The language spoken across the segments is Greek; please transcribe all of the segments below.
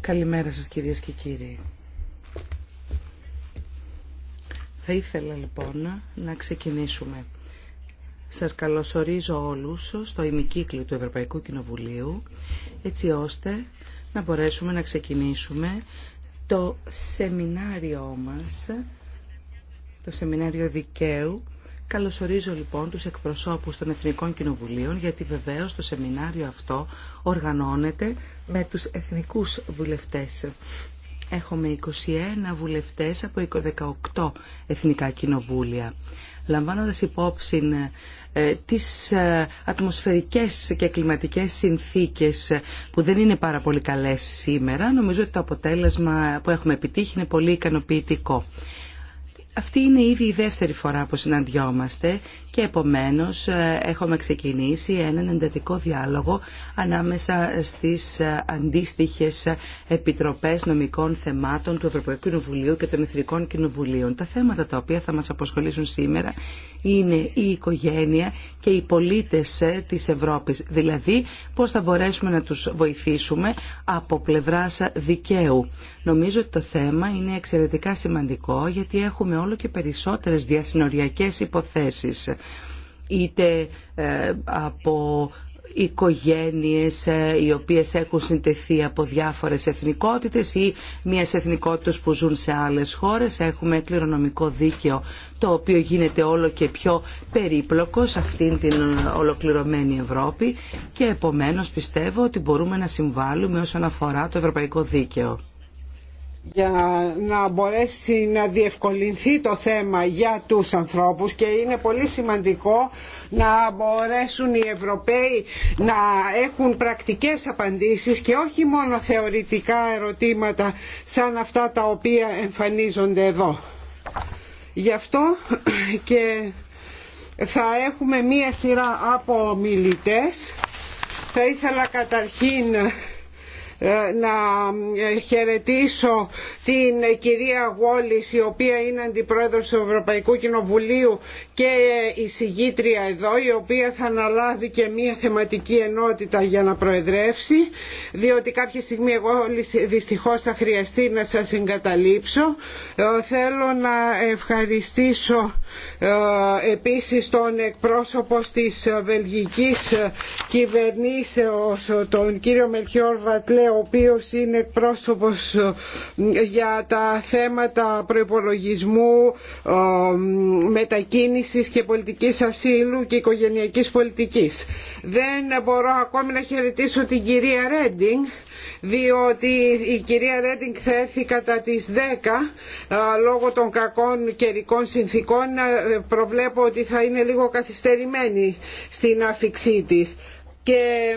Καλημέρα σας κυρίες και κύριοι. Θα ήθελα λοιπόν να ξεκινήσουμε. Σας καλωσορίζω όλους στο ημικύκλιο του Ευρωπαϊκού Κοινοβουλίου, έτσι ώστε να μπορέσουμε να ξεκινήσουμε το σεμινάριό μας, το σεμινάριο δικαίου, Καλωσορίζω λοιπόν τους εκπροσώπους των Εθνικών Κοινοβουλίων γιατί βεβαίως το σεμινάριο αυτό οργανώνεται με τους εθνικούς βουλευτές. Έχουμε 21 βουλευτές από 28 εθνικά κοινοβούλια. Λαμβάνοντας υπόψη ε, τις ε, ατμοσφαιρικές και κλιματικές συνθήκες ε, που δεν είναι πάρα πολύ καλές σήμερα, νομίζω ότι το αποτέλεσμα που έχουμε επιτύχει είναι πολύ ικανοποιητικό. Αυτή είναι ήδη η δεύτερη φορά που συναντιόμαστε και επομένως ε, έχουμε ξεκινήσει έναν εντατικό διάλογο ανάμεσα στις ε, αντίστοιχες ε, επιτροπές νομικών θεμάτων του Ευρωπαϊκού Κοινοβουλίου και των Εθνικών Κοινοβουλίων. Τα θέματα τα οποία θα μας αποσχολήσουν σήμερα είναι η οικογένεια και οι πολίτες ε, της Ευρώπης. Δηλαδή πώς θα μπορέσουμε να τους βοηθήσουμε από πλευράς δικαίου. Νομίζω ότι το θέμα είναι εξαιρετικά σημαντικό γιατί έχουμε όλο και περισσότερες διασυνοριακές υποθέσεις είτε ε, από οικογένειες ε, οι οποίες έχουν συντεθεί από διάφορες εθνικότητες ή μιας εθνικότητας που ζουν σε άλλες χώρες. Έχουμε κληρονομικό δίκαιο το οποίο γίνεται όλο και πιο περίπλοκο σε αυτήν την ολοκληρωμένη Ευρώπη και επομένως πιστεύω ότι μπορούμε να συμβάλλουμε όσον αφορά το ευρωπαϊκό δίκαιο για να μπορέσει να διευκολυνθεί το θέμα για τους ανθρώπους και είναι πολύ σημαντικό να μπορέσουν οι Ευρωπαίοι να έχουν πρακτικές απαντήσεις και όχι μόνο θεωρητικά ερωτήματα σαν αυτά τα οποία εμφανίζονται εδώ. Γι' αυτό και θα έχουμε μία σειρά από μιλητές. Θα ήθελα καταρχήν ε, να ε, χαιρετήσω την κυρία Γόλης η οποία είναι αντιπρόεδρος του Ευρωπαϊκού Κοινοβουλίου και η συγγήτρια εδώ η οποία θα αναλάβει και μία θεματική ενότητα για να προεδρεύσει διότι κάποια στιγμή εγώ δυστυχώς θα χρειαστεί να σας εγκαταλείψω ε, θέλω να ευχαριστήσω επίσης τον εκπρόσωπο της βελγικής κυβερνήσεως τον κύριο Μελχιόρ Βατλέ ο οποίος είναι πρόσωπος ε, για τα θέματα προϋπολογισμού, ε, μετακίνησης και πολιτικής ασύλου και οικογενειακής πολιτικής. Δεν μπορώ ακόμη να χαιρετήσω την κυρία Ρέντινγκ, διότι η κυρία Ρέντινγκ θα έρθει κατά τις 10 ε, λόγω των κακών καιρικών συνθήκων προβλέπω ότι θα είναι λίγο καθυστερημένη στην άφηξή της και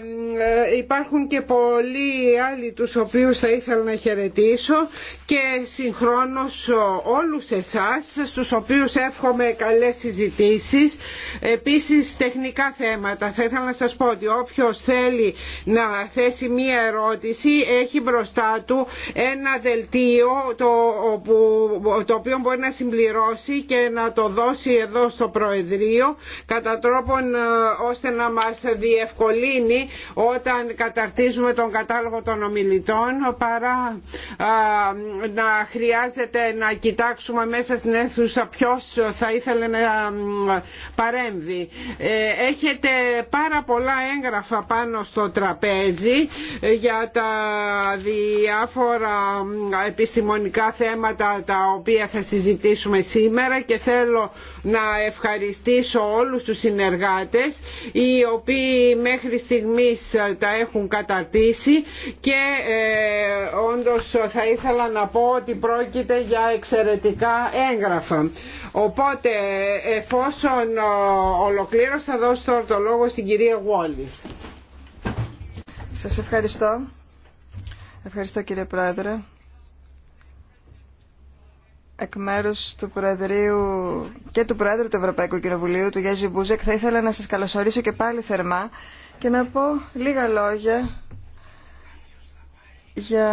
ε, υπάρχουν και πολλοί άλλοι τους οποίους θα ήθελα να χαιρετήσω και συγχρόνως όλους εσάς στους οποίους εύχομαι καλές συζητήσεις επίσης τεχνικά θέματα θα ήθελα να σας πω ότι όποιος θέλει να θέσει μία ερώτηση έχει μπροστά του ένα δελτίο το, το οποίο μπορεί να συμπληρώσει και να το δώσει εδώ στο Προεδρείο κατά τρόπον ε, ώστε να μας διευκολύνει όταν καταρτίζουμε τον κατάλογο των ομιλητών παρά να χρειάζεται να κοιτάξουμε μέσα στην αίθουσα ποιος θα ήθελε να παρέμβει. Ε, έχετε πάρα πολλά έγγραφα πάνω στο τραπέζι ε, για τα διάφορα επιστημονικά θέματα τα οποία θα συζητήσουμε σήμερα και θέλω να ευχαριστήσω όλους τους συνεργάτες οι οποίοι μέχρι μέχρι στιγμή ε, τα έχουν καταρτήσει και ε, όντως ε, θα ήθελα να πω ότι πρόκειται για εξαιρετικά έγγραφα. Οπότε εφόσον ολοκλήρωσα θα δώσω τώρα το λόγο στην κυρία Γουόλης. Σας ευχαριστώ. Ευχαριστώ κύριε Πρόεδρε. Εκ μέρου του Προεδρείου και του Πρόεδρου του Ευρωπαϊκού Κοινοβουλίου, του Γιάννη Μπούζεκ, θα ήθελα να σα καλωσορίσω και πάλι θερμά και να πω λίγα λόγια για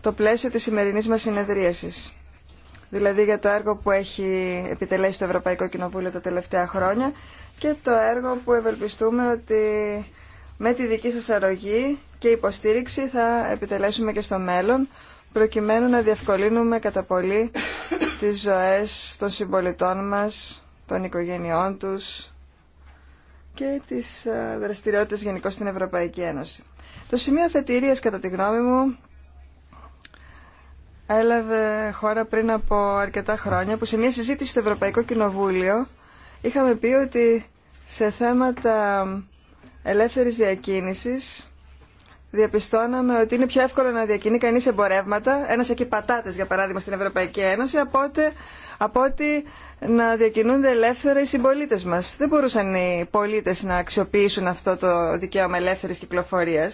το πλαίσιο της σημερινής μας συνεδρίασης. Δηλαδή για το έργο που έχει επιτελέσει το Ευρωπαϊκό Κοινοβούλιο τα τελευταία χρόνια και το έργο που ευελπιστούμε ότι με τη δική σας αρρωγή και υποστήριξη θα επιτελέσουμε και στο μέλλον προκειμένου να διευκολύνουμε κατά πολύ τις ζωές των συμπολιτών μας, των οικογένειών τους, και τι ε, δραστηριότητε γενικώ στην Ευρωπαϊκή Ένωση. Το σημείο αφετηρία, κατά τη γνώμη μου, έλαβε χώρα πριν από αρκετά χρόνια, που σε μια συζήτηση στο Ευρωπαϊκό Κοινοβούλιο είχαμε πει ότι σε θέματα ελεύθερης διακίνησης διαπιστώναμε ότι είναι πιο εύκολο να διακινεί κανείς εμπορεύματα, ένας εκεί πατάτες για παράδειγμα στην Ευρωπαϊκή Ένωση, από ότι να διακινούνται ελεύθερα οι συμπολίτε μα. Δεν μπορούσαν οι πολίτε να αξιοποιήσουν αυτό το δικαίωμα ελεύθερη κυκλοφορία.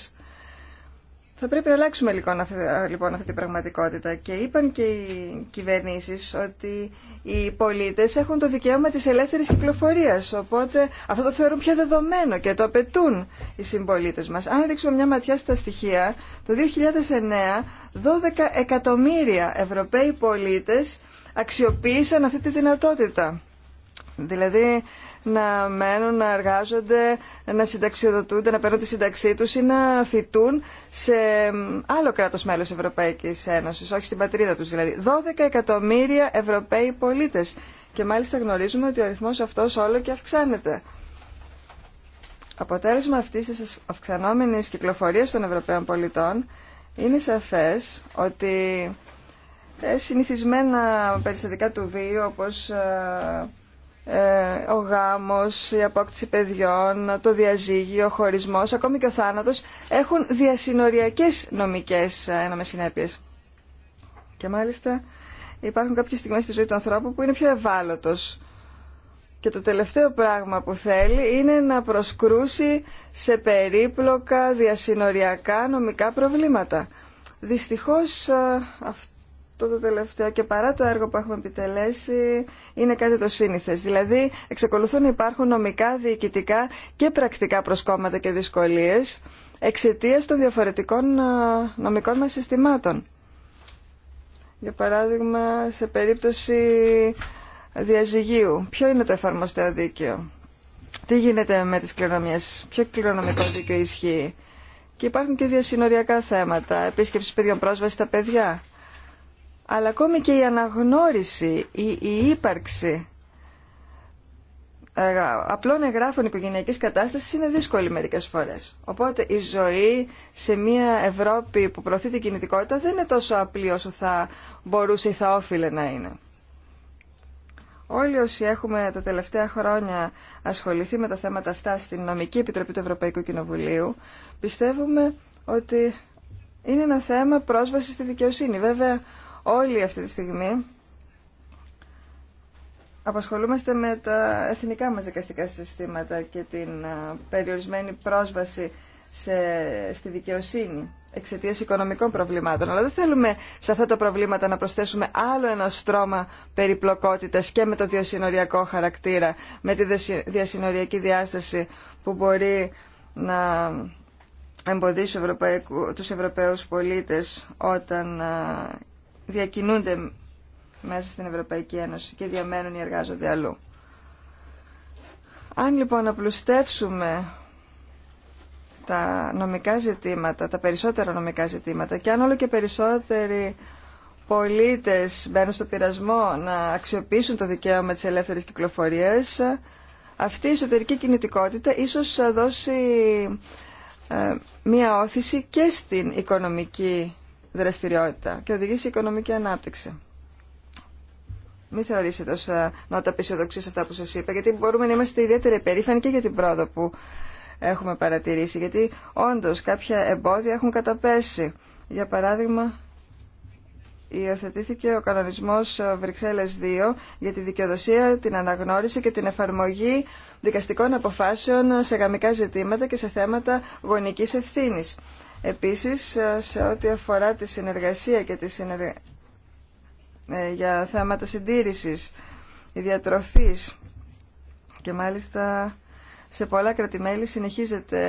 Θα πρέπει να αλλάξουμε λοιπόν, λοιπόν αυτή την πραγματικότητα. Και είπαν και οι κυβερνήσει ότι οι πολίτε έχουν το δικαίωμα τη ελεύθερη κυκλοφορία. Οπότε αυτό το θεωρούν πια δεδομένο και το απαιτούν οι συμπολίτε μα. Αν ρίξουμε μια ματιά στα στοιχεία, το 2009 12 εκατομμύρια Ευρωπαίοι πολίτε αξιοποίησαν αυτή τη δυνατότητα. Δηλαδή να μένουν, να εργάζονται, να συνταξιοδοτούνται, να παίρνουν τη σύνταξή τους ή να φοιτούν σε άλλο κράτος μέλος Ευρωπαϊκής Ένωσης, όχι στην πατρίδα τους δηλαδή. 12 εκατομμύρια Ευρωπαίοι πολίτες και μάλιστα γνωρίζουμε ότι ο αριθμός αυτός όλο και αυξάνεται. Αποτέλεσμα αυτής της αυξανόμενης κυκλοφορίας των Ευρωπαίων πολιτών είναι σαφές ότι ε, συνηθισμένα περιστατικά του βίου όπως ε, ε, ο γάμος, η απόκτηση παιδιών, το διαζύγιο, ο χωρισμός, ακόμη και ο θάνατος έχουν διασυνοριακές νομικές ένομες συνέπειες. Και μάλιστα υπάρχουν κάποιες στιγμές στη ζωή του ανθρώπου που είναι πιο ευάλωτος και το τελευταίο πράγμα που θέλει είναι να προσκρούσει σε περίπλοκα διασυνοριακά νομικά προβλήματα. Δυστυχώς αυτό αυτό το τελευταίο και παρά το έργο που έχουμε επιτελέσει είναι κάτι το σύνηθες. Δηλαδή εξακολουθούν να υπάρχουν νομικά, διοικητικά και πρακτικά προσκόμματα και δυσκολίες εξαιτία των διαφορετικών νομικών μας συστημάτων. Για παράδειγμα, σε περίπτωση διαζυγίου, ποιο είναι το εφαρμοστέο δίκαιο, τι γίνεται με τις κληρονομίες, ποιο κληρονομικό δίκαιο ισχύει. Και υπάρχουν και διασυνοριακά θέματα, επίσκεψη παιδιών πρόσβαση στα παιδιά αλλά ακόμη και η αναγνώριση, η, η ύπαρξη ε, απλών εγγράφων οικογενειακής κατάστασης είναι δύσκολη μερικές φορές. Οπότε η ζωή σε μια Ευρώπη που προωθεί την κινητικότητα δεν είναι τόσο απλή όσο θα μπορούσε ή θα όφιλε να είναι. Όλοι όσοι έχουμε τα τελευταία χρόνια ασχοληθεί με τα θέματα αυτά στην Νομική Επιτροπή του Ευρωπαϊκού Κοινοβουλίου, πιστεύουμε ότι είναι ένα θέμα πρόσβαση στη δικαιοσύνη. Βέβαια, Όλοι αυτή τη στιγμή απασχολούμαστε με τα εθνικά μας δικαστικά συστήματα και την ε, περιορισμένη πρόσβαση σε, στη δικαιοσύνη εξαιτίας οικονομικών προβλημάτων. Αλλά δεν θέλουμε σε αυτά τα προβλήματα να προσθέσουμε άλλο ένα στρώμα περιπλοκότητας και με το διασυνοριακό χαρακτήρα, με τη διασυνοριακή διάσταση που μπορεί να εμποδίσει τους Ευρωπαίους πολίτες όταν ε, διακινούνται μέσα στην Ευρωπαϊκή Ένωση και διαμένουν ή εργάζονται αλλού. Αν λοιπόν απλουστεύσουμε τα νομικά ζητήματα, τα περισσότερα νομικά ζητήματα και αν όλο και περισσότεροι πολίτες μπαίνουν στο πειρασμό να αξιοποιήσουν το δικαίωμα της ελεύθερης κυκλοφορίας, αυτή η εσωτερική κινητικότητα ίσως δώσει ε, μία όθηση και στην οικονομική δραστηριότητα και οδηγεί σε οικονομική ανάπτυξη. Μην θεωρήσετε ως ε, νότα πισιοδοξία αυτά που σα είπα, γιατί μπορούμε να είμαστε ιδιαίτερα υπερήφανοι και για την πρόοδο που έχουμε παρατηρήσει, γιατί όντω κάποια εμπόδια έχουν καταπέσει. Για παράδειγμα, υιοθετήθηκε ο κανονισμό ε, Βρυξέλλε 2 για τη δικαιοδοσία, την αναγνώριση και την εφαρμογή δικαστικών αποφάσεων σε γαμικά ζητήματα και σε θέματα γονική ευθύνη. Επίσης, σε ό,τι αφορά τη συνεργασία και τη ε, για θέματα συντήρησης, διατροφής και μάλιστα σε πολλά κρατημέλη συνεχίζεται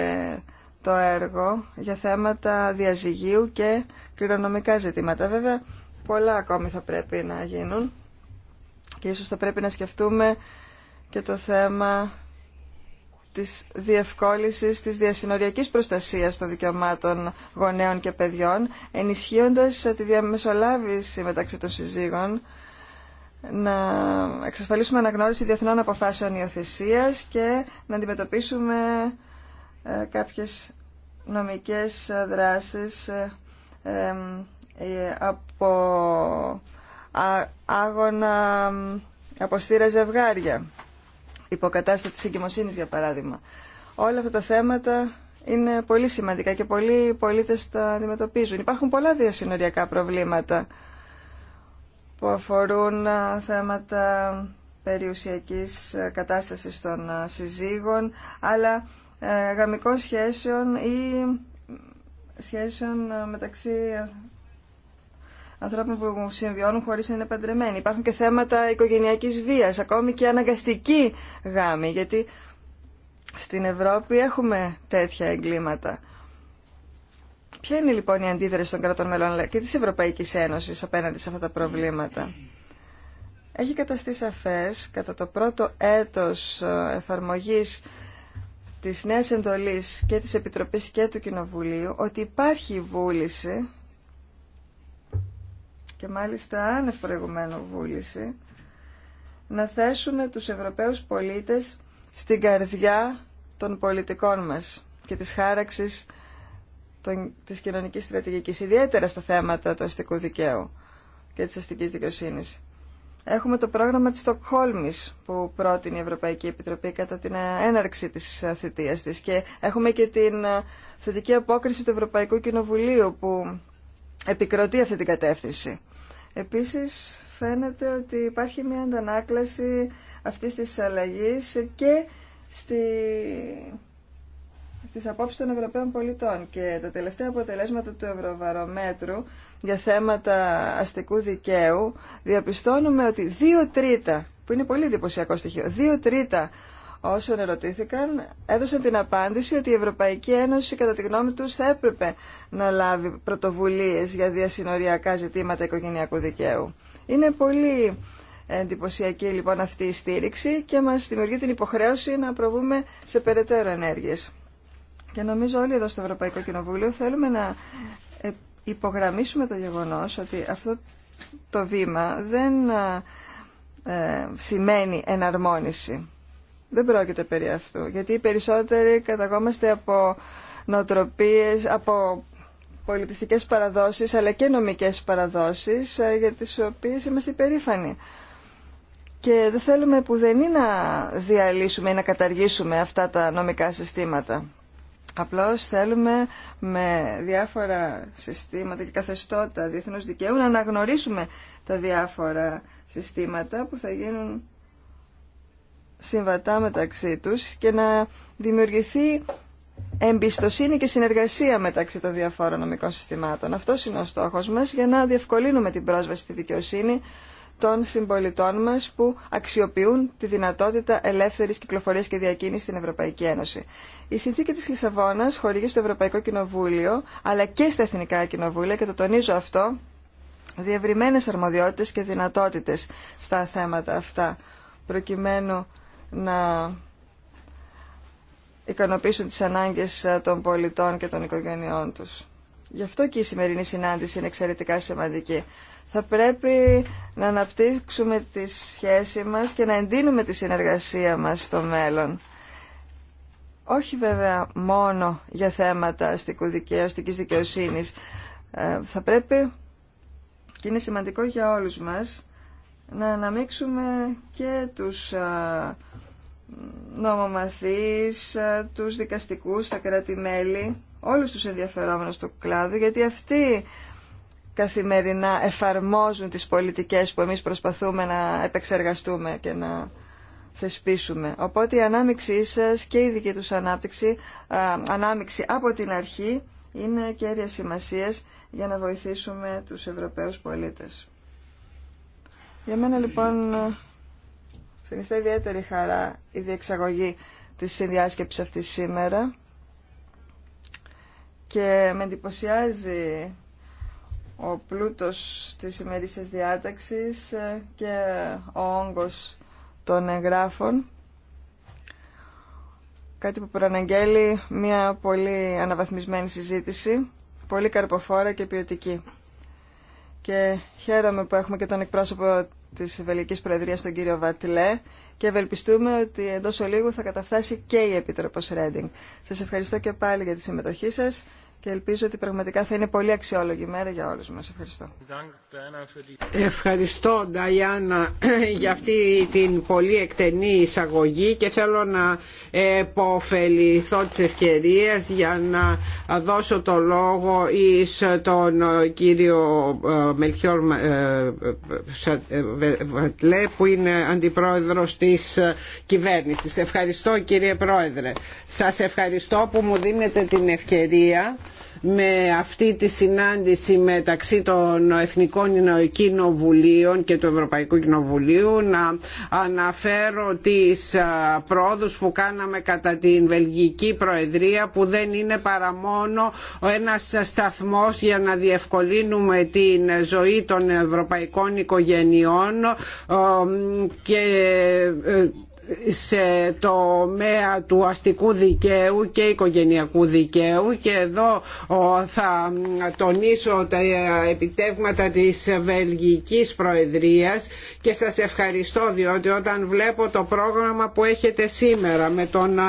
το έργο για θέματα διαζυγίου και κληρονομικά ζητήματα. Βέβαια, πολλά ακόμη θα πρέπει να γίνουν και ίσως θα πρέπει να σκεφτούμε και το θέμα της διευκόλυσης της διασυνοριακής προστασίας των δικαιωμάτων γονέων και παιδιών, ενισχύοντας τη διαμεσολάβηση μεταξύ των συζύγων, να εξασφαλίσουμε αναγνώριση διεθνών αποφάσεων υιοθεσία και να αντιμετωπίσουμε ε, κάποιες νομικές δράσεις ε, ε, από άγωνα αποστήρα ζευγάρια υποκατάστατη της για παράδειγμα. Όλα αυτά τα θέματα είναι πολύ σημαντικά και πολλοί πολίτες τα αντιμετωπίζουν. Υπάρχουν πολλά διασυνοριακά προβλήματα που αφορούν θέματα περιουσιακής κατάστασης των συζύγων, αλλά ε, γαμικών σχέσεων ή σχέσεων μεταξύ ανθρώπων που συμβιώνουν χωρίς να είναι παντρεμένοι. Υπάρχουν και θέματα οικογενειακής βίας, ακόμη και αναγκαστική γάμη, γιατί στην Ευρώπη έχουμε τέτοια εγκλήματα. Ποια είναι λοιπόν η αντίδραση των κρατών μελών και τη Ευρωπαϊκή Ένωση απέναντι σε αυτά τα προβλήματα. Έχει καταστεί σαφές κατά το πρώτο έτος ε, εφαρμογής της νέας εντολής και της Επιτροπής και του Κοινοβουλίου ότι υπάρχει βούληση και μάλιστα άνευ προηγουμένου βούληση, να θέσουμε τους Ευρωπαίους πολίτες στην καρδιά των πολιτικών μας και της χάραξης της κοινωνικής στρατηγικής, ιδιαίτερα στα θέματα του αστικού δικαίου και της αστικής δικαιοσύνης. Έχουμε το πρόγραμμα της Στοκχόλμης που πρότεινε η Ευρωπαϊκή Επιτροπή κατά την έναρξη της θητείας της και έχουμε και την θετική απόκριση του Ευρωπαϊκού Κοινοβουλίου που επικροτεί αυτή την κατεύθυνση. Επίσης φαίνεται ότι υπάρχει μια αντανάκλαση αυτής της αλλαγής και στη... στις απόψεις των Ευρωπαίων πολιτών και τα τελευταία αποτελέσματα του Ευρωβαρομέτρου για θέματα αστικού δικαίου διαπιστώνουμε ότι δύο τρίτα, που είναι πολύ εντυπωσιακό στοιχείο, δύο τρίτα όσων ερωτήθηκαν έδωσαν την απάντηση ότι η Ευρωπαϊκή Ένωση κατά τη γνώμη τους θα έπρεπε να λάβει πρωτοβουλίες για διασυνοριακά ζητήματα οικογενειακού δικαίου. Είναι πολύ εντυπωσιακή λοιπόν αυτή η στήριξη και μας δημιουργεί την υποχρέωση να προβούμε σε περαιτέρω ενέργειες. Και νομίζω όλοι εδώ στο Ευρωπαϊκό Κοινοβούλιο θέλουμε να ε, υπογραμμίσουμε το γεγονός ότι αυτό το βήμα δεν ε, ε, σημαίνει εναρμόνιση. Δεν πρόκειται περί αυτού, γιατί οι περισσότεροι καταγόμαστε από νοοτροπίες, από πολιτιστικές παραδόσεις, αλλά και νομικές παραδόσεις, ε, για τις οποίες είμαστε υπερήφανοι. Και δεν θέλουμε που δεν είναι να διαλύσουμε ή να καταργήσουμε αυτά τα νομικά συστήματα. Απλώς θέλουμε με διάφορα συστήματα και καθεστώτα διεθνούς δικαίου να αναγνωρίσουμε τα διάφορα συστήματα που θα γίνουν συμβατά μεταξύ τους και να δημιουργηθεί εμπιστοσύνη και συνεργασία μεταξύ των διαφόρων νομικών συστημάτων. Αυτό είναι ο στόχος μας για να διευκολύνουμε την πρόσβαση στη δικαιοσύνη των συμπολιτών μας που αξιοποιούν τη δυνατότητα ελεύθερης κυκλοφορίας και διακίνησης στην Ευρωπαϊκή Ένωση. Η συνθήκη της Λισαβόνας χορηγεί στο Ευρωπαϊκό Κοινοβούλιο αλλά και στα Εθνικά Κοινοβούλια και το τονίζω αυτό διευρυμένες αρμοδιότητες και δυνατότητες στα θέματα αυτά προκειμένου να ικανοποιήσουν τις ανάγκες ε, των πολιτών και των οικογενειών τους. Γι' αυτό και η σημερινή συνάντηση είναι εξαιρετικά σημαντική. Θα πρέπει να αναπτύξουμε τη σχέση μας και να εντείνουμε τη συνεργασία μας στο μέλλον. Όχι βέβαια μόνο για θέματα αστικού δικαίου, αστικής δικαιοσύνης. Ε, θα πρέπει, και είναι σημαντικό για όλους μας, να αναμίξουμε και τους ε, νομομαθείς, ε, τους δικαστικούς, τα κράτη-μέλη, όλους τους ενδιαφερόμενους του κλάδου, γιατί αυτοί καθημερινά εφαρμόζουν τις πολιτικές που εμείς προσπαθούμε να επεξεργαστούμε και να θεσπίσουμε. Οπότε η ανάμειξή σας και η δική τους ανάπτυξη, ε, ανάμειξη από την αρχή είναι κέρια σημασία για να βοηθήσουμε τους Ευρωπαίους πολίτες. Για μένα λοιπόν Συνιστά ιδιαίτερη χαρά η διεξαγωγή της συνδιάσκεψης αυτή σήμερα και με εντυπωσιάζει ο πλούτος της ημερήσιας διάταξης και ο όγκος των εγγράφων κάτι που προαναγγέλει μια πολύ αναβαθμισμένη συζήτηση πολύ καρποφόρα και ποιοτική και χαίρομαι που έχουμε και τον εκπρόσωπο της Βελικής Προεδρίας τον κύριο Βατλέ και ευελπιστούμε ότι εντός ολίγου θα καταφτάσει και η Επίτροπος Ρέντινγκ. Σας ευχαριστώ και πάλι για τη συμμετοχή σας και ελπίζω ότι πραγματικά θα είναι πολύ αξιόλογη μέρα για όλους μας. Ευχαριστώ. Ευχαριστώ Νταϊάννα για αυτή την πολύ εκτενή εισαγωγή και θέλω να επωφεληθώ της ευκαιρίας για να δώσω το λόγο εις τον κύριο ε, Μελχιόρ ε, ε, Βατλέ που είναι αντιπρόεδρος της κυβέρνησης. Ευχαριστώ κύριε Πρόεδρε. Σας ευχαριστώ που μου δίνετε την ευκαιρία με αυτή τη συνάντηση μεταξύ των Εθνικών Κοινοβουλίων και του Ευρωπαϊκού Κοινοβουλίου να αναφέρω τις πρόοδους που κάναμε κατά την Βελγική Προεδρία που δεν είναι παρά μόνο ένας σταθμός για να διευκολύνουμε την ζωή των ευρωπαϊκών οικογενειών και ε, σε τομέα του αστικού δικαίου και οικογενειακού δικαίου και εδώ θα τονίσω τα επιτεύγματα της Βελγικής Προεδρίας και σας ευχαριστώ διότι όταν βλέπω το πρόγραμμα που έχετε σήμερα με τον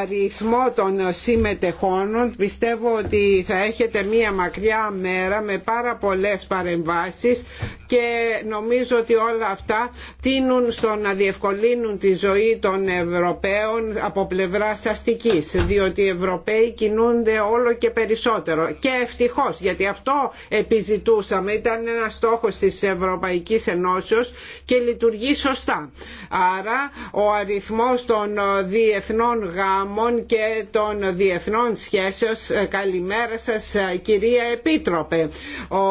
αριθμό των συμμετεχόνων πιστεύω ότι θα έχετε μία μακριά μέρα με πάρα πολλές παρεμβάσεις και νομίζω ότι όλα αυτά τίνουν στο να διευκολύνουν τη ζωή ζωή των Ευρωπαίων από πλευρά αστική. διότι οι Ευρωπαίοι κινούνται όλο και περισσότερο και ευτυχώ, γιατί αυτό επιζητούσαμε ήταν ένα στόχο της Ευρωπαϊκή Ενώσεω και λειτουργεί σωστά άρα ο αριθμός των διεθνών γάμων και των διεθνών σχέσεων ε, καλημέρα σα ε, κυρία Επίτροπε ο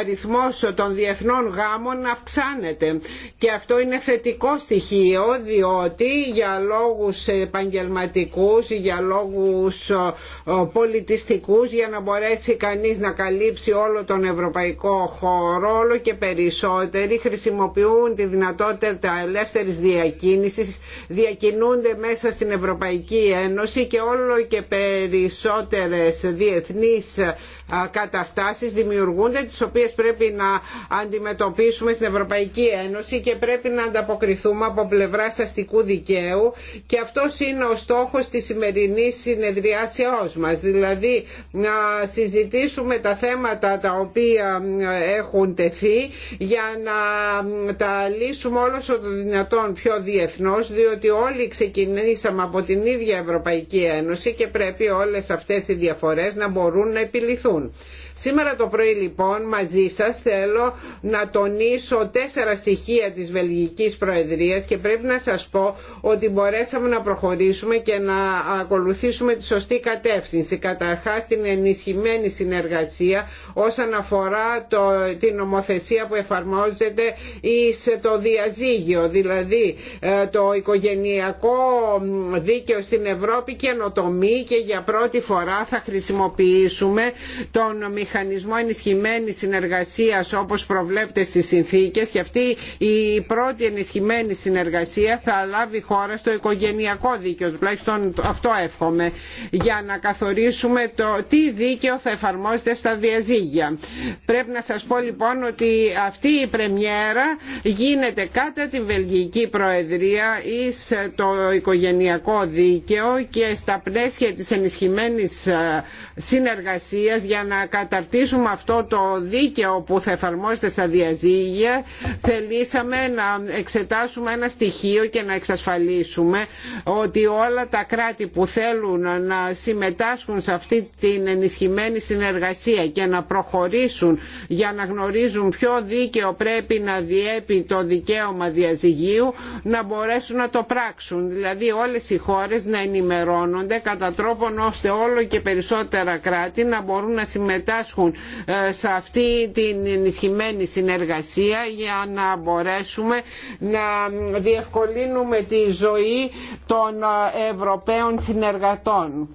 αριθμός των διεθνών γάμων αυξάνεται και αυτό είναι θετικό στοιχείο διότι για λόγους επαγγελματικούς, για λόγους ε, πολιτιστικούς, για να μπορέσει κανείς να καλύψει όλο τον ευρωπαϊκό χώρο, όλο και περισσότεροι χρησιμοποιούν τη δυνατότητα ελεύθερης διακίνησης, διακινούνται μέσα στην Ευρωπαϊκή Ένωση και όλο και περισσότερες διεθνείς ε, καταστάσεις δημιουργούνται, τις οποίες πρέπει να αντιμετωπίσουμε στην Ευρωπαϊκή Ένωση και πρέπει να ανταποκριθούμε από πλευρά αστικού δικαίου και αυτός είναι ο στόχος της σημερινής συνεδριάσεώς μας. Δηλαδή να συζητήσουμε τα θέματα τα οποία έχουν τεθεί για να τα λύσουμε όσο το δυνατόν πιο διεθνώς διότι όλοι ξεκινήσαμε από την ίδια Ευρωπαϊκή Ένωση και πρέπει όλες αυτές οι διαφορές να μπορούν να επιληθούν. Σήμερα το πρωί λοιπόν μαζί σας θέλω να τονίσω τέσσερα στοιχεία της Βελγικής Προεδρίας και πρέπει να σας πω ότι μπορέσαμε να προχωρήσουμε και να ακολουθήσουμε τη σωστή κατεύθυνση. Καταρχάς την ενισχυμένη συνεργασία όσον αφορά το, την νομοθεσία που εφαρμόζεται σε το διαζύγιο, δηλαδή ε, το οικογενειακό δίκαιο στην Ευρώπη και και για πρώτη φορά θα χρησιμοποιήσουμε τον μηχανισμό ενισχυμένης συνεργασίας όπως προβλέπεται στις συνθήκες και αυτή η πρώτη ενισχυμένη συνεργασία θα λάβει χώρα στο οικογενειακό δίκαιο, τουλάχιστον αυτό εύχομαι, για να καθορίσουμε το τι δίκαιο θα εφαρμόζεται στα διαζύγια. Πρέπει να σας πω λοιπόν ότι αυτή η πρεμιέρα γίνεται κατά τη Βελγική Προεδρία εις το οικογενειακό δίκαιο και στα πλαίσια της ενισχυμένης ε, συνεργασίας για να καταρτήσουμε αυτό το δίκαιο που θα εφαρμόζεται στα διαζύγια θελήσαμε να εξετάσουμε ένα στοιχείο και να εξασφαλίσουμε ότι όλα τα κράτη που θέλουν να συμμετάσχουν σε αυτή την ενισχυμένη συνεργασία και να προχωρήσουν για να γνωρίζουν ποιο δίκαιο πρέπει να διέπει το δικαίωμα διαζυγίου να μπορέσουν να το πράξουν. Δηλαδή όλες οι χώρες να ενημερώνονται κατά τρόπον ώστε όλο και περισσότερα κράτη να μπορούν να συμμετάσχουν ε, σε αυτή την ενισχυμένη συνεργασία για να μπορέσουμε να διευκολύνουμε τη ζωή των ε, Ευρωπαίων συνεργατών.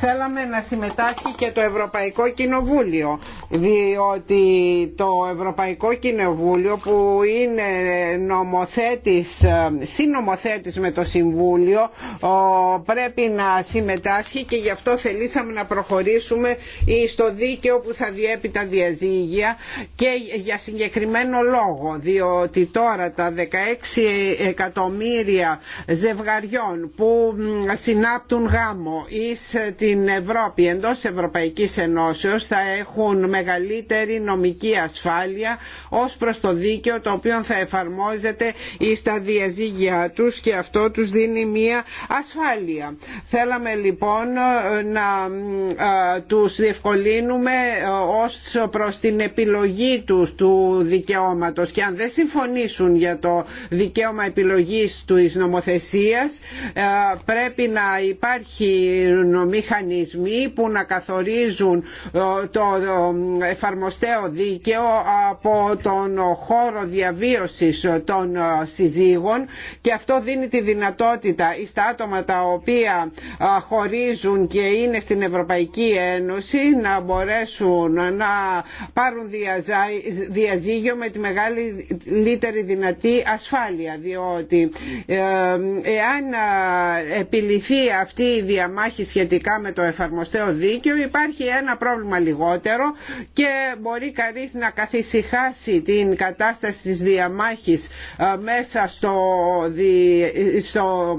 θέλαμε να συμμετάσχει και το Ευρωπαϊκό Κοινοβούλιο διότι το Ευρωπαϊκό Κοινοβούλιο που είναι νομοθέτης, συνομοθέτης με το Συμβούλιο πρέπει να συμμετάσχει και γι' αυτό θελήσαμε να προχωρήσουμε στο δίκαιο που θα διέπει τα διαζύγια και για συγκεκριμένο λόγο διότι τώρα τα 16 εκατομμύρια ζευγαριών που συνάπτουν γάμο ή ε, την Ευρώπη εντός Ευρωπαϊκής Ενώσεως θα έχουν μεγαλύτερη νομική ασφάλεια ως προς το δίκαιο το οποίο θα εφαρμόζεται στα διαζύγια τους και αυτό τους δίνει μία ασφάλεια. Θέλαμε λοιπόν ε, να ε, τους διευκολύνουμε ως προς την επιλογή τους του δικαιώματος και αν δεν συμφωνήσουν για το δικαίωμα επιλογής του εις νομοθεσίας πρέπει να υπάρχει μηχανισμοί που να καθορίζουν ε, το ε, εφαρμοστέο δίκαιο από τον χώρο διαβίωσης ε, των συζύγων και αυτό δίνει τη δυνατότητα στα άτομα τα οποία χωρίζουν και είναι στην Ευρωπαϊκή Ένωση να μπορέσουν να πάρουν διαζύγιο με τη μεγάλη μεγαλύτερη δυνατή ασφάλεια διότι εάν επιληθεί αυτή η διαμάχη σχετικά με το εφαρμοστέο δίκαιο υπάρχει ένα πρόβλημα λιγότερο και μπορεί κανείς να καθησυχάσει την κατάσταση της διαμάχης ε, μέσα στο, στο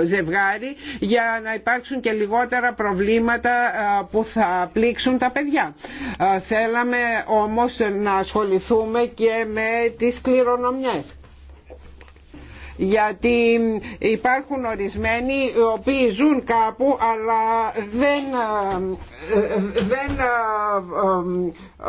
ε, ζευγάρι για να υπάρξουν και λιγότερα προβλήματα ε, που θα πλήξουν τα παιδιά. Θέλαμε όμως να ασχοληθούμε και με τις κληρονομιές γιατί υπάρχουν ορισμένοι οι οποίοι ζουν κάπου αλλά δεν, ε, ε, δεν ε, ε,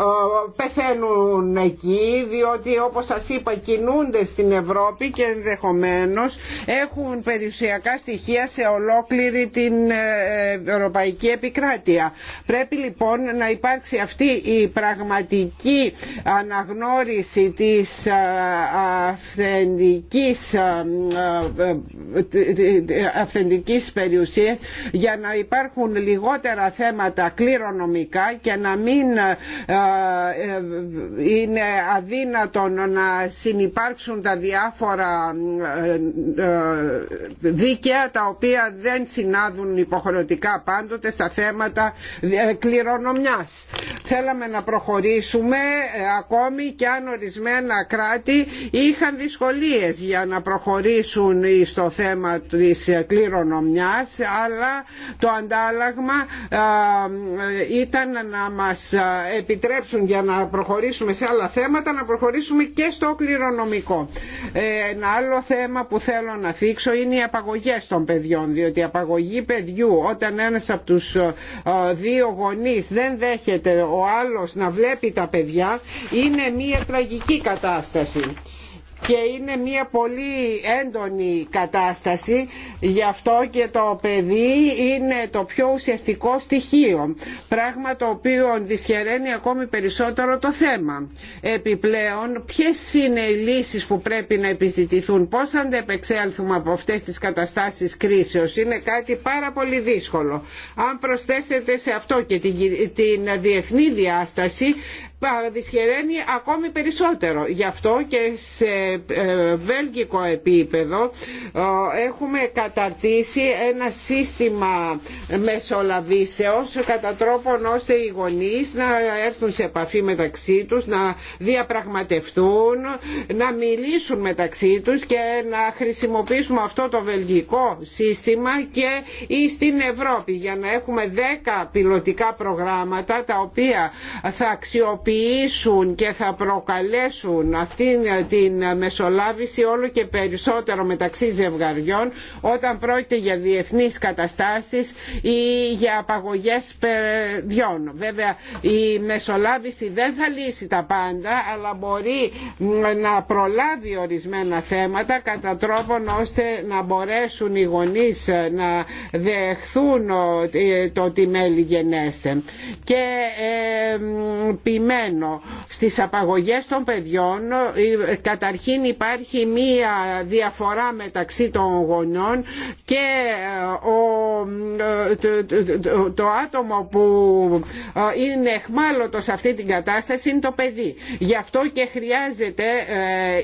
πεθαίνουν εκεί διότι όπως σας είπα κινούνται στην Ευρώπη και ενδεχομένω έχουν περιουσιακά στοιχεία σε ολόκληρη την ε, ευρωπαϊκή επικράτεια. Πρέπει λοιπόν να υπάρξει αυτή η πραγματική αναγνώριση της ε, αυθεντικής, αυθεντικής περιουσίας για να υπάρχουν λιγότερα θέματα κληρονομικά και να μην είναι αδύνατον να συνεπάρξουν τα διάφορα ε, ε, δίκαια τα οποία δεν συνάδουν υποχρεωτικά πάντοτε στα θέματα κληρονομιάς. Θέλαμε να προχωρήσουμε ε, ακόμη και αν ορισμένα κράτη είχαν δυσκολίες για να προχωρήσουν στο θέμα της κληρονομιάς αλλά το αντάλλαγμα ήταν να μας επιτρέψει επιτρέψουν για να προχωρήσουμε σε άλλα θέματα να προχωρήσουμε και στο κληρονομικό. Ε, ένα άλλο θέμα που θέλω να θίξω είναι οι απαγωγές των παιδιών διότι η απαγωγή παιδιού όταν ένας από τους ε, δύο γονείς δεν δέχεται ο άλλος να βλέπει τα παιδιά είναι μια τραγική κατάσταση και είναι μια πολύ έντονη κατάσταση γι' αυτό και το παιδί είναι το πιο ουσιαστικό στοιχείο πράγμα το οποίο δυσχεραίνει ακόμη περισσότερο το θέμα επιπλέον ποιες είναι οι λύσεις που πρέπει να επιζητηθούν πώς θα αντεπεξέλθουμε από αυτές τις καταστάσεις κρίσεως είναι κάτι πάρα πολύ δύσκολο αν προσθέσετε σε αυτό και την, διεθνή διάσταση δυσχεραίνει ακόμη περισσότερο γι' αυτό και σε ε, βέλγικο επίπεδο ε, έχουμε καταρτήσει ένα σύστημα μεσολαβήσεως κατά τρόπον ώστε οι γονείς να έρθουν σε επαφή μεταξύ τους, να διαπραγματευτούν, να μιλήσουν μεταξύ τους και να χρησιμοποιήσουμε αυτό το βελγικό σύστημα και στην Ευρώπη για να έχουμε 10 πιλωτικά προγράμματα τα οποία θα αξιοποιήσουν και θα προκαλέσουν αυτήν την μεσολάβηση όλο και περισσότερο μεταξύ ζευγαριών όταν πρόκειται για διεθνείς καταστάσεις ή για απαγωγές παιδιών. Βέβαια η μεσολάβηση δεν θα λύσει τα πάντα αλλά μπορεί να προλάβει ορισμένα θέματα κατά τρόπον ώστε να μπορέσουν οι γονείς να δεχθούν το τι μέλη γενέστε. Και ε, στις απαγωγές των παιδιών καταρχήν καταρχήν υπάρχει μία διαφορά μεταξύ των γονιών και ε, ε, το άτομο που ε, είναι εχμάλωτο σε αυτή την κατάσταση είναι το παιδί. Γι' αυτό και χρειάζεται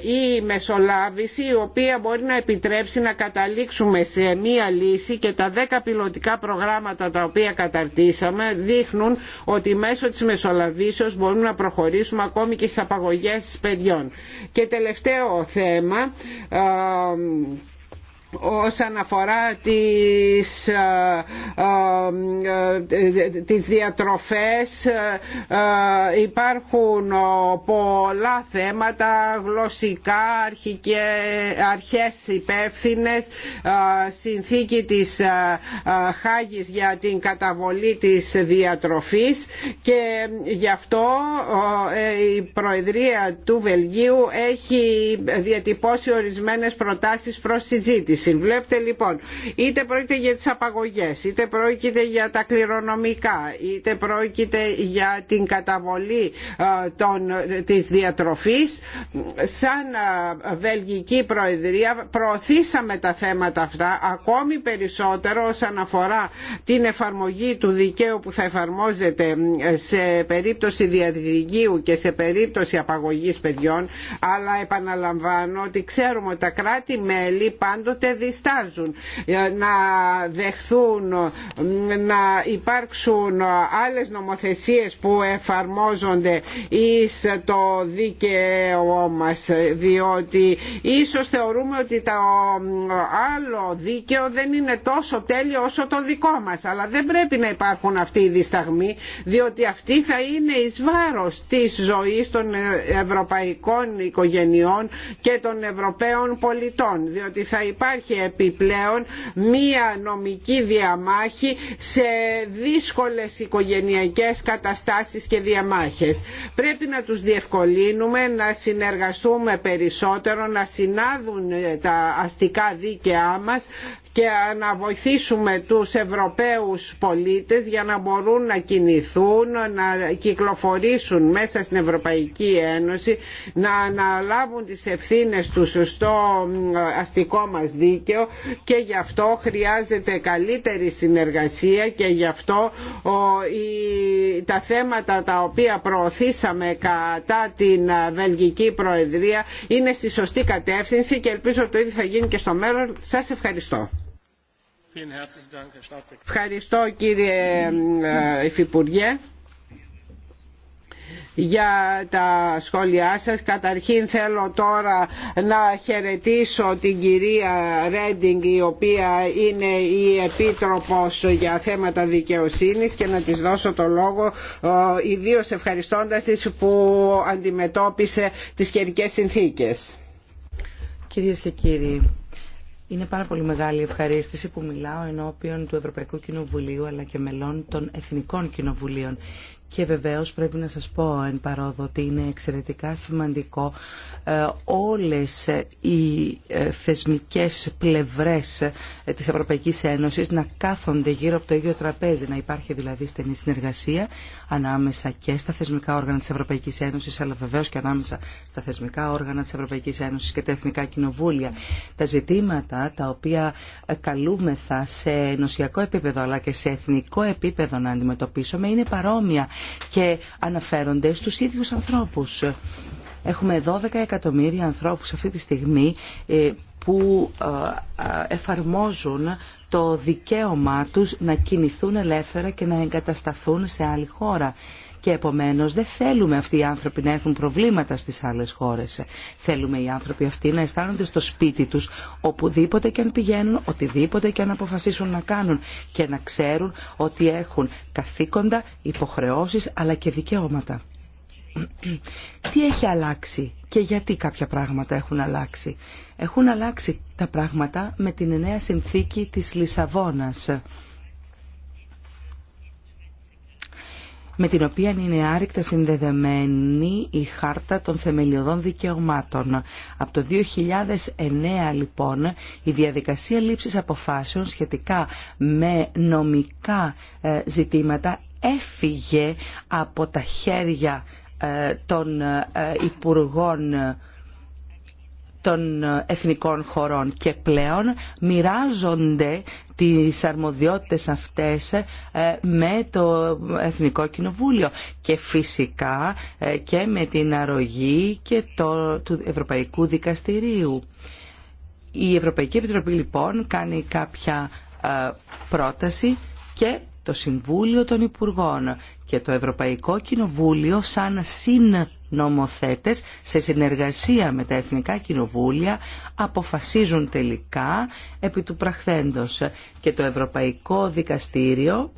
η μεσολάβηση η οποία μπορεί να επιτρέψει να καταλήξουμε σε μία λύση και τα δέκα πιλωτικά προγράμματα τα οποία καταρτήσαμε δείχνουν ότι μέσω της μεσολαβήσεως μπορούμε να προχωρήσουμε ακόμη και στις απαγωγές παιδιών. Και τελευταία τελευταίο θέμα α, όσον αφορά τις, ε, ε, ε, τις διατροφές υπάρχουν πολλά θέματα γλωσσικά, αρχικέ, αρχές υπεύθυνες συνθήκη της Χάγης για την καταβολή της διατροφής και γι' αυτό η Προεδρία του Βελγίου έχει διατυπώσει ορισμένες προτάσεις προς συζήτηση Βλέπετε λοιπόν, είτε πρόκειται για τις απαγωγές, είτε πρόκειται για τα κληρονομικά, είτε πρόκειται για την καταβολή ε, των, της διατροφής, σαν ε, Βελγική Προεδρία προωθήσαμε τα θέματα αυτά ακόμη περισσότερο όσον αφορά την εφαρμογή του δικαίου που θα εφαρμόζεται ε, σε περίπτωση διαδικτύου και σε περίπτωση απαγωγής παιδιών αλλά επαναλαμβάνω ότι ξέρουμε ότι τα κράτη-μέλη πάντοτε διστάζουν να δεχθούν να υπάρξουν άλλες νομοθεσίες που εφαρμόζονται εις το δίκαιο μας διότι ίσως θεωρούμε ότι το άλλο δίκαιο δεν είναι τόσο τέλειο όσο το δικό μας αλλά δεν πρέπει να υπάρχουν αυτοί οι δισταγμοί διότι αυτοί θα είναι εις βάρος της ζωής των ευρωπαϊκών οικογενειών και των ευρωπαίων πολιτών διότι θα υπάρχει υπάρχει επιπλέον μία νομική διαμάχη σε δύσκολες οικογενειακές καταστάσεις και διαμάχες. Πρέπει να τους διευκολύνουμε, να συνεργαστούμε περισσότερο, να συνάδουν τα αστικά δίκαιά μας και να βοηθήσουμε τους Ευρωπαίους πολίτες για να μπορούν να κινηθούν, να κυκλοφορήσουν μέσα στην Ευρωπαϊκή Ένωση, να αναλάβουν τις ευθύνες του σωστό αστικό μας δίκαιο και γι' αυτό χρειάζεται καλύτερη συνεργασία και γι' αυτό τα θέματα τα οποία προωθήσαμε κατά την Βελγική Προεδρία είναι στη σωστή κατεύθυνση και ελπίζω ότι το ίδιο θα γίνει και στο μέλλον. Σας ευχαριστώ. Ευχαριστώ κύριε ε, Υφυπουργέ για τα σχόλιά σας. Καταρχήν θέλω τώρα να χαιρετήσω την κυρία Ρέντινγκ η οποία είναι η Επίτροπος για θέματα δικαιοσύνης και να της δώσω το λόγο ε, ιδίως ευχαριστώντας της που αντιμετώπισε τις καιρικές συνθήκες. Κυρίες και κύριοι, είναι πάρα πολύ μεγάλη ευχαρίστηση που μιλάω ενώπιον του Ευρωπαϊκού Κοινοβουλίου αλλά και μελών των Εθνικών Κοινοβουλίων και βεβαίως πρέπει να σας πω εν παρόδο ότι είναι εξαιρετικά σημαντικό ε, όλες οι ε, θεσμικές πλευρές ε, της Ευρωπαϊκής Ένωσης να κάθονται γύρω από το ίδιο τραπέζι, να υπάρχει δηλαδή στενή συνεργασία ανάμεσα και στα θεσμικά όργανα της Ευρωπαϊκής Ένωσης, αλλά βεβαίως και ανάμεσα στα θεσμικά όργανα της Ευρωπαϊκής Ένωσης και τα εθνικά κοινοβούλια. Τα ζητήματα τα οποία καλούμεθα σε ενωσιακό επίπεδο αλλά και σε εθνικό επίπεδο να αντιμετωπίσουμε είναι παρόμοια και αναφέρονται στους ίδιους ανθρώπους. Έχουμε 12 εκατομμύρια ανθρώπους αυτή τη στιγμή ε, που ε, εφαρμόζουν το δικαίωμά τους να κινηθούν ελεύθερα και να εγκατασταθούν σε άλλη χώρα και επομένως δεν θέλουμε αυτοί οι άνθρωποι να έχουν προβλήματα στις άλλες χώρες. Θέλουμε οι άνθρωποι αυτοί να αισθάνονται στο σπίτι τους οπουδήποτε και αν πηγαίνουν, οτιδήποτε και αν αποφασίσουν να κάνουν και να ξέρουν ότι έχουν καθήκοντα, υποχρεώσεις αλλά και δικαιώματα. Τι έχει αλλάξει και γιατί κάποια πράγματα έχουν αλλάξει. Έχουν αλλάξει τα πράγματα με την νέα συνθήκη της Λισαβόνας με την οποία είναι άρρηκτα συνδεδεμένη η Χάρτα των Θεμελιωδών Δικαιωμάτων. Από το 2009 λοιπόν η διαδικασία λήψης αποφάσεων σχετικά με νομικά ε, ζητήματα έφυγε από τα χέρια ε, των ε, Υπουργών των εθνικών χωρών και πλέον μοιράζονται τις αρμοδιότητες αυτές ε, με το Εθνικό Κοινοβούλιο και φυσικά ε, και με την αρρωγή και το, του Ευρωπαϊκού Δικαστηρίου. Η Ευρωπαϊκή Επιτροπή λοιπόν κάνει κάποια ε, πρόταση και το Συμβούλιο των Υπουργών και το Ευρωπαϊκό Κοινοβούλιο σαν συνομοθέτες σε συνεργασία με τα Εθνικά Κοινοβούλια αποφασίζουν τελικά επί του πραχθέντος και το Ευρωπαϊκό Δικαστήριο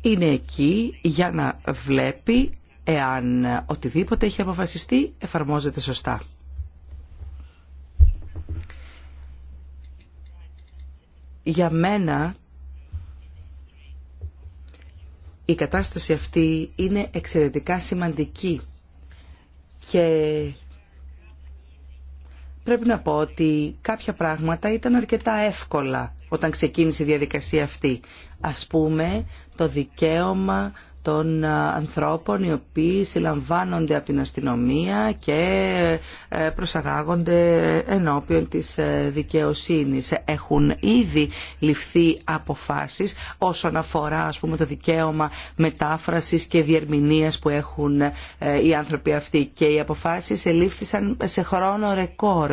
είναι εκεί για να βλέπει εάν οτιδήποτε έχει αποφασιστεί εφαρμόζεται σωστά. για μένα η κατάσταση αυτή είναι εξαιρετικά σημαντική και πρέπει να πω ότι κάποια πράγματα ήταν αρκετά εύκολα όταν ξεκίνησε η διαδικασία αυτή. Ας πούμε το δικαίωμα των ε, ανθρώπων οι οποίοι συλλαμβάνονται από την αστυνομία και ε, προσαγάγονται ενώπιον της ε, δικαιοσύνης. Έχουν ήδη ληφθεί αποφάσεις όσον αφορά ας το δικαίωμα μετάφρασης και διερμηνίας που έχουν οι άνθρωποι αυτοί και οι αποφάσεις ελήφθησαν σε χρόνο ρεκόρ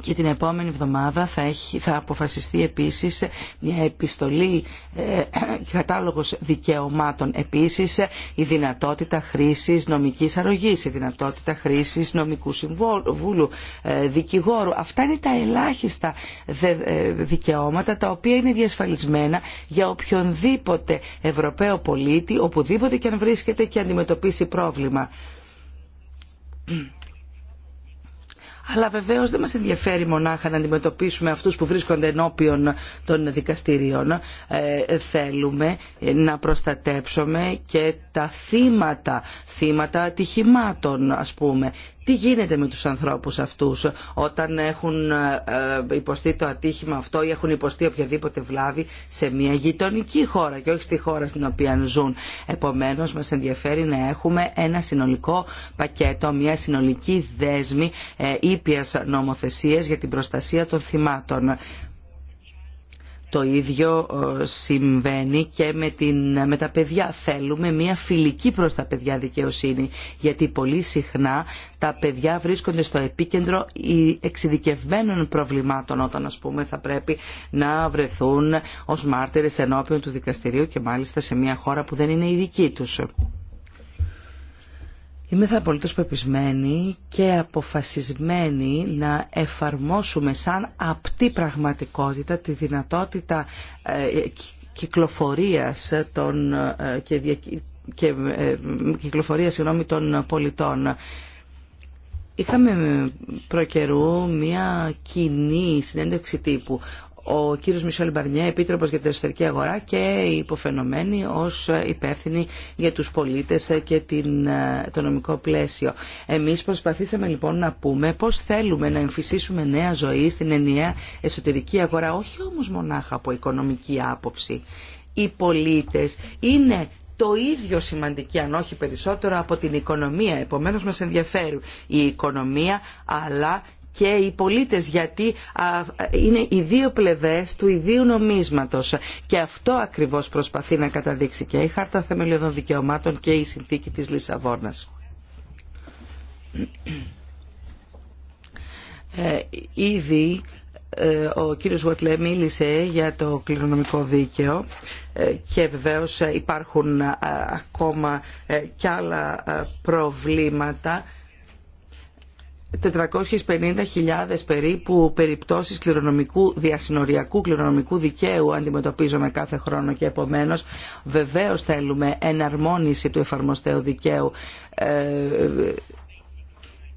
και την επόμενη εβδομάδα θα, έχει, θα αποφασιστεί επίσης μια επιστολή ε, κατάλογος δικαιωμάτων. Επίσης η δυνατότητα χρήσης νομικής αρρωγής, η δυνατότητα χρήσης νομικού συμβούλου, ε, δικηγόρου. Αυτά είναι τα ελάχιστα ε, δικαιώματα τα οποία είναι διασφαλισμένα για οποιονδήποτε Ευρωπαίο πολίτη, οπουδήποτε και αν βρίσκεται και αντιμετωπίσει πρόβλημα. Αλλά βεβαίω δεν μα ενδιαφέρει μονάχα να αντιμετωπίσουμε αυτού που βρίσκονται ενώπιον των δικαστηρίων. Ε, θέλουμε να προστατέψουμε και τα θύματα, θύματα ατυχημάτων α πούμε, τι γίνεται με τους ανθρώπους αυτούς όταν έχουν ε, υποστεί το ατύχημα αυτό ή έχουν υποστεί οποιαδήποτε βλάβη σε μια γειτονική χώρα και όχι στη χώρα στην οποία ζουν. Επομένως μας ενδιαφέρει να έχουμε ένα συνολικό πακέτο, μια συνολική δέσμη ε, ήπιας νομοθεσίας για την προστασία των θυμάτων. Το ίδιο ε, συμβαίνει και με, την, με τα παιδιά. Θέλουμε μια φιλική προς τα παιδιά δικαιοσύνη, γιατί πολύ συχνά τα παιδιά βρίσκονται στο επίκεντρο εξειδικευμένων προβλημάτων, όταν ας πούμε θα πρέπει να βρεθούν ως μάρτυρες ενώπιον του δικαστηρίου και μάλιστα σε μια χώρα που δεν είναι η δική τους. Είμαι θα απολύτως πεπισμένη και αποφασισμένη να εφαρμόσουμε σαν απτή πραγματικότητα τη δυνατότητα ε, κυκλοφορίας των, ε, και, και ε, κυκλοφορία συγγνώμη, των πολιτών. Είχαμε προκαιρού μια κοινή συνέντευξη τύπου ο κύριος Μισελ Μπαρνιέ, Επίτροπος για την Εσωτερική Αγορά και υποφαινομένη ως υπεύθυνη για τους πολίτες και την, το νομικό πλαίσιο. Εμείς προσπαθήσαμε λοιπόν να πούμε πώς θέλουμε να εμφυσίσουμε νέα ζωή στην ενιαία εσωτερική αγορά, όχι όμως μονάχα από οικονομική άποψη. Οι πολίτες είναι το ίδιο σημαντική, αν όχι περισσότερο, από την οικονομία. Επομένως μας ενδιαφέρουν η οικονομία, αλλά και οι πολίτες γιατί είναι οι δύο πλευρές του ιδίου νομίσματος και αυτό ακριβώς προσπαθεί να καταδείξει και η Χάρτα Θεμελιωδών Δικαιωμάτων και η Συνθήκη της Λισαβόνας. Ε, ήδη ε, ο κύριος Βουατλέ μίλησε για το κληρονομικό δίκαιο ε, και βεβαίως υπάρχουν ε, ακόμα κι άλλα προβλήματα 450.000 περίπου περιπτώσεις κληρονομικού, διασυνοριακού κληρονομικού δικαίου αντιμετωπίζουμε κάθε χρόνο και επομένως βεβαίως θέλουμε εναρμόνιση του εφαρμοστέου δικαίου ε,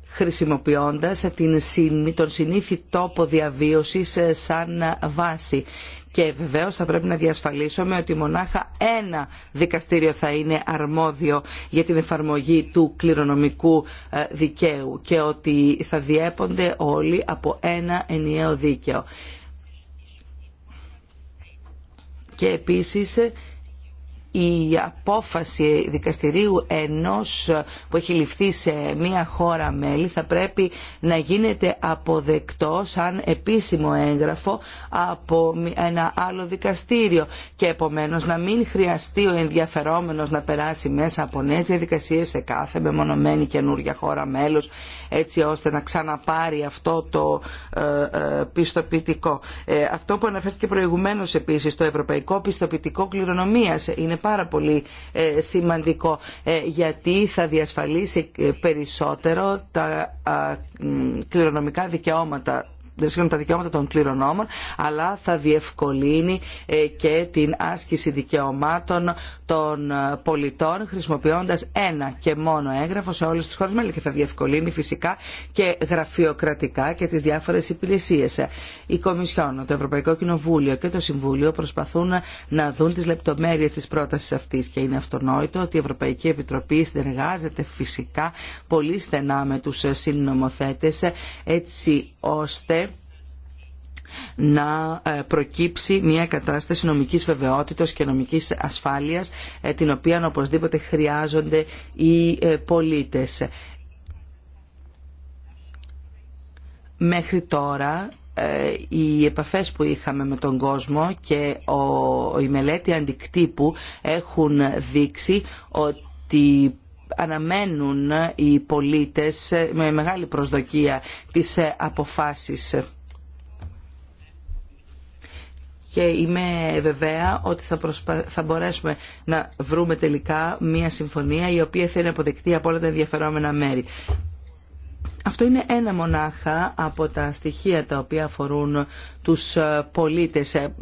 χρησιμοποιώντας την, τον συνήθι τόπο διαβίωσης ε, σαν βάση και βεβαίω θα πρέπει να διασφαλίσουμε ότι μονάχα ένα δικαστήριο θα είναι αρμόδιο για την εφαρμογή του κληρονομικού ε, δικαίου και ότι θα διέπονται όλοι από ένα ενιαίο δίκαιο. Και επίσης η απόφαση δικαστηρίου ενός που έχει ληφθεί σε μία χώρα μέλη θα πρέπει να γίνεται αποδεκτό σαν επίσημο έγγραφο από ένα άλλο δικαστήριο και επομένως να μην χρειαστεί ο ενδιαφερόμενος να περάσει μέσα από νέες διαδικασίες σε κάθε μεμονωμένη καινούργια χώρα μέλος έτσι ώστε να ξαναπάρει αυτό το ε, ε, πιστοποιητικό. Ε, αυτό που αναφέρθηκε προηγουμένως επίσης το Ευρωπαϊκό Πιστοποιητικό Κληρονομίας είναι πάρα πολύ ε, σημαντικό ε, γιατί θα διασφαλίσει ε, περισσότερο τα κληρονομικά δικαιώματα δεν τα δικαιώματα των κληρονόμων, αλλά θα διευκολύνει ε, και την άσκηση δικαιωμάτων των ε, πολιτών χρησιμοποιώντας ένα και μόνο έγγραφο σε όλες τις χώρες μέλη και θα διευκολύνει φυσικά και γραφειοκρατικά και τις διάφορες υπηρεσίες. Η Κομισιόν, το Ευρωπαϊκό Κοινοβούλιο και το Συμβούλιο προσπαθούν να δουν τις λεπτομέρειες της πρότασης αυτής και είναι αυτονόητο ότι η Ευρωπαϊκή Επιτροπή συνεργάζεται φυσικά πολύ στενά με τους ε, συνομοθέτες έτσι ώστε να ε, προκύψει μια κατάσταση νομικής βεβαιότητας και νομικής ασφάλειας ε, την οποία οπωσδήποτε χρειάζονται οι ε, πολίτες. Μέχρι τώρα οι επαφές που είχαμε με τον κόσμο και η μελέτη αντικτύπου έχουν δείξει ότι αναμένουν οι πολίτες με μεγάλη προσδοκία τις αποφάσεις και είμαι βεβαία ότι θα, μπορέσουμε να βρούμε τελικά μια συμφωνία η οποία θα είναι αποδεκτή από όλα τα ενδιαφερόμενα μέρη. Αυτό είναι ένα μονάχα από τα στοιχεία τα οποία αφορούν τους ε, πολίτες, ε,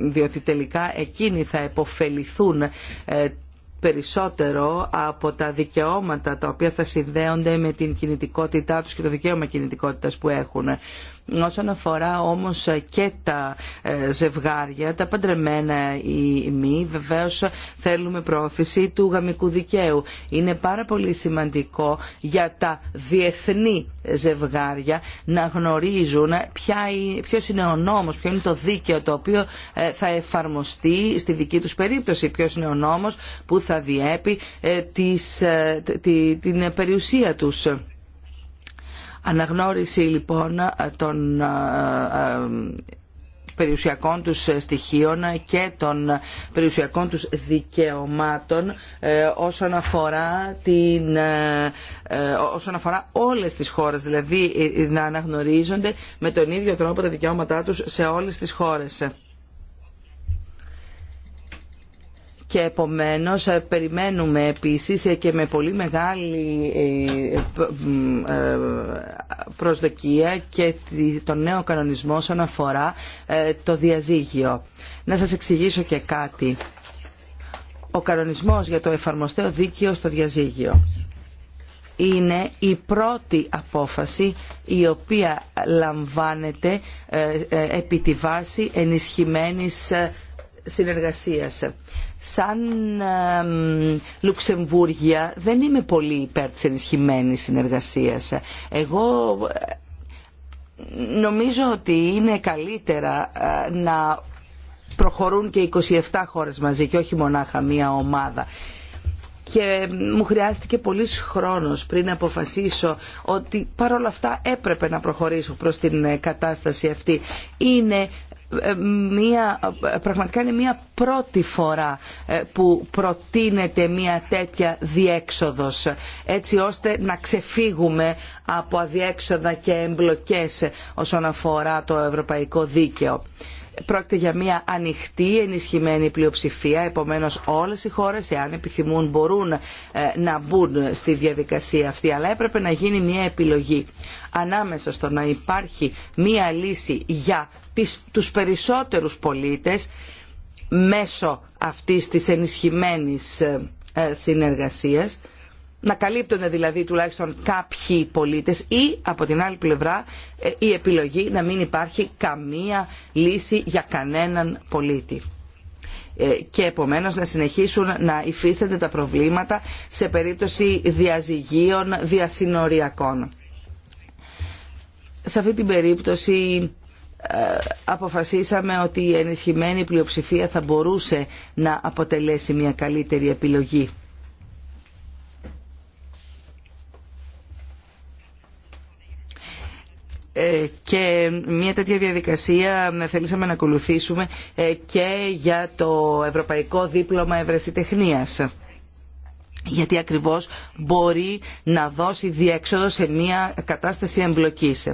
διότι τελικά εκείνοι θα επωφεληθούν ε, περισσότερο από τα δικαιώματα τα οποία θα συνδέονται με την κινητικότητά τους και το δικαίωμα κινητικότητας που έχουν. Όσον αφορά όμως και τα ε, ζευγάρια, τα παντρεμένα ή μη, βεβαίως θέλουμε πρόθεση του γαμικού δικαίου. Είναι πάρα πολύ σημαντικό για τα διεθνή ζευγάρια να γνωρίζουν ποιος είναι ο νόμος, ποιο είναι το δίκαιο το οποίο ε, θα εφαρμοστεί στη δική τους περίπτωση, ποιος είναι ο νόμος που θα διέπει ε, την περιουσία τους. Αναγνώριση λοιπόν των ε, ε, περιουσιακών τους στοιχείων και των περιουσιακών τους δικαιωμάτων ε, όσον αφορά, την, όσον αφορά όλες τις χώρες, δηλαδή να αναγνωρίζονται με τον ίδιο τρόπο τα δικαιώματά τους σε όλες τις χώρες. και επομένως ε, περιμένουμε επίσης ε, και με πολύ μεγάλη ε, προσδοκία και τον νέο κανονισμό όσον αφορά το διαζύγιο. Να σας εξηγήσω και κάτι. Ο κανονισμός για το εφαρμοστέο δίκαιο στο διαζύγιο είναι η πρώτη απόφαση η οποία λαμβάνεται επί τη βάση ενισχυμένης συνεργασίας. Σαν Λουξεμβούργια δεν είμαι πολύ υπέρ της ενισχυμένης συνεργασίας. Εγώ ε, νομίζω ότι είναι καλύτερα ε, να προχωρούν και 27 χώρες μαζί και όχι μονάχα μία ομάδα και μου χρειάστηκε πολύς χρόνος πριν αποφασίσω ότι παρόλα αυτά έπρεπε να προχωρήσω προς την ε, κατάσταση αυτή. Είναι ε, μια, ε, πραγματικά είναι μια πρώτη φορά ε, που προτείνεται μια τέτοια διέξοδος έτσι ώστε να ξεφύγουμε από αδιέξοδα και εμπλοκές όσον αφορά το ευρωπαϊκό δίκαιο. Πρόκειται για μια ανοιχτή, ενισχυμένη πλειοψηφία, επομένως όλες οι χώρες, εάν επιθυμούν, μπορούν να μπουν στη διαδικασία αυτή, αλλά έπρεπε να γίνει μια επιλογή ανάμεσα στο να υπάρχει μια λύση για τις, τους περισσότερους πολίτες μέσω αυτής της ενισχυμένης ε, ε, συνεργασίας να καλύπτονται δηλαδή τουλάχιστον κάποιοι πολίτες ή από την άλλη πλευρά ε, η επιλογή να μην υπάρχει καμία λύση για κανέναν πολίτη και επομένως να συνεχίσουν να υφίστανται τα προβλήματα σε περίπτωση διαζυγίων διασυνοριακών. Σε αυτή την περίπτωση αποφασίσαμε ότι η ενισχυμένη πλειοψηφία θα μπορούσε να αποτελέσει μια καλύτερη επιλογή. Ε, και μια τέτοια διαδικασία θέλησαμε να ακολουθήσουμε ε, και για το Ευρωπαϊκό Δίπλωμα Ευρεσιτεχνίας γιατί ακριβώς μπορεί να δώσει διέξοδο σε μια κατάσταση εμπλοκής.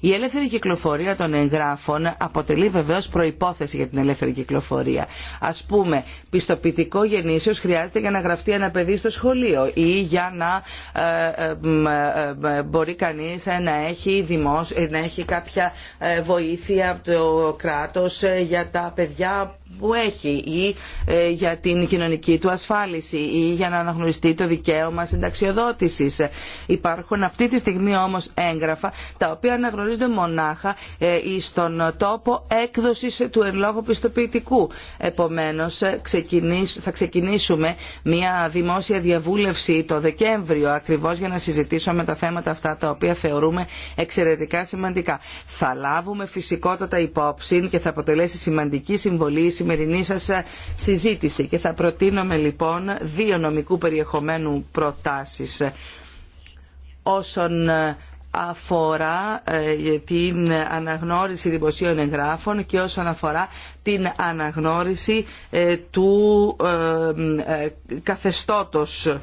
Η ελεύθερη κυκλοφορία των εγγράφων αποτελεί βεβαίως προϋπόθεση για την ελεύθερη κυκλοφορία. Ας πούμε, πιστοποιητικό γεννήσεως χρειάζεται για να γραφτεί ένα παιδί στο σχολείο ή για να ε, ε, ε, μπορεί κανείς να έχει, να έχει κάποια βοήθεια από το κράτος για τα παιδιά που έχει ή ε, για την κοινωνική του ασφάλιση ή για να αναγνωριστεί το δικαίωμα συνταξιοδότησης. Υπάρχουν αυτή τη στιγμή όμως έγγραφα τα οποία αναγνωρίζονται μονάχα ε, στον τόπο έκδοσης του εν λόγω πιστοποιητικού. Επομένως ε, θα ξεκινήσουμε μια δημόσια διαβούλευση το Δεκέμβριο ακριβώς για να συζητήσουμε τα θέματα αυτά τα οποία θεωρούμε εξαιρετικά σημαντικά. Θα λάβουμε φυσικότατα υπόψη και θα αποτελέσει σημαντική συμβολή σημερινή σας συζήτηση και θα προτείνομαι λοιπόν δύο νομικού περιεχομένου προτάσεις όσον ε, αφορά ε, την αναγνώριση δημοσίων εγγράφων και όσον αφορά την αναγνώριση ε, του καθεστώτος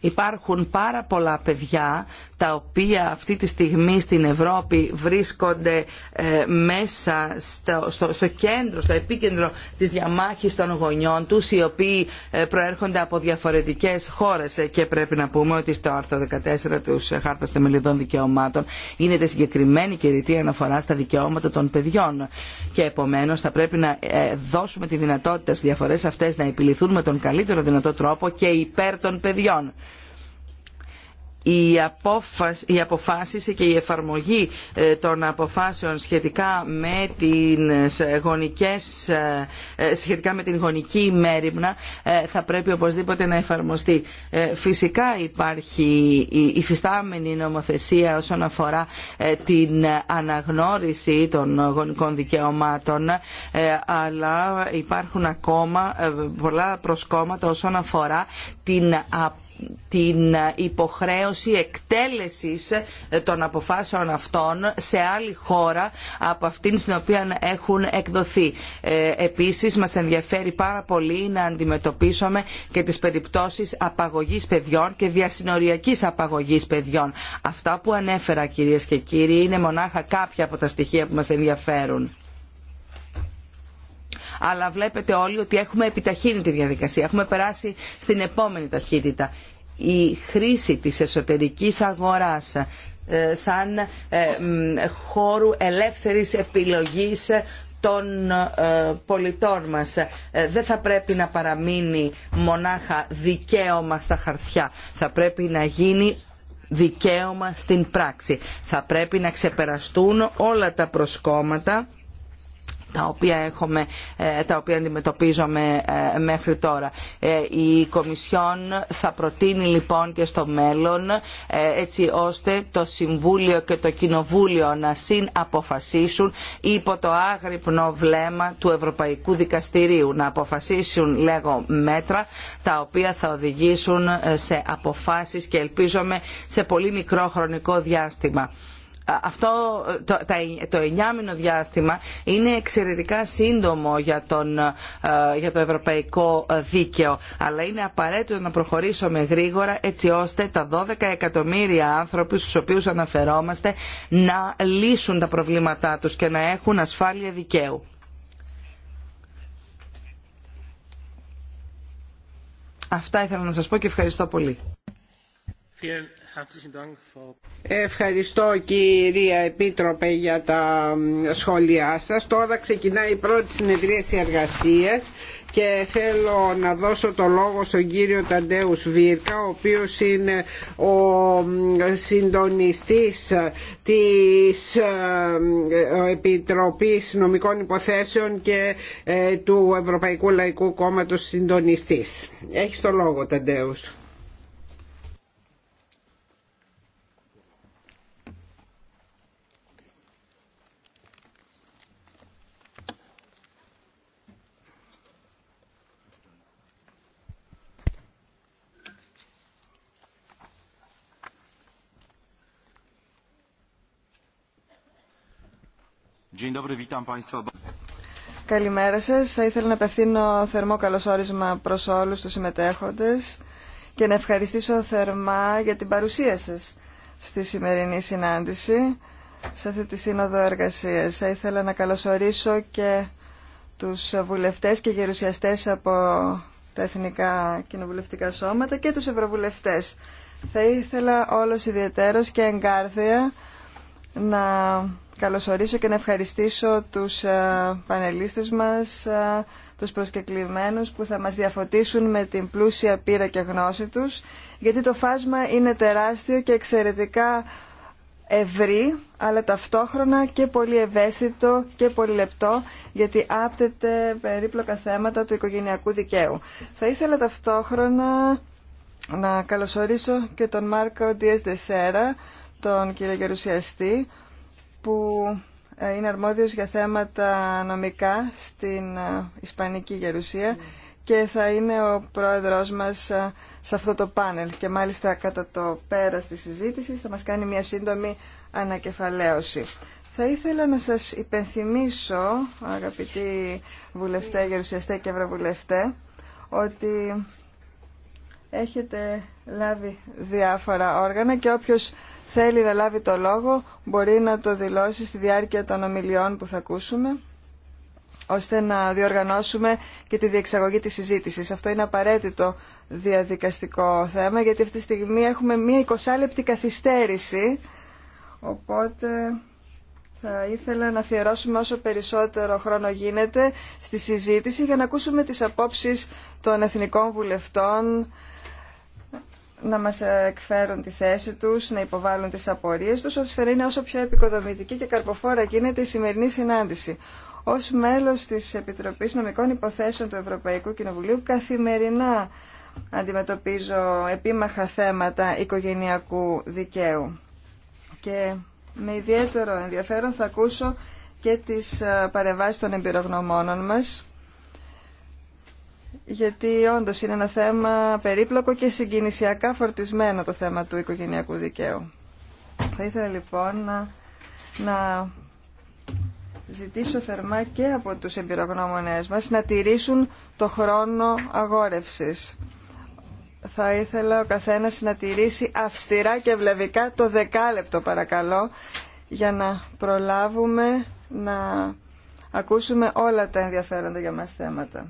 υπάρχουν πάρα πολλά παιδιά τα οποία αυτή τη στιγμή στην Ευρώπη βρίσκονται ε, μέσα στο, στο, στο κέντρο, στο επίκεντρο της διαμάχης των γονιών τους, οι οποίοι ε, προέρχονται από διαφορετικές χώρες ε, και πρέπει να πούμε ότι στο άρθρο 14 του Χάρτας Θεμελιδών Δικαιωμάτων γίνεται συγκεκριμένη και ρητή αναφορά στα δικαιώματα των παιδιών και επομένως θα πρέπει να δώσουμε τη δυνατότητα στις διαφορές αυτές να επιληθούν με τον καλύτερο δυνατό τρόπο και υπέρ των παιδιών. Η απόφαση, και η εφαρμογή ε, των αποφάσεων σχετικά με, ε, ε, σχετικά με την γονική ημέρημνα θα πρέπει οπωσδήποτε να εφαρμοστεί. Φυσικά υπάρχει η υφιστάμενη νομοθεσία όσον αφορά την αναγνώριση των γονικών δικαιωμάτων αλλά υπάρχουν ακόμα πολλά προσκόμματα όσον αφορά την την υποχρέωση εκτέλεσης των αποφάσεων αυτών σε άλλη χώρα από αυτήν στην οποία έχουν εκδοθεί. Ε, επίσης μας ενδιαφέρει πάρα πολύ να αντιμετωπίσουμε και τις περιπτώσεις απαγωγής παιδιών και διασυνοριακής απαγωγής παιδιών. Αυτά που ανέφερα κυρίες και κύριοι είναι μονάχα κάποια από τα στοιχεία που μας ενδιαφέρουν αλλά βλέπετε όλοι ότι έχουμε επιταχύνει τη διαδικασία. Έχουμε περάσει στην επόμενη ταχύτητα η χρήση της εσωτερικής αγοράς ε, σαν ε, χώρου ελεύθερης επιλογής των ε, πολιτών μας. Δεν θα πρέπει να παραμείνει μονάχα δικαίωμα στα χαρτιά. Θα πρέπει να γίνει δικαίωμα στην πράξη. Θα πρέπει να ξεπεραστούν όλα τα προσκόμματα τα οποία, έχουμε, ε, τα οποία αντιμετωπίζομαι ε, μέχρι τώρα. Ε, η Κομισιόν θα προτείνει λοιπόν και στο μέλλον έτσι ώστε το Συμβούλιο και το Κοινοβούλιο να συναποφασίσουν υπό το άγρυπνο βλέμμα του Ευρωπαϊκού Δικαστηρίου να αποφασίσουν λέγω μέτρα τα οποία θα οδηγήσουν σε αποφάσεις και ελπίζομαι σε πολύ μικρό χρονικό διάστημα αυτό το, το εννιάμινο διάστημα είναι εξαιρετικά σύντομο για, τον, ε, για το ευρωπαϊκό δίκαιο αλλά είναι απαραίτητο να προχωρήσουμε γρήγορα έτσι ώστε τα 12 εκατομμύρια άνθρωποι στους οποίους αναφερόμαστε να λύσουν τα προβλήματά τους και να έχουν ασφάλεια δικαίου. Αυτά ήθελα να σας πω και ευχαριστώ πολύ. Ευχαριστώ κυρία Επίτροπε για τα σχόλιά σας. Τώρα ξεκινάει η πρώτη συνεδρίαση εργασίας και θέλω να δώσω το λόγο στον κύριο Ταντέους Βίρκα ο οποίος είναι ο συντονιστής της ε, Επιτροπής Νομικών Υποθέσεων και ε, του Ευρωπαϊκού Λαϊκού Κόμματος Συντονιστής. Έχεις το λόγο Ταντέους. Καλημέρα σας. Θα ήθελα να απευθύνω θερμό καλωσόρισμα προς όλους τους συμμετέχοντες και να ευχαριστήσω θερμά για την παρουσία σας στη σημερινή συνάντηση σε αυτή τη Σύνοδο Εργασίας. Θα ήθελα να καλωσορίσω και τους βουλευτές και γερουσιαστές από τα Εθνικά Κοινοβουλευτικά Σώματα και τους Ευρωβουλευτές. Θα ήθελα όλος ιδιαίτερος και εγκάρδια να καλωσορίσω και να ευχαριστήσω τους ε, πανελίστες μας, ε, τους προσκεκλημένους που θα μας διαφωτίσουν με την πλούσια πείρα και γνώση τους, γιατί το φάσμα είναι τεράστιο και εξαιρετικά ευρύ, αλλά ταυτόχρονα και πολύ ευαίσθητο και πολύ λεπτό, γιατί άπτεται περίπλοκα θέματα του οικογενειακού δικαίου. Θα ήθελα ταυτόχρονα να καλωσορίσω και τον Μάρκο Ντιές Δεσέρα, τον κύριο Γερουσιαστή που ε, είναι αρμόδιος για θέματα νομικά στην ε, Ισπανική Γερουσία και θα είναι ο πρόεδρός μας ε, σε αυτό το πάνελ και μάλιστα κατά το πέρας της συζήτησης θα μας κάνει μια σύντομη ανακεφαλαίωση. Θα ήθελα να σας υπενθυμίσω, αγαπητοί βουλευτέ, γερουσιαστέ και ευρωβουλευτέ, ότι έχετε λάβει διάφορα όργανα και όποιος θέλει να λάβει το λόγο μπορεί να το δηλώσει στη διάρκεια των ομιλιών που θα ακούσουμε ώστε να διοργανώσουμε και τη διεξαγωγή της συζήτησης. Αυτό είναι απαραίτητο διαδικαστικό θέμα γιατί αυτή τη στιγμή έχουμε μία 20 καθυστέρηση οπότε θα ήθελα να αφιερώσουμε όσο περισσότερο χρόνο γίνεται στη συζήτηση για να ακούσουμε τις απόψεις των εθνικών βουλευτών να μας εκφέρουν τη θέση τους, να υποβάλουν τις απορίες τους, ώστε να είναι όσο πιο επικοδομητική και καρποφόρα γίνεται η σημερινή συνάντηση. Ως μέλος της Επιτροπής Νομικών Υποθέσεων του Ευρωπαϊκού Κοινοβουλίου, καθημερινά αντιμετωπίζω επίμαχα θέματα οικογενειακού δικαίου. Και με ιδιαίτερο ενδιαφέρον θα ακούσω και τις ε, παρεμβάσεις των εμπειρογνωμόνων μας γιατί όντως είναι ένα θέμα περίπλοκο και συγκινησιακά φορτισμένο το θέμα του οικογενειακού δικαίου. Θα ήθελα λοιπόν να, να ζητήσω θερμά και από τους εμπειρογνώμονές μας να τηρήσουν το χρόνο αγόρευσης. Θα ήθελα ο καθένας να τηρήσει αυστηρά και βλεβικά το δεκάλεπτο παρακαλώ για να προλάβουμε να ακούσουμε όλα τα ενδιαφέροντα για μας θέματα.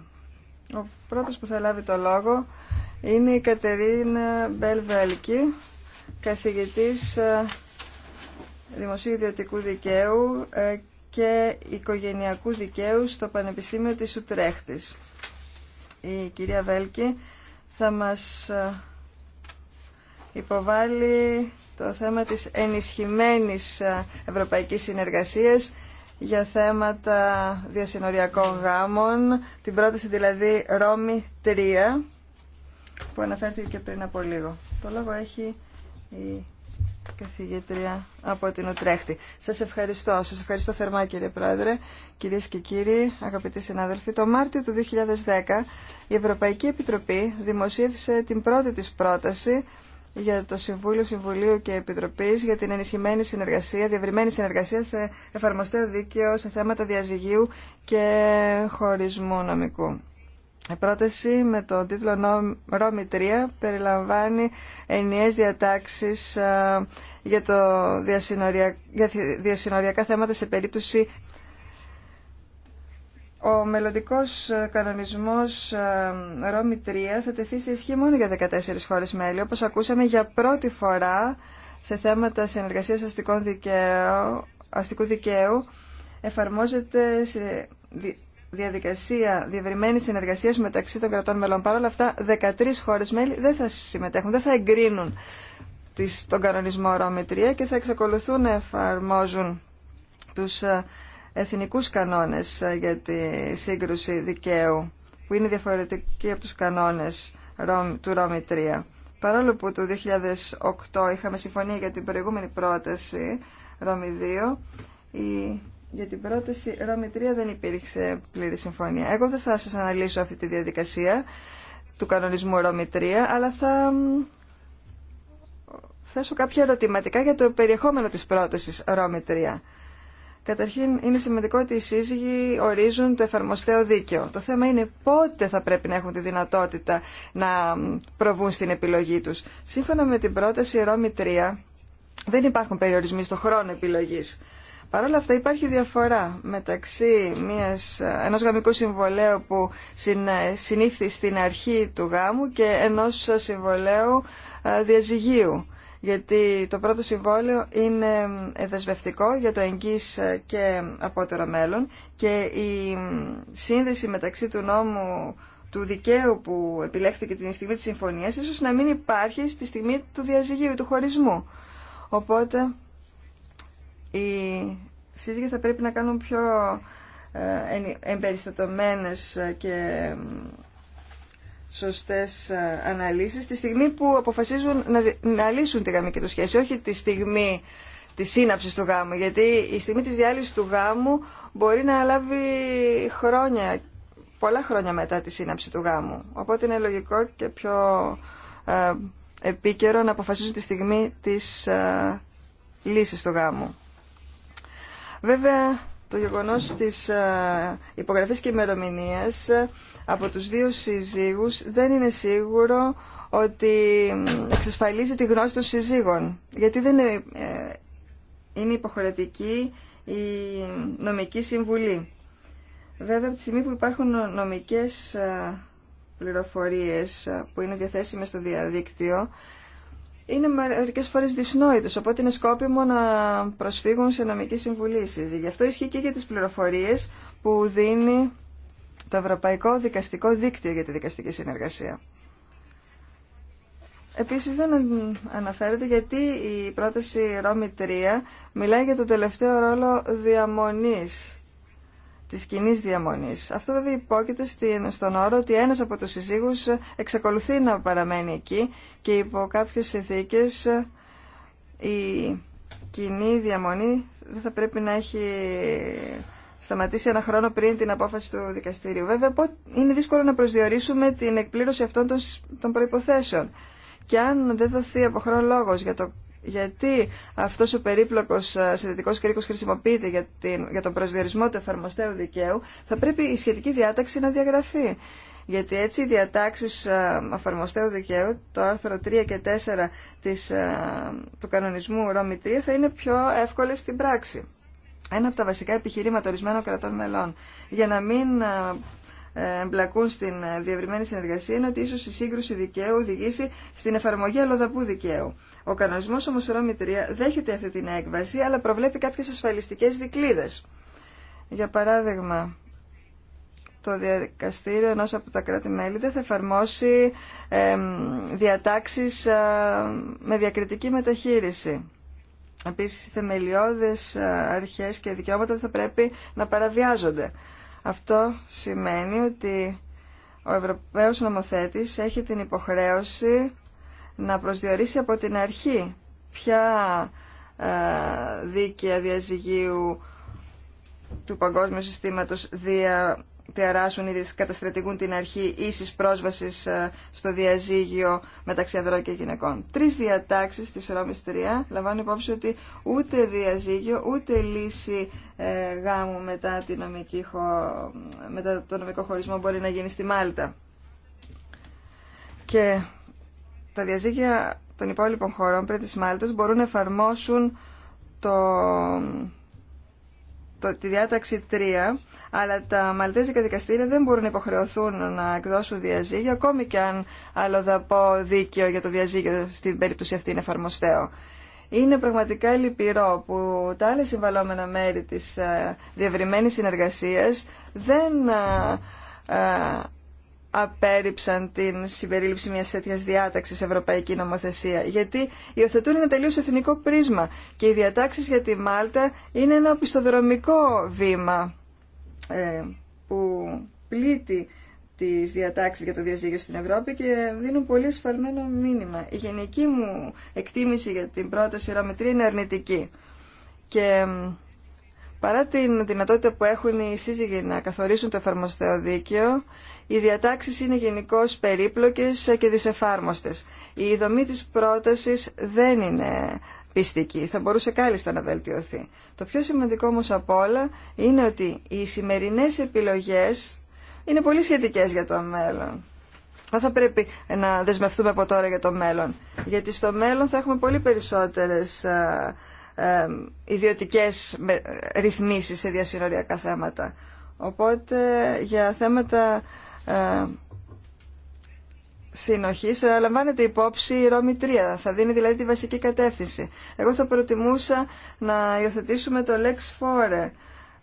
Ο πρώτος που θα λάβει το λόγο είναι η Κατερίνα Μπελβέλκη, καθηγητής ε, Δημοσίου Ιδιωτικού Δικαίου ε, και Οικογενειακού Δικαίου στο Πανεπιστήμιο της Ουτρέχτης. Η κυρία Βέλκη θα μας ε, υποβάλει το θέμα της ενισχυμένης ευρωπαϊκής συνεργασίας για θέματα διασυνοριακών γάμων, την πρόταση δηλαδή Ρώμη 3, που αναφέρθηκε και πριν από λίγο. Το λόγο έχει η καθηγήτρια από την Ουτρέχτη. Σας ευχαριστώ. Σας ευχαριστώ θερμά κύριε Πρόεδρε, κυρίες και κύριοι, αγαπητοί συνάδελφοι. Το Μάρτιο του 2010 η Ευρωπαϊκή Επιτροπή δημοσίευσε την πρώτη της πρόταση για το Συμβούλιο Συμβουλίου και Επιτροπή για την ενισχυμένη συνεργασία, διευρυμένη συνεργασία σε εφαρμοστέο δίκαιο σε θέματα διαζυγίου και χωρισμού νομικού. Η πρόταση με τον τίτλο Ρώμη 3 περιλαμβάνει ενιαίες διατάξεις ε, για, το για διασυνοριακά θέματα σε περίπτωση ο μελλοντικό ε, κανονισμό ε, Ρώμη 3 θα τεθεί σε ισχύ μόνο για 14 χώρε μέλη. Όπω ακούσαμε, για πρώτη φορά σε θέματα συνεργασία αστικού δικαίου εφαρμόζεται σε διαδικασία διευρυμένη συνεργασία μεταξύ των κρατών μελών. Παρ' όλα αυτά, 13 χώρε μέλη δεν θα συμμετέχουν, δεν θα εγκρίνουν τον κανονισμό Ρώμη 3 και θα εξακολουθούν να εφαρμόζουν τους ε, εθνικούς κανόνες ε, για τη σύγκρουση δικαίου, που είναι διαφορετική από τους κανόνες του Ρώμη 3. Παρόλο που το 2008 είχαμε συμφωνία για την προηγούμενη πρόταση Ρώμη 2, η... για την πρόταση Ρώμη 3 δεν υπήρξε πλήρη συμφωνία. Εγώ δεν θα σας αναλύσω αυτή τη διαδικασία του κανονισμού Ρώμη 3, αλλά θα θέσω κάποια ερωτηματικά για το περιεχόμενο της πρότασης Ρώμη 3. Καταρχήν είναι σημαντικό ότι οι σύζυγοι ορίζουν το εφαρμοστέο δίκαιο. Το θέμα είναι πότε θα πρέπει να έχουν τη δυνατότητα να προβούν στην επιλογή τους. Σύμφωνα με την πρόταση Ρώμη 3 δεν υπάρχουν περιορισμοί στο χρόνο επιλογής. Παρ' όλα αυτά υπάρχει διαφορά μεταξύ μιας, ενός γαμικού συμβολέου που συνήθει στην αρχή του γάμου και ενός συμβολέου ε, διαζυγίου γιατί το πρώτο συμβόλαιο είναι δεσμευτικό για το εγγύς και απότερο μέλλον και η σύνδεση μεταξύ του νόμου του δικαίου που επιλέχθηκε την στιγμή της συμφωνίας ίσως να μην υπάρχει στη στιγμή του διαζυγίου, του χωρισμού. Οπότε οι σύζυγοι θα πρέπει να κάνουν πιο ε, εμπεριστατωμένες και σωστές ε, αναλύσεις τη στιγμή που αποφασίζουν να λύσουν τη γαμική του σχέση, όχι τη στιγμή της σύναψης του γάμου, γιατί η στιγμή της διάλυσης του γάμου μπορεί να λάβει χρόνια, πολλά χρόνια μετά τη σύναψη του γάμου. Οπότε είναι λογικό και πιο ε, επίκαιρο να αποφασίζουν τη στιγμή της ε, λύσης του γάμου. Βέβαια, το γεγονός της υπογραφής και ημερομηνία από τους δύο σύζυγους δεν είναι σίγουρο ότι εξασφαλίζει τη γνώση των σύζυγων. Γιατί δεν ε, είναι υποχρεωτική η νομική συμβουλή. Βέβαια, από τη στιγμή που υπάρχουν νομικές ε, πληροφορίες ε, που είναι διαθέσιμες στο διαδίκτυο, είναι μερικές φορές δυσνόητες, οπότε είναι σκόπιμο να προσφύγουν σε νομική συμβουλή Γι' αυτό ισχύει και για τις πληροφορίες που δίνει το Ευρωπαϊκό Δικαστικό Δίκτυο για τη Δικαστική Συνεργασία. Επίσης δεν αναφέρεται γιατί η πρόταση Ρώμη 3 μιλάει για το τελευταίο ρόλο διαμονής, της κοινή διαμονής. Αυτό βέβαια υπόκειται στον όρο ότι ένας από τους συζύγους εξακολουθεί να παραμένει εκεί και υπό κάποιες συνθήκες η κοινή διαμονή δεν θα πρέπει να έχει σταματήσει ένα χρόνο πριν την απόφαση του δικαστηρίου. Βέβαια, είναι δύσκολο να προσδιορίσουμε την εκπλήρωση αυτών των προϋποθέσεων. Και αν δεν δοθεί από χρόνο λόγος για το γιατί αυτός ο περίπλοκος συνδετικός κρίκος χρησιμοποιείται για, την, για τον προσδιορισμό του εφαρμοστέου δικαίου, θα πρέπει η σχετική διάταξη να διαγραφεί. Γιατί έτσι οι διατάξεις εφαρμοστέου δικαίου, το άρθρο 3 και 4 της, του κανονισμού Ρώμη 3, θα είναι πιο εύκολες στην πράξη ένα από τα βασικά επιχειρήματα ορισμένων κρατών μελών για να μην ε, ε, εμπλακούν στην ε, διευρυμένη συνεργασία είναι ότι ίσω η σύγκρουση δικαίου οδηγήσει στην εφαρμογή αλλοδαπού δικαίου. Ο κανονισμό όμω Ρώμη δέχεται αυτή την έκβαση, αλλά προβλέπει κάποιε ασφαλιστικέ δικλείδε. Για παράδειγμα, το διαδικαστήριο ενό από τα κράτη-μέλη δεν θα εφαρμόσει ε, διατάξει με διακριτική μεταχείριση. Επίσης, οι θεμελιώδες ε, αρχές και δικαιώματα θα πρέπει να παραβιάζονται. Αυτό σημαίνει ότι ο Ευρωπαίος νομοθέτης έχει την υποχρέωση να προσδιορίσει από την αρχή ποια ε, δίκαια διαζυγίου του παγκόσμιου συστήματος δια ή καταστρατηγούν την αρχή ίσης πρόσβασης ε, στο διαζύγιο μεταξύ ανδρών και γυναικών. Τρεις διατάξεις της Ρώμης 3 λαμβάνουν υπόψη ότι ούτε διαζύγιο ούτε λύση ε, γάμου μετά, τη νομική, μετά το νομικό χωρισμό μπορεί να γίνει στη Μάλτα. Και τα διαζύγια των υπόλοιπων χωρών πριν της Μάλτας μπορούν να εφαρμόσουν το, το, τη διάταξη 3 αλλά τα μαλτέζικα δικαστήρια δεν μπορούν να υποχρεωθούν να εκδώσουν διαζύγιο, ακόμη και αν άλλο αλλοδαπό δίκαιο για το διαζύγιο στην περίπτωση αυτή είναι εφαρμοστέο. Είναι πραγματικά λυπηρό που τα άλλα συμβαλόμενα μέρη της ε, διευρυμένης συνεργασίας δεν ε, ε, απέρριψαν την συμπερίληψη μιας τέτοια διάταξης σε ευρωπαϊκή νομοθεσία, γιατί υιοθετούν ένα τελείως εθνικό πρίσμα και οι διατάξεις για τη Μάλτα είναι ένα πιστοδρομικό βήμα ε, που πλήττει τις διατάξεις για το διαζύγιο στην Ευρώπη και δίνουν πολύ ασφαλμένο μήνυμα. Η γενική μου εκτίμηση για την πρόταση ρομετρή είναι αρνητική. Και παρά την δυνατότητα που έχουν οι σύζυγοι να καθορίσουν το εφαρμοστέο δίκαιο, οι διατάξεις είναι γενικώ περίπλοκες και δυσεφάρμοστες. Η δομή της πρότασης δεν είναι πιστική, θα μπορούσε κάλλιστα να βελτιωθεί. Το πιο σημαντικό όμως από όλα είναι ότι οι σημερινές επιλογές είναι πολύ σχετικές για το μέλλον. Δεν θα πρέπει να δεσμευτούμε από τώρα για το μέλλον, γιατί στο μέλλον θα έχουμε πολύ περισσότερες ε, ε, ιδιωτικές ρυθμίσεις σε διασυνοριακά θέματα. Οπότε για θέματα ε, Συνοχή, θα λαμβάνεται υπόψη η Ρώμη 3, θα δίνει δηλαδή τη βασική κατεύθυνση. Εγώ θα προτιμούσα να υιοθετήσουμε το Lex Fore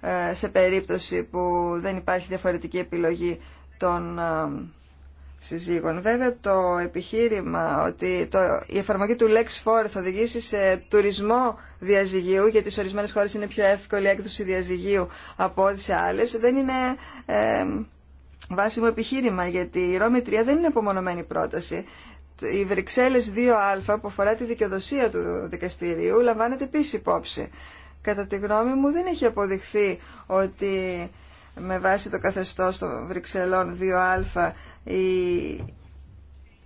ε, σε περίπτωση που δεν υπάρχει διαφορετική επιλογή των ε, συζύγων. Βέβαια το επιχείρημα ότι το, η εφαρμογή του Lex 4 θα οδηγήσει σε τουρισμό διαζυγίου, γιατί σε ορισμένες χώρες είναι πιο εύκολη η έκδοση διαζυγίου από ό,τι σε άλλες, δεν είναι... Ε, βάσιμο επιχείρημα, γιατί η Ρώμη 3 δεν είναι απομονωμένη πρόταση. Η Βρυξέλλες 2α που αφορά τη δικαιοδοσία του δικαστηρίου λαμβάνεται επίση υπόψη. Κατά τη γνώμη μου δεν έχει αποδειχθεί ότι με βάση το καθεστώς των Βρυξελών 2α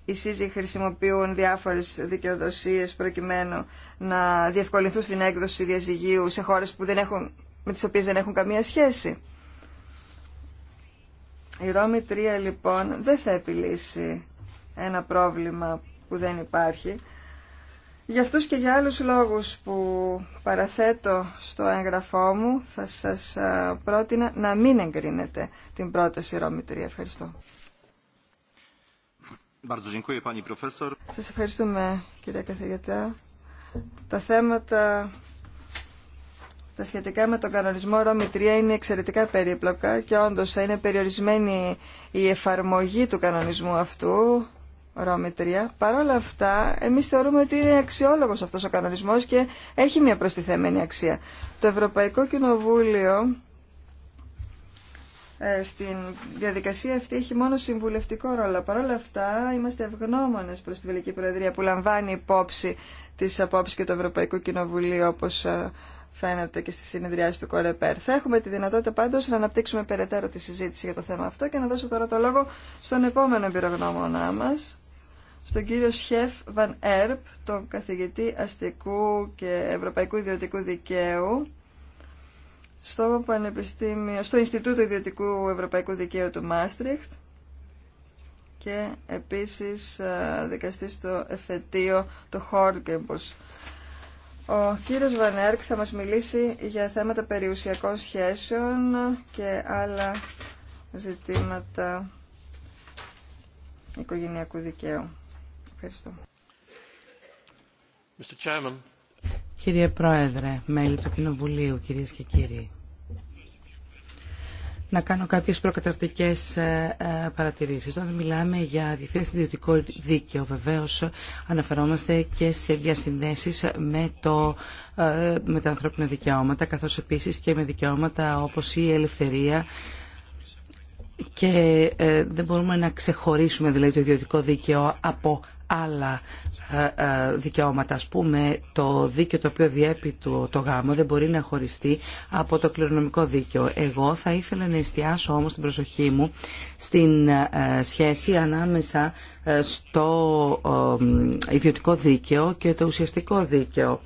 οι, σύζυγοι χρησιμοποιούν διάφορες δικαιοδοσίες προκειμένου να διευκολυνθούν στην έκδοση διαζυγίου σε χώρες που δεν έχουν, με τις οποίες δεν έχουν καμία σχέση. Η Ρώμη 3 λοιπόν δεν θα επιλύσει ένα πρόβλημα που δεν υπάρχει. Για αυτούς και για άλλους λόγους που παραθέτω στο έγγραφό μου θα σας πρότεινα να μην εγκρίνετε την πρόταση Ρώμη 3. Ευχαριστώ. Σας ευχαριστούμε κύριε καθηγητά. Τα θέματα τα σχετικά με τον κανονισμό Ρώμη 3 είναι εξαιρετικά περίπλοκα και όντως θα είναι περιορισμένη η εφαρμογή του κανονισμού αυτού Ρώμη 3. Παρ' όλα αυτά, εμείς θεωρούμε ότι είναι αξιόλογος αυτός ο κανονισμός και έχει μια προστιθέμενη αξία. Το Ευρωπαϊκό Κοινοβούλιο ε, στην διαδικασία αυτή έχει μόνο συμβουλευτικό ρόλο. Παρ' όλα αυτά είμαστε ευγνώμονες προς τη Βελική Προεδρία που λαμβάνει υπόψη τις απόψεις και του Ευρωπαϊκού Κοινοβουλίου όπως ε, φαίνεται και στη συνεδριάση του Κορεπέρ. Θα έχουμε τη δυνατότητα πάντως να αναπτύξουμε περαιτέρω τη συζήτηση για το θέμα αυτό και να δώσω τώρα το λόγο στον επόμενο εμπειρογνώμονά μας, στον κύριο Σχεφ Βαν Έρπ, τον καθηγητή αστικού και ευρωπαϊκού ιδιωτικού δικαίου στο, Πανεπιστήμιο, στο Ινστιτούτο Ιδιωτικού Ευρωπαϊκού Δικαίου του Μάστριχτ και επίσης ε, δικαστή στο εφετείο του Χόρκεμπος ο κύριος Βανέρκ θα μας μιλήσει για θέματα περιουσιακών σχέσεων και άλλα ζητήματα οικογενειακού δικαίου. Ευχαριστώ. Κύριε Πρόεδρε, μέλη του Κοινοβουλίου, κυρίες και κύριοι να κάνω κάποιες προκαταρτικές ε, ε, παρατηρήσεις. Όταν μιλάμε για διεθνές ιδιωτικό δίκαιο, βεβαίως αναφερόμαστε και σε διασυνδέσεις με, το, ε, με τα ανθρώπινα δικαιώματα, καθώς επίσης και με δικαιώματα όπως η ελευθερία, και δεν μπορούμε να ξεχωρίσουμε δηλαδή το ιδιωτικό δίκαιο από άλλα ε, ε, δικαιώματα. Ας πούμε, το δίκαιο το οποίο διέπει το, το γάμο δεν μπορεί να χωριστεί από το κληρονομικό δίκαιο. Εγώ θα ήθελα να εστιάσω όμως την προσοχή μου στην ε, σχέση ανάμεσα στο ιδιωτικό δίκαιο και το ουσιαστικό δίκαιο.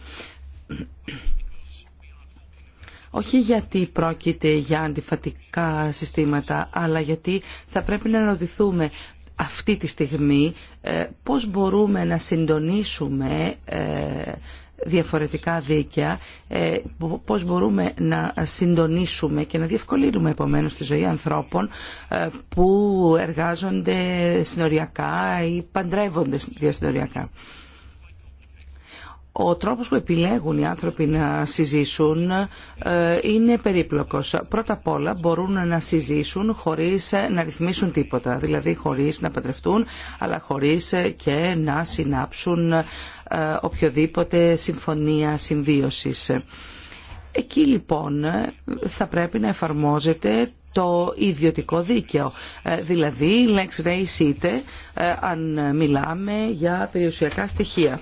Όχι γιατί πρόκειται για αντιφατικά συστήματα, αλλά γιατί θα πρέπει να ρωτηθούμε αυτή τη στιγμή ε, πώς μπορούμε να συντονίσουμε ε, διαφορετικά δίκαια, ε, πώς μπορούμε να συντονίσουμε και να διευκολύνουμε επομένως τη ζωή ανθρώπων που εργάζονται συνοριακά ή παντρεύονται διασυνοριακά ο τρόπος που επιλέγουν οι άνθρωποι να συζήσουν ε, είναι περίπλοκος. Πρώτα απ' όλα μπορούν να συζήσουν χωρίς ε, να ρυθμίσουν τίποτα, δηλαδή χωρίς να πατρευτούν, αλλά χωρίς ε, και να συνάψουν οποιοδήποτε συμφωνία συμβίωσης. Εκεί λοιπόν θα πρέπει να εφαρμόζεται το ιδιωτικό δίκαιο. Δηλαδή, να ε, αν μιλάμε για περιουσιακά στοιχεία.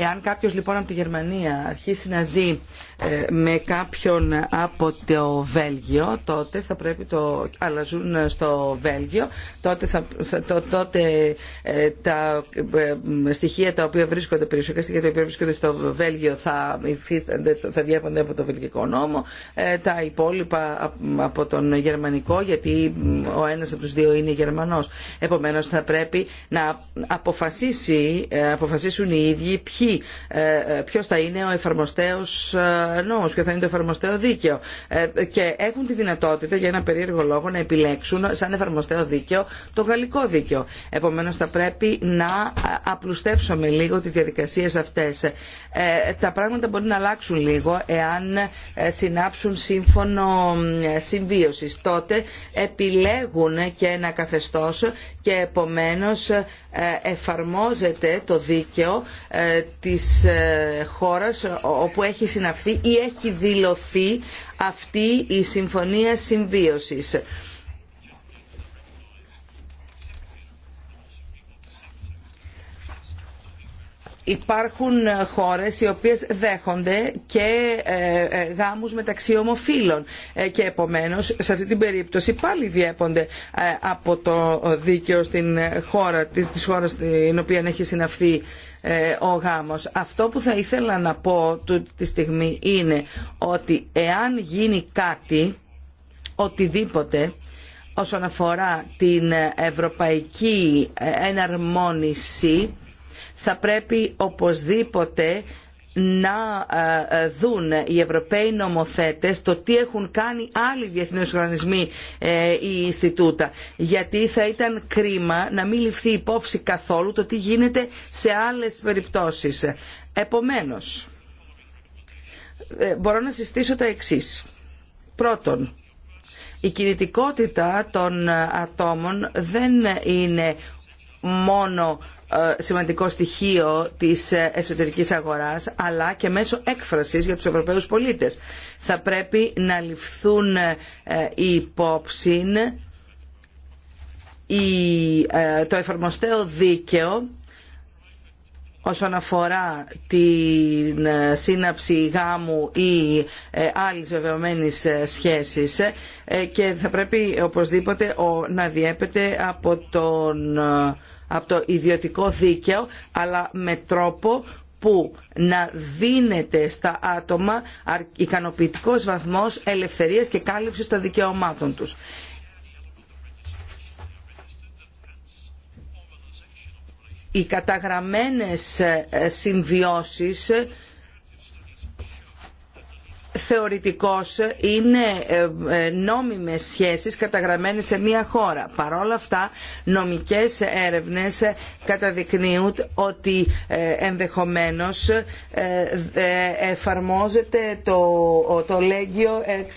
Εάν κάποιος λοιπόν από τη Γερμανία αρχίσει να ζει ε, με κάποιον από το Βέλγιο, τότε θα πρέπει το αλλάζουν στο Βέλγιο, τότε, θα, τότε ε, τα ε, στοιχεία τα οποία βρίσκονται, περισσότερα στοιχεία τα οποία βρίσκονται στο Βέλγιο θα, θα διέπονται από το βελγικό νόμο, τα υπόλοιπα από τον γερμανικό, γιατί ο ένας από τους δύο είναι γερμανός. Επομένως θα πρέπει να αποφασίσει, αποφασίσουν οι ίδιοι ποιοι, ποιος θα είναι ο εφαρμοστέος νόμος, ποιο θα είναι το εφαρμοστέο δίκαιο. Ε, και έχουν τη δυνατότητα για ένα περίεργο λόγο να επιλέξουν σαν εφαρμοστέο δίκαιο το γαλλικό δίκαιο. Επομένως θα πρέπει να απλουστεύσουμε λίγο τις διαδικασίες αυτές. Ε, τα πράγματα μπορεί να αλλάξουν λίγο εάν ε, συνάψουν σύμφωνο συμβίωσης. Τότε επιλέγουν και ένα καθεστώς και επομένως ε, εφαρμόζεται το δίκαιο ε, της ε, χώρας όπου έχει συναυθεί ή έχει δηλωθεί αυτή η συμφωνία συμβίωσης υπάρχουν χώρες οι οποίες δέχονται και ε, ε, γάμους μεταξύ ομοφύλων ε, και επομένως σε αυτή την περίπτωση πάλι διέπονται από το δίκαιο στην χώρα, της χώρας στην οποία έχει συναυθεί ο γάμος. Αυτό που θα ήθελα να πω τη στιγμή είναι ότι εάν γίνει κάτι, οτιδήποτε, όσον αφορά την ευρωπαϊκή εναρμόνιση, θα πρέπει οπωσδήποτε να ε, ε, δουν οι Ευρωπαίοι νομοθέτες το τι έχουν κάνει άλλοι διεθνείς οργανισμοί ε, ή Ινστιτούτα. Γιατί θα ήταν κρίμα να μην ληφθεί υπόψη καθόλου το τι γίνεται σε άλλες περιπτώσεις. Επομένως, μπορώ να συστήσω τα εξής. Πρώτον, η κινητικότητα των ατόμων δεν είναι μόνο ε, σημαντικό στοιχείο της εσωτερικής αγοράς αλλά και μέσω έκφρασης για τους Ευρωπαίους πολίτες. Θα πρέπει να ληφθούν οι ε, υπόψη ε, το εφαρμοστέο δίκαιο όσον αφορά την σύναψη γάμου ή άλλης βεβαιωμένης σχέσης και θα πρέπει οπωσδήποτε να διέπεται από τον από το ιδιωτικό δίκαιο αλλά με τρόπο που να δίνεται στα άτομα ικανοποιητικός βαθμός ελευθερίας και κάλυψης των δικαιωμάτων τους. Οι καταγραμμένες ε, συμβιώσεις θεωρητικώς είναι ε, ε, νόμιμες σχέσεις καταγραμμένες σε μία χώρα. Παρόλα αυτά νομικές έρευνες καταδεικνύουν ότι ε, ενδεχομένως εφαρμόζεται το, το λέγιο εξ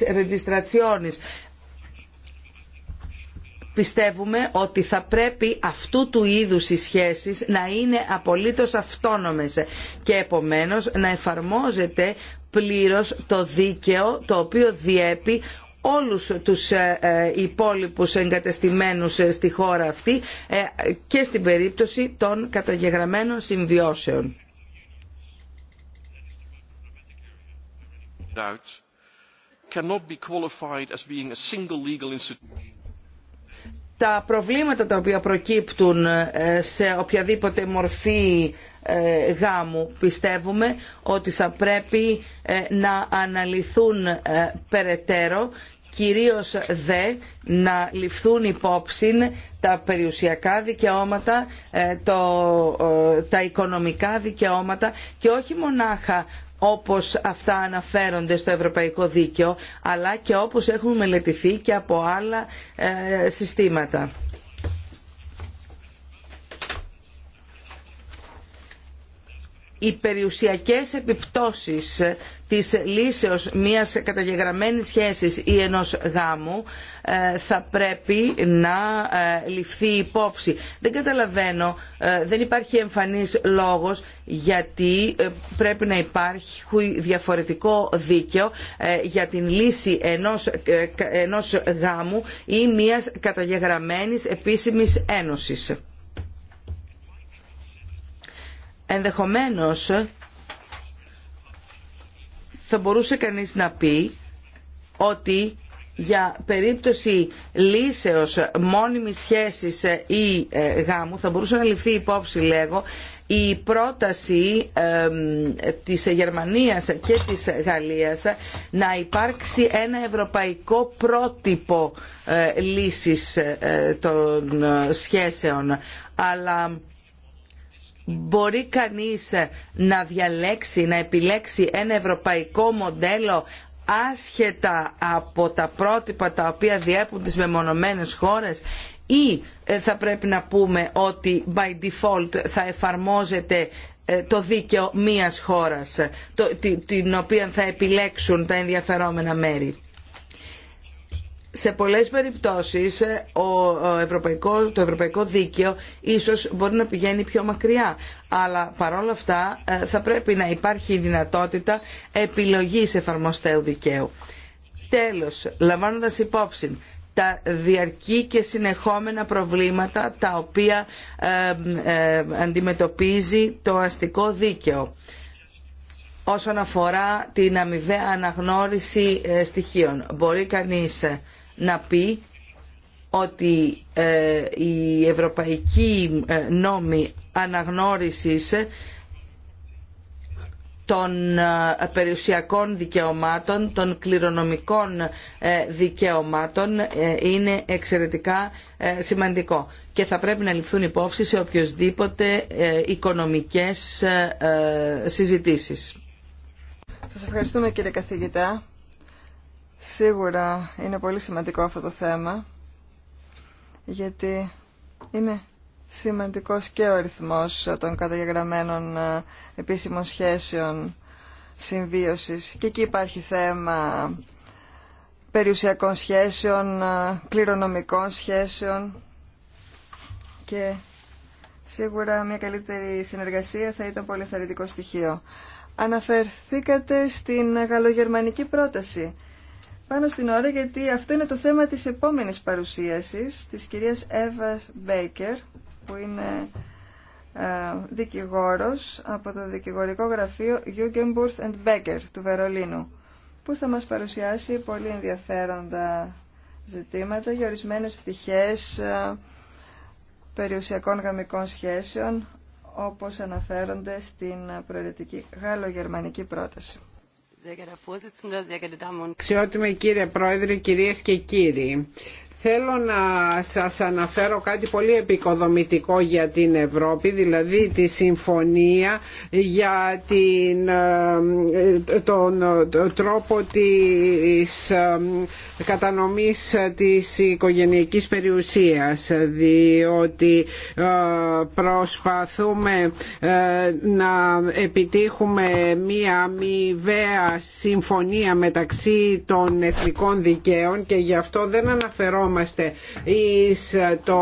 πιστεύουμε ότι θα πρέπει αυτού του είδους οι σχέσεις να είναι απολύτως αυτόνομες και επομένως να εφαρμόζεται πλήρως το δίκαιο το οποίο διέπει όλους τους ε, ε, υπόλοιπους εγκατεστημένους ε, στη χώρα αυτή και στην περίπτωση των καταγεγραμμένων συμβιώσεων. Τα προβλήματα τα οποία προκύπτουν σε οποιαδήποτε μορφή ε, γάμου. Πιστεύουμε ότι θα πρέπει ε, να αναλυθούν ε, περαιτέρω κυρίως δε να ληφθούν υπόψη τα περιουσιακά δικαιώματα, το, τα οικονομικά δικαιώματα και όχι μονάχα όπως αυτά αναφέρονται στο ευρωπαϊκό δίκαιο, αλλά και όπως έχουν μελετηθεί και από άλλα συστήματα. οι περιουσιακές επιπτώσεις της λύσεως μιας καταγεγραμμένης σχέσης ή ενός γάμου ε, θα πρέπει να ε, ληφθεί υπόψη. Δεν καταλαβαίνω, ε, δεν υπάρχει εμφανής λόγος γιατί πρέπει να υπάρχει διαφορετικό δίκαιο για την λύση ενός, ενός γάμου ή μιας καταγεγραμμένης επίσημης ένωσης. Ενδεχομένως θα μπορούσε κανείς να πει ότι για περίπτωση λύσεως μόνιμης σχέσης ή ε, γάμου θα μπορούσε να ληφθεί υπόψη λέγω η πρόταση της Γερμανίας και της Γαλλίας να υπάρξει ένα ευρωπαϊκό πρότυπο ε, λύσης ε, των ε, σχέσεων. Αλλά μπορεί κανείς να διαλέξει, να επιλέξει ένα ευρωπαϊκό μοντέλο άσχετα από τα πρότυπα τα οποία διέπουν τις μεμονωμένες χώρες ή ε, θα πρέπει να πούμε ότι by default θα εφαρμόζεται ε, το δίκαιο μίας χώρας, την οποία θα επιλέξουν τα ενδιαφερόμενα μέρη σε πολλές περιπτώσεις ε, ο ευρωπαϊκό, το ευρωπαϊκό δίκαιο ίσως μπορεί να πηγαίνει πιο μακριά. Αλλά παρόλα αυτά ε, θα πρέπει να υπάρχει η δυνατότητα επιλογής εφαρμοστέου δικαίου. Τέλος, λαμβάνοντας υπόψη τα διαρκή και συνεχόμενα προβλήματα τα οποία ε, αντιμετωπίζει το αστικό δίκαιο όσον αφορά την αμοιβαία αναγνώριση στοιχείων. Μπορεί κανείς να πει ότι ε, η ευρωπαϊκή ε, νόμη αναγνώρισης των ε, περιουσιακών δικαιωμάτων, των κληρονομικών δικαιωμάτων είναι εξαιρετικά σημαντικό και θα πρέπει να ληφθούν υπόψη σε οποιοδήποτε οικονομικές συζητήσεις. Σας ευχαριστούμε κύριε καθηγητά. Σίγουρα είναι πολύ σημαντικό αυτό το θέμα, γιατί είναι σημαντικός και ο ρυθμός των καταγεγραμμένων ε, επίσημων σχέσεων συμβίωσης. Και εκεί υπάρχει θέμα περιουσιακών σχέσεων, ε, κληρονομικών σχέσεων και σίγουρα μια καλύτερη συνεργασία θα ήταν πολύ θεωρητικό στοιχείο. Αναφερθήκατε στην γαλλογερμανική πρόταση πάνω στην ώρα γιατί αυτό είναι το θέμα της επόμενης παρουσίασης της κυρίας Εύα Μπέικερ που είναι ε, δικηγόρος από το δικηγορικό γραφείο Jugendburth and Becker του Βερολίνου που θα μας παρουσιάσει πολύ ενδιαφέροντα ζητήματα για ορισμένες πτυχές ε, περιουσιακών γαμικών σχέσεων όπως αναφέρονται στην προαιρετικη γαλλογερμανική πρόταση. Αξιότιμη κύριε Πρόεδρε, κυρίες και κύριοι, Θέλω να σας αναφέρω κάτι πολύ επικοδομητικό για την Ευρώπη, δηλαδή τη συμφωνία για την, ε, τον τρόπο της ε, κατανομής της οικογενειακής περιουσίας, διότι ε, προσπαθούμε να επιτύχουμε μία αμοιβαία συμφωνία μεταξύ των εθνικών δικαίων και γι' αυτό δεν αναφερώ Είμαστε εις το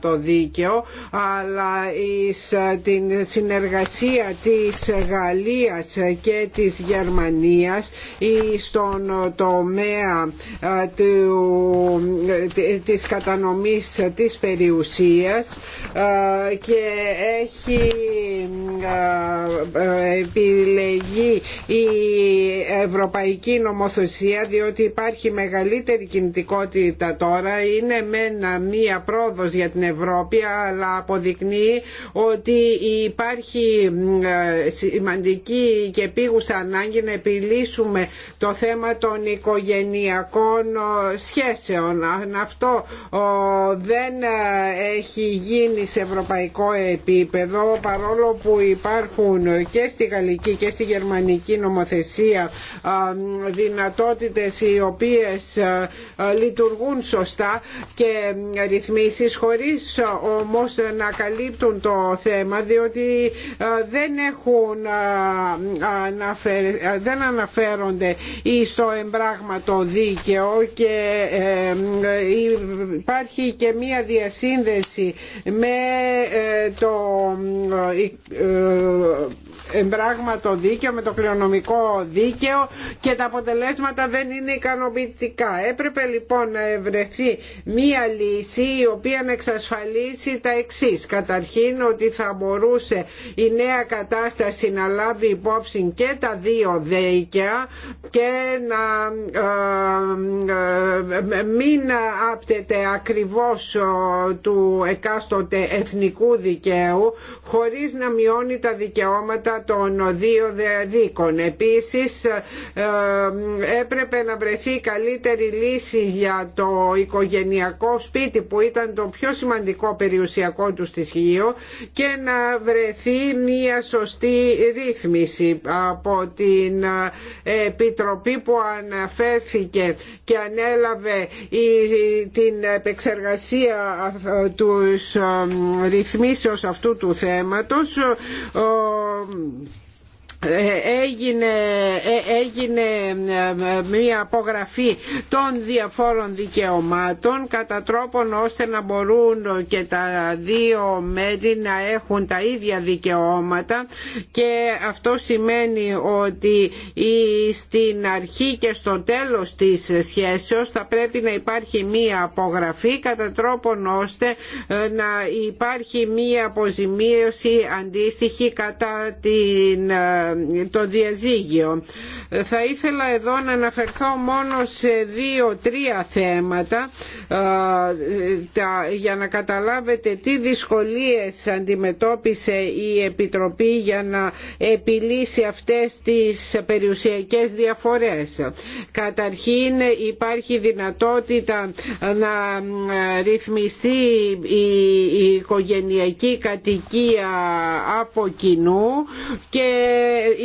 το δίκαιο αλλά εις την συνεργασία της Γαλλίας και της Γερμανίας ή στον τομέα ε, ε, της κατανομής της περιουσίας ε, και έχει επιλεγεί η τον τομεα της νομοθεσία διότι υπάρχει μεγαλύτερη κινητικότητα πραγματικότητα τώρα είναι μένα μία πρόοδος για την Ευρώπη αλλά αποδεικνύει ότι υπάρχει ε, σημαντική και επίγουσα ανάγκη να επιλύσουμε το θέμα των οικογενειακών ε, σχέσεων. Αν αυτό δεν ε, έχει γίνει σε ευρωπαϊκό επίπεδο παρόλο που υπάρχουν και στη γαλλική και στη γερμανική νομοθεσία δυνατότητες οι οποίες λειτουργούν σωστά και ρυθμίσεις χωρίς όμως να καλύπτουν το θέμα διότι ε, δεν έχουν ε, ε, δεν αναφέρονται στο εμπράγματο δίκαιο και υπάρχει και μία διασύνδεση με το εμπράγματο δίκαιο, με το κληρονομικό δίκαιο και τα αποτελέσματα δεν είναι ικανοποιητικά. Έπρεπε λοιπόν λοιπόν να ευρεθεί μία λύση η οποία να εξασφαλίσει τα εξής. Καταρχήν ότι θα μπορούσε η νέα κατάσταση να λάβει υπόψη και τα δύο δίκαια... και να ε, ε, ε, μην άπτεται ακριβώς του εκάστοτε εθνικού δικαίου χωρίς να μειώνει τα δικαιώματα των δύο δίκων. Επίσης έπρεπε να βρεθεί καλύτερη λύση για το οικογενειακό σπίτι που ήταν το πιο σημαντικό περιουσιακό του στοιχείο και να βρεθεί μια σωστή ρύθμιση από την Επιτροπή που αναφέρθηκε και ανέλαβε την επεξεργασία του ρυθμίσεως αυτού του θέματος ε, έγινε, ε, έγινε ε, μία απογραφή των διαφόρων δικαιωμάτων κατά τρόπον ώστε να μπορούν και τα δύο μέρη να έχουν τα ίδια δικαιώματα και αυτό σημαίνει ότι στην αρχή και στο τέλος της σχέσεως θα πρέπει να υπάρχει μία απογραφή κατά τρόπον ώστε να υπάρχει μία αποζημίωση αντίστοιχη κατά την το διαζύγιο. Θα ήθελα εδώ να αναφερθώ μόνο σε δύο-τρία θέματα ε, για να καταλάβετε τι δυσκολίες αντιμετώπισε η Επιτροπή για να επιλύσει αυτές τις περιουσιακές διαφορές. Καταρχήν υπάρχει δυνατότητα να ε, ρυθμιστεί η οικογενειακή κατοικία από κοινού και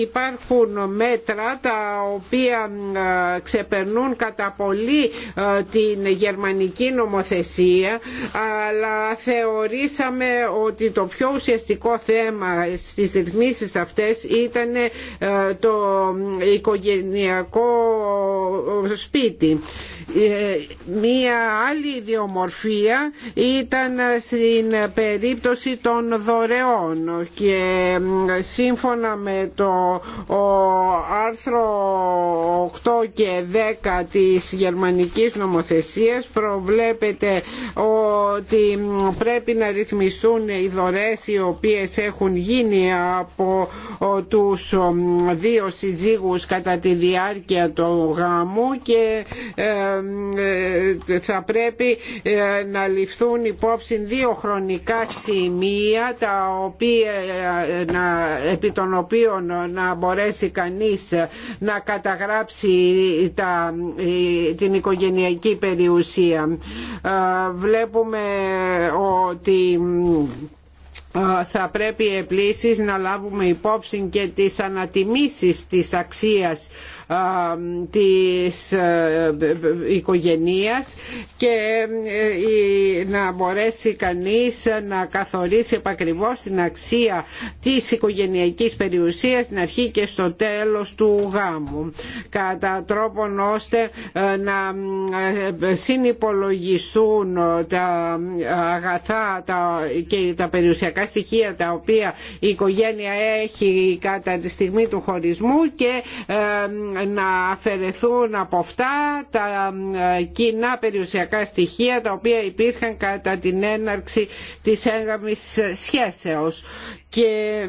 υπάρχουν μέτρα τα οποία ξεπερνούν κατά πολύ την γερμανική νομοθεσία αλλά θεωρήσαμε ότι το πιο ουσιαστικό θέμα στις ρυθμίσεις αυτές ήταν ε, το οικογενειακό σπίτι. Ε, μία άλλη ιδιομορφία ήταν στην περίπτωση των δωρεών και σύμφωνα με το άρθρο 8 και 10 της γερμανικής νομοθεσίας προβλέπεται ότι πρέπει να ρυθμιστούν οι δωρές οι οποίες έχουν γίνει από τους δύο συζύγους κατά τη διάρκεια του γάμου και ε, ε, θα πρέπει ε, να ληφθούν υπόψη δύο χρονικά σημεία τα οποία, ε, να, επί των οποίων να μπορέσει κανείς να καταγράψει την οικογενειακή περιουσία. Βλέπουμε ότι θα πρέπει επίσης να λάβουμε υπόψη και τις ανατιμήσεις της αξίας της ε, οικογενείας και ε, να μπορέσει κανείς να καθορίσει επακριβώς την αξία της οικογενειακής περιουσίας στην αρχή και στο τέλος του γάμου κατά τρόπον ώστε ε, να συνυπολογιστούν τα αγαθά και τα περιουσιακά στοιχεία τα οποία η οικογένεια έχει κατά τη στιγμή του χωρισμού και να αφαιρεθούν από αυτά τα ε, κοινά περιουσιακά στοιχεία τα οποία υπήρχαν κατά την έναρξη της έγγαμης σχέσεως και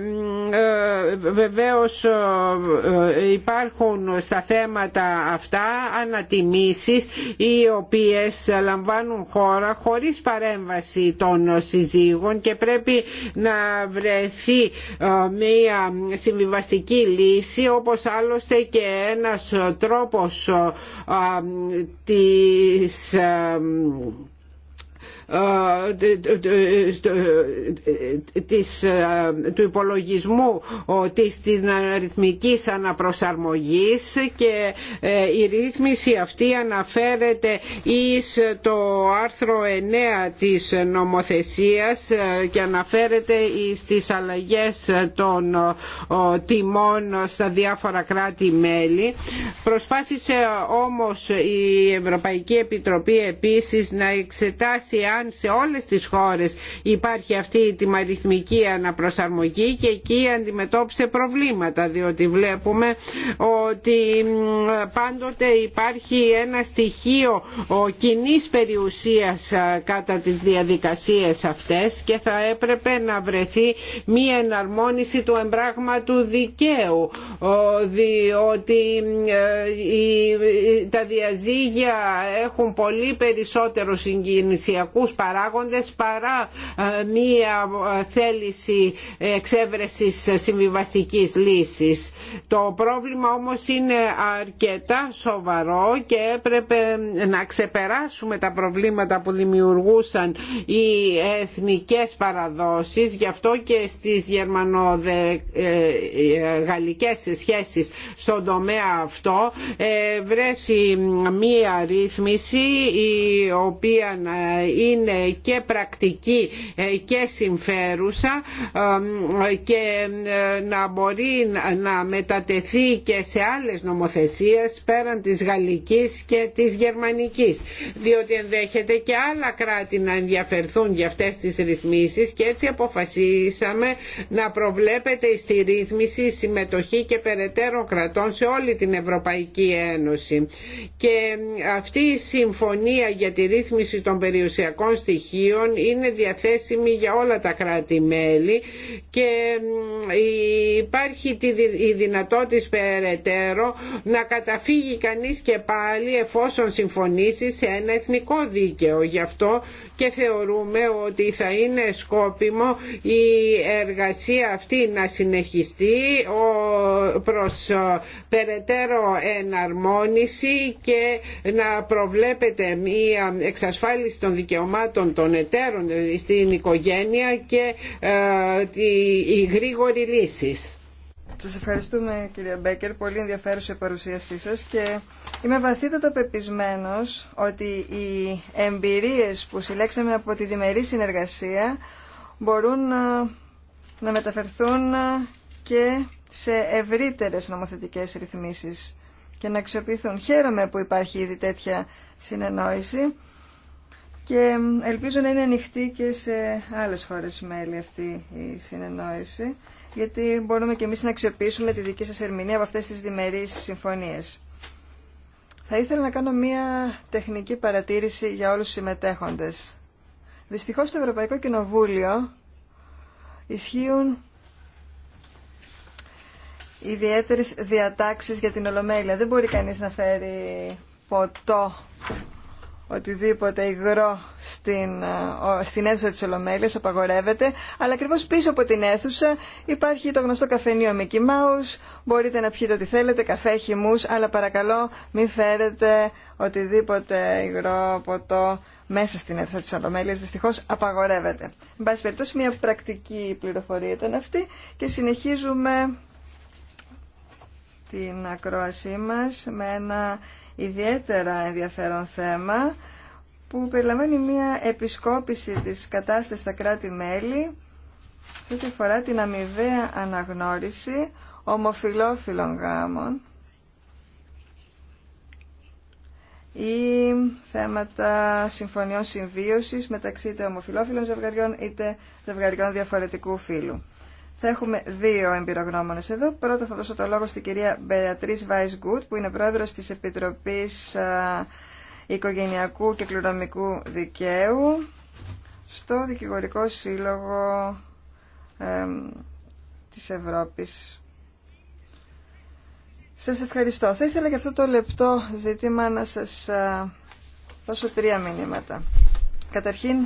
ε, βεβαίως ε, υπάρχουν στα θέματα αυτά ανατιμήσεις οι οποίες λαμβάνουν χώρα χωρίς παρέμβαση των συζύγων και πρέπει να βρεθεί ε, μια συμβιβαστική λύση όπως άλλωστε και ένας τρόπος της ε, ε, της, ε, του υπολογισμού της την αριθμικής αναπροσαρμογής και η ρύθμιση αυτή αναφέρεται εις το άρθρο 9 της νομοθεσίας και αναφέρεται τις αλλαγές των τιμών στα διάφορα κράτη-μέλη. Προσπάθησε όμως η Ευρωπαϊκή Επιτροπή επίσης να εξετάσει αν σε όλες τις χώρες υπάρχει αυτή η τιμαριθμική αναπροσαρμογή και εκεί αντιμετώπισε προβλήματα διότι βλέπουμε ότι πάντοτε υπάρχει ένα στοιχείο κοινή περιουσίας κατά τις διαδικασίες αυτές και θα έπρεπε να βρεθεί μία εναρμόνιση του εμπράγματου δικαίου διότι ε, τα διαζύγια έχουν πολύ περισσότερο συγκινησιακού παράγοντες παρά ε, μία ε, θέληση εξέβρεσης συμβιβαστικής λύσης. Το πρόβλημα όμως είναι αρκετά σοβαρό και έπρεπε να ξεπεράσουμε τα προβλήματα που δημιουργούσαν οι εθνικές παραδόσεις γι' αυτό και στις γερμανογαλλικές σχέσεις στον τομέα αυτό ε, βρέθη μία ρύθμιση η οποία είναι είναι και πρακτική ε, και συμφέρουσα ε, και ε, να μπορεί να μετατεθεί και σε άλλες νομοθεσίες πέραν της γαλλικής και της γερμανικής διότι ενδέχεται και άλλα κράτη να ενδιαφερθούν για αυτές τις ρυθμίσεις και έτσι αποφασίσαμε να προβλέπεται στη ρύθμιση συμμετοχή και περαιτέρω κρατών σε όλη την Ευρωπαϊκή Ένωση και αυτή η συμφωνία για τη ρύθμιση των περιουσιακών στοιχείων είναι διαθέσιμη για όλα τα κράτη-μέλη και υπάρχει η δυνατότητα περαιτέρω να καταφύγει κανείς και πάλι εφόσον συμφωνήσει σε ένα εθνικό δίκαιο. Γι' αυτό και θεωρούμε ότι θα είναι σκόπιμο η εργασία αυτή να συνεχιστεί προς περαιτέρω εναρμόνιση και να προβλέπεται μια εξασφάλιση των δικαιωμάτων δικαιωμάτων των εταίρων στην οικογένεια και ε, η γρήγορη λύση. Σας ευχαριστούμε κυρία Μπέκερ, πολύ ενδιαφέρουσα η παρουσίασή σας και είμαι βαθύτατα πεπισμένος ότι οι εμπειρίες που συλλέξαμε από τη διμερή συνεργασία μπορούν ε, να μεταφερθούν ε, και σε ευρύτερες νομοθετικές ρυθμίσεις και να αξιοποιηθούν. Χαίρομαι που υπάρχει ήδη τέτοια συνεννόηση και ελπίζω να είναι ανοιχτή και σε άλλες χώρες μέλη αυτή η συνεννόηση, γιατί μπορούμε και εμείς να αξιοποιήσουμε τη δική σας ερμηνεία από αυτές τις διμερείς συμφωνίες. Θα ήθελα να κάνω μία τεχνική παρατήρηση για όλους τους συμμετέχοντες. Δυστυχώς στο Ευρωπαϊκό Κοινοβούλιο ισχύουν ιδιαίτερες διατάξεις για την Ολομέλεια. Δεν μπορεί κανείς να φέρει ποτό οτιδήποτε υγρό στην, ε, στην αίθουσα της Ολομέλειας απαγορεύεται, αλλά ακριβώς πίσω από την αίθουσα υπάρχει το γνωστό καφενείο Mickey Mouse, μπορείτε να πιείτε ό,τι θέλετε, καφέ, χυμούς, αλλά παρακαλώ μην φέρετε οτιδήποτε υγρό, ποτό μέσα στην αίθουσα της Ολομέλειας, δυστυχώς απαγορεύεται. Εν πάση περιπτώσει μια πρακτική πληροφορία ήταν αυτή και συνεχίζουμε την ακρόασή μας με ένα ιδιαίτερα ενδιαφέρον θέμα που περιλαμβάνει μια επισκόπηση της κατάστασης στα κράτη-μέλη και τη αφορά την αμοιβαία αναγνώριση ομοφιλόφιλων γάμων ή θέματα συμφωνιών συμβίωσης μεταξύ είτε ομοφιλόφιλων ζευγαριών είτε ζευγαριών διαφορετικού φύλου. Θα έχουμε δύο εμπειρογνώμονε εδώ. Πρώτα θα δώσω το λόγο στην κυρία Μπεατρί Γκουτ, που είναι πρόεδρο τη Επιτροπή Οικογενειακού και Κληρονομικού Δικαίου στο Δικηγορικό Σύλλογο ε, της Ευρώπης. Σας ευχαριστώ. Θα ήθελα και αυτό το λεπτό ζήτημα να σας δώσω τρία μηνύματα. Καταρχήν,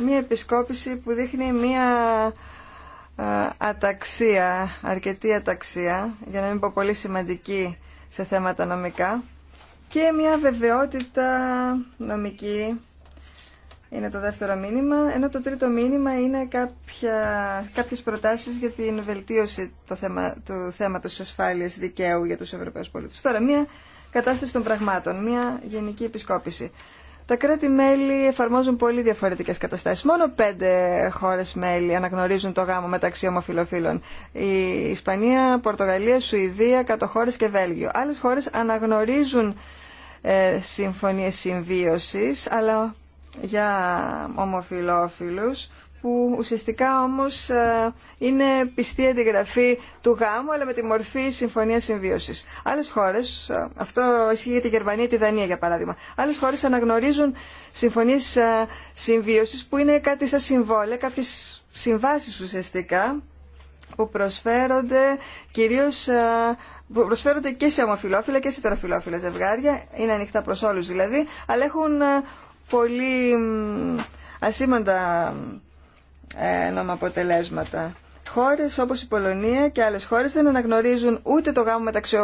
μία επισκόπηση που δείχνει μία αταξία, αρκετή αταξία, για να μην πω πολύ σημαντική σε θέματα νομικά και μια βεβαιότητα νομική είναι το δεύτερο μήνυμα, ενώ το τρίτο μήνυμα είναι κάποια, κάποιες προτάσεις για την βελτίωση θέμα, του θέματος ασφάλειας δικαίου για τους Ευρωπαίους πολίτες. Τώρα, μια κατάσταση των πραγμάτων, μια γενική επισκόπηση. Τα κράτη-μέλη εφαρμόζουν πολύ διαφορετικέ καταστάσει. Μόνο πέντε χώρε μέλη αναγνωρίζουν το γάμο μεταξύ ομοφυλοφίλων. Η Ισπανία, Πορτογαλία, Σουηδία, κατοχώρε και Βέλγιο. Άλλε χώρε αναγνωρίζουν ε, συμφωνίε συμβίωση, αλλά για ομοφυλόφιλους που ουσιαστικά όμως ε, είναι πιστή αντιγραφή του γάμου αλλά με τη μορφή συμφωνίας συμβίωσης. Άλλες χώρες, ε, αυτό ισχύει για τη Γερμανία, τη Δανία για παράδειγμα, άλλες χώρες αναγνωρίζουν συμφωνίες ε, συμβίωσης που είναι κάτι σαν συμβόλαια, κάποιες συμβάσεις ουσιαστικά που προσφέρονται κυρίως προσφέρονται και σε ομοφιλόφιλα και σε τεροφιλόφιλα ζευγάρια, είναι ανοιχτά προς όλους δηλαδή, αλλά έχουν πολύ ασήμαντα νόμα αποτελέσματα. Χώρε όπως η Πολωνία και άλλες χώρες δεν αναγνωρίζουν ούτε το γάμο μεταξύ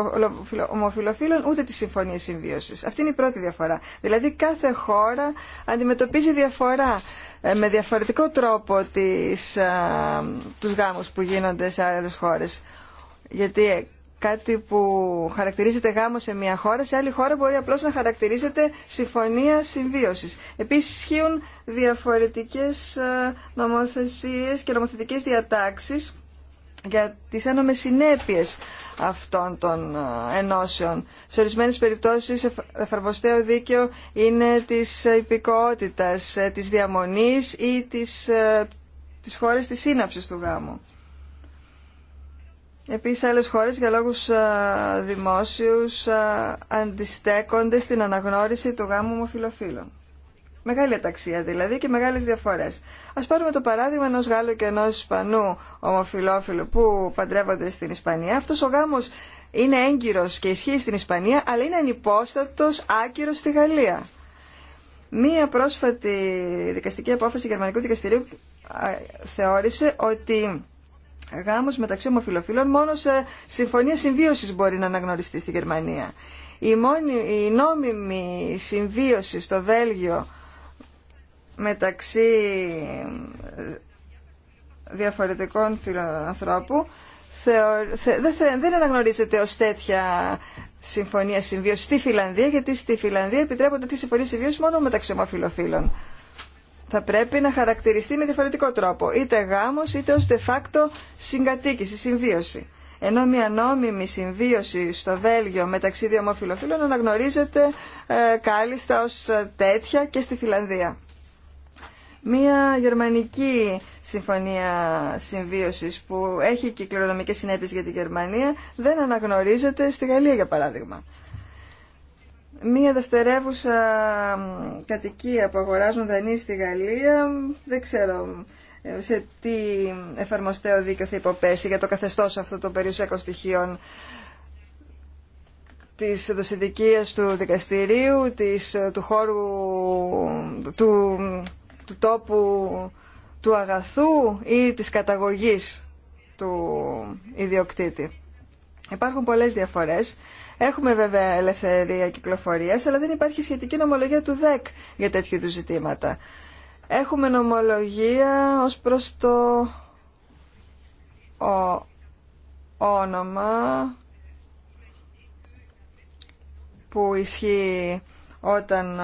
ομοφιλοφίλων ούτε τη συμφωνία συμβίωση. Αυτή είναι η πρώτη διαφορά. Δηλαδή κάθε χώρα αντιμετωπίζει διαφορά ε, με διαφορετικό τρόπο τις, ε, τους γάμους που γίνονται σε άλλες χώρες. Γιατί ε, κάτι που χαρακτηρίζεται γάμο σε μια χώρα, σε άλλη χώρα μπορεί απλώς να χαρακτηρίζεται συμφωνία συμβίωσης. Επίσης ισχύουν διαφορετικές ε, νομοθεσίες και νομοθετικές διατάξεις για τις άνομες συνέπειες αυτών των ε, ενώσεων. Σε ορισμένες περιπτώσεις εφαρμοστέο δίκαιο είναι της υπηκότητας, ε, της διαμονής ή της, της χώρας της σύναψης του γάμου. Επίσης άλλε χώρες για λόγους δημόσιου αντιστέκονται στην αναγνώριση του γάμου ομοφιλοφίλων. Μεγάλη αταξία δηλαδή και μεγάλες διαφορές. Ας πάρουμε το παράδειγμα ενό Γάλλου και ενός Ισπανού ομοφιλόφιλου που παντρεύονται στην Ισπανία. Αυτός ο γάμος είναι έγκυρος και ισχύει στην Ισπανία, αλλά είναι ανυπόστατο άκυρο στη Γαλλία. Μία πρόσφατη δικαστική απόφαση Γερμανικού Δικαστηρίου θεώρησε ότι γάμος μεταξύ ομοφιλοφίλων μόνο σε συμφωνία συμβίωσης μπορεί να αναγνωριστεί στη Γερμανία. Η, μόνη, η νόμιμη συμβίωση στο Βέλγιο μεταξύ ε, διαφορετικών φίλων ανθρώπου δεν αναγνωρίζεται ως τέτοια συμφωνία συμβίωση στη Φιλανδία, γιατί στη Φιλανδία επιτρέπονται τη συμφωνία συμβίωση μόνο μεταξύ ομοφιλοφίλων θα πρέπει να χαρακτηριστεί με διαφορετικό τρόπο, είτε γάμος είτε ως de facto συγκατοίκηση, συμβίωση. Ενώ μια νόμιμη συμβίωση στο Βέλγιο μεταξύ δύο ομοφυλοφίλων αναγνωρίζεται ε, κάλλιστα ως ε, τέτοια και στη Φιλανδία. Μια γερμανική συμφωνία συμβίωσης που έχει κυκλονομικές συνέπειες για τη Γερμανία δεν αναγνωρίζεται στη Γαλλία για παράδειγμα μία δευτερεύουσα κατοικία που αγοράζουν δανείς στη Γαλλία, δεν ξέρω ε, σε τι εφαρμοστέο δίκαιο θα υποπέσει για το καθεστώς αυτό των περιουσιακών στοιχείων της δοσιδικίας του δικαστηρίου, της, ε, του χώρου, του, του τόπου του αγαθού ή της καταγωγής του ιδιοκτήτη. Υπάρχουν πολλές διαφορές Έχουμε βέβαια ελευθερία κυκλοφορία, αλλά δεν υπάρχει σχετική νομολογία του ΔΕΚ για τέτοιου είδου ζητήματα. Έχουμε νομολογία ως προς το ο... όνομα που ισχύει όταν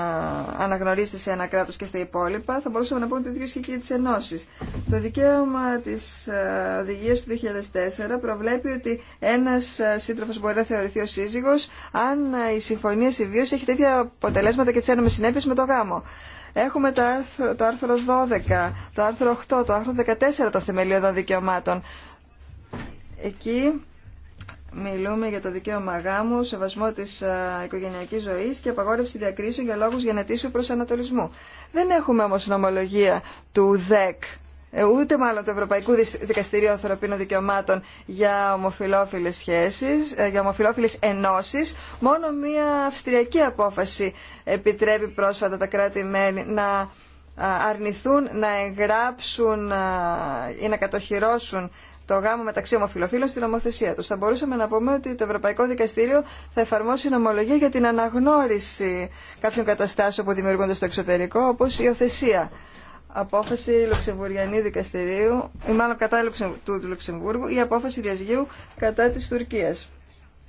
αναγνωρίστε σε ένα κράτος και στα υπόλοιπα, θα μπορούσαμε να πούμε ότι δύο και τις ενώσεις. Το δικαίωμα της οδηγίας του 2004 προβλέπει ότι ένας σύντροφος μπορεί να θεωρηθεί ο σύζυγος αν η συμφωνία συμβίωση έχει τέτοια αποτελέσματα και τις ένωμες συνέπειες με το γάμο. Έχουμε το άρθρο, το άρθρο 12, το άρθρο 8, το άρθρο 14 των θεμελιωδών δικαιωμάτων. Εκεί Μιλούμε για το δικαίωμα γάμου, σεβασμό τη ε, οικογενειακή ζωή και απαγόρευση διακρίσεων για λόγου προς ανατολισμού. Δεν έχουμε όμω νομολογία του ΔΕΚ, ε, ούτε μάλλον του Ευρωπαϊκού Δικαστηρίου Ανθρωπίνων Δικαιωμάτων για ομοφυλόφιλε σχέσει, ε, για ομοφυλόφιλε ενώσει. Μόνο μία αυστριακή απόφαση επιτρέπει πρόσφατα τα κράτη-μέλη να αρνηθούν να εγγράψουν ή να κατοχυρώσουν το γάμο μεταξύ ομοφυλοφίλων στην ομοθεσία του. Θα μπορούσαμε να πούμε ότι το Ευρωπαϊκό Δικαστήριο θα εφαρμόσει νομολογία για την αναγνώριση κάποιων καταστάσεων που δημιουργούνται στο εξωτερικό, όπω η οθεσία. Απόφαση Λουξεμβουριανή Δικαστηρίου, ή μάλλον κατά του Λουξεμβούργου, ή απόφαση διασγείου κατά τη Τουρκία.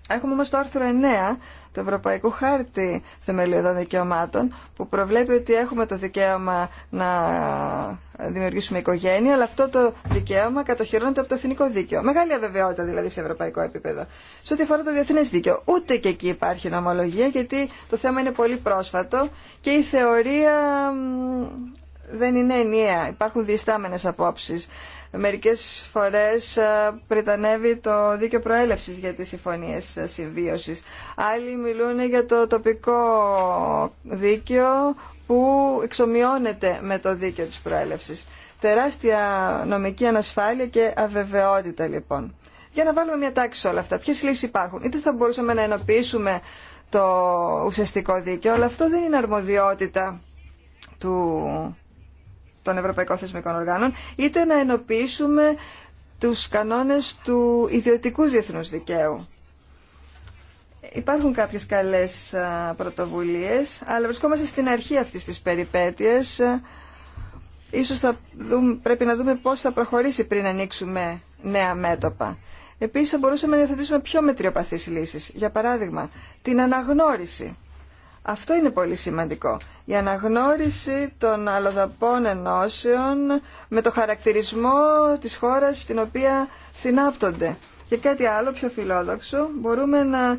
Έχουμε όμω το άρθρο 9 του Ευρωπαϊκού Χάρτη Θεμελιωδών Δικαιωμάτων που προβλέπει ότι έχουμε το δικαίωμα να δημιουργήσουμε οικογένεια, αλλά αυτό το δικαίωμα κατοχυρώνεται από το εθνικό δίκαιο. Μεγάλη αβεβαιότητα δηλαδή σε ευρωπαϊκό επίπεδο. Σε ό,τι αφορά το διεθνέ δίκαιο, ούτε και εκεί υπάρχει νομολογία, γιατί το θέμα είναι πολύ πρόσφατο και η θεωρία δεν είναι ενιαία. Υπάρχουν διστάμενε απόψεις. Μερικέ φορέ πριτανεύει το δίκαιο προέλευση για τις συμφωνίε συμβίωση. Άλλοι μιλούν για το τοπικό δίκαιο που εξομοιώνεται με το δίκαιο της προέλευσης. Τεράστια νομική ανασφάλεια και αβεβαιότητα λοιπόν. Για να βάλουμε μια τάξη σε όλα αυτά, ποιες λύσεις υπάρχουν. Είτε θα μπορούσαμε να ενοποιήσουμε το ουσιαστικό δίκαιο, αλλά αυτό δεν είναι αρμοδιότητα του, των Ευρωπαϊκών Θεσμικών Οργάνων, είτε να ενοποιήσουμε τους κανόνες του ιδιωτικού διεθνούς δικαίου Υπάρχουν κάποιες καλές πρωτοβουλίες, αλλά βρισκόμαστε στην αρχή αυτής της περιπέτειας. Ίσως θα δούμε, πρέπει να δούμε πώς θα προχωρήσει πριν ανοίξουμε νέα μέτωπα. Επίσης θα μπορούσαμε να υιοθετήσουμε πιο μετριοπαθείς λύσεις. Για παράδειγμα, την αναγνώριση. Αυτό είναι πολύ σημαντικό. Η αναγνώριση των αλλοδαπών ενώσεων με το χαρακτηρισμό της χώρας στην οποία συνάπτονται. Και κάτι άλλο πιο φιλόδοξο, μπορούμε να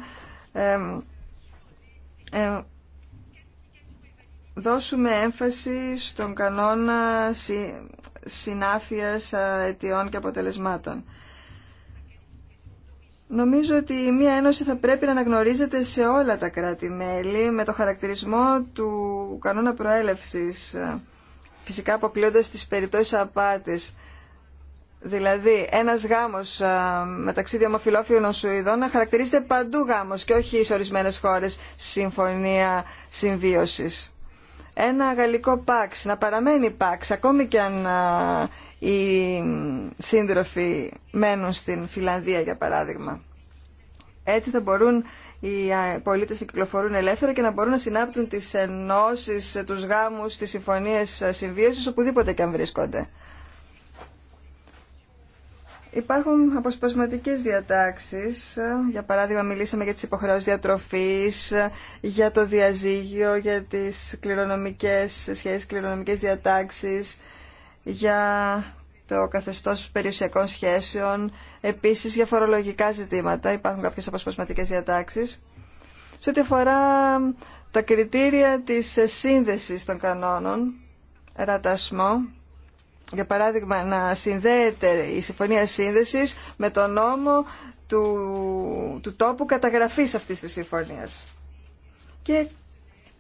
δώσουμε έμφαση στον κανόνα συνάφειας αιτιών και αποτελεσμάτων. Νομίζω ότι μία ένωση θα πρέπει να αναγνωρίζεται σε όλα τα κράτη-μέλη με το χαρακτηρισμό του κανόνα προέλευσης, ε, φυσικά αποκλείοντας τις περιπτώσεις απάτης Δηλαδή, ένας γάμος μεταξύ μεταξύ ομοφυλόφιων Σουηδών να χαρακτηρίζεται παντού γάμος και όχι σε ορισμένε χώρες συμφωνία συμβίωση. Ένα γαλλικό παξ, να παραμένει παξ, ακόμη και αν α, οι σύντροφοι μένουν στην Φιλανδία, για παράδειγμα. Έτσι θα μπορούν οι πολίτες να κυκλοφορούν ελεύθερα και να μπορούν να συνάπτουν τις ενώσεις, τους γάμους, τις συμφωνίες συμβίωσης, οπουδήποτε και αν βρίσκονται. Υπάρχουν αποσπασματικές διατάξεις, για παράδειγμα μιλήσαμε για τις υποχρεώσεις διατροφής, για το διαζύγιο, για τις κληρονομικές σχέσεις, κληρονομικές διατάξεις, για το καθεστώς περιουσιακών σχέσεων, επίσης για φορολογικά ζητήματα υπάρχουν κάποιες αποσπασματικές διατάξεις. Σε ό,τι αφορά τα κριτήρια της σύνδεσης των κανόνων, ρατασμό, για παράδειγμα, να συνδέεται η συμφωνία σύνδεσης με τον νόμο του, τόπου καταγραφής αυτής της συμφωνίας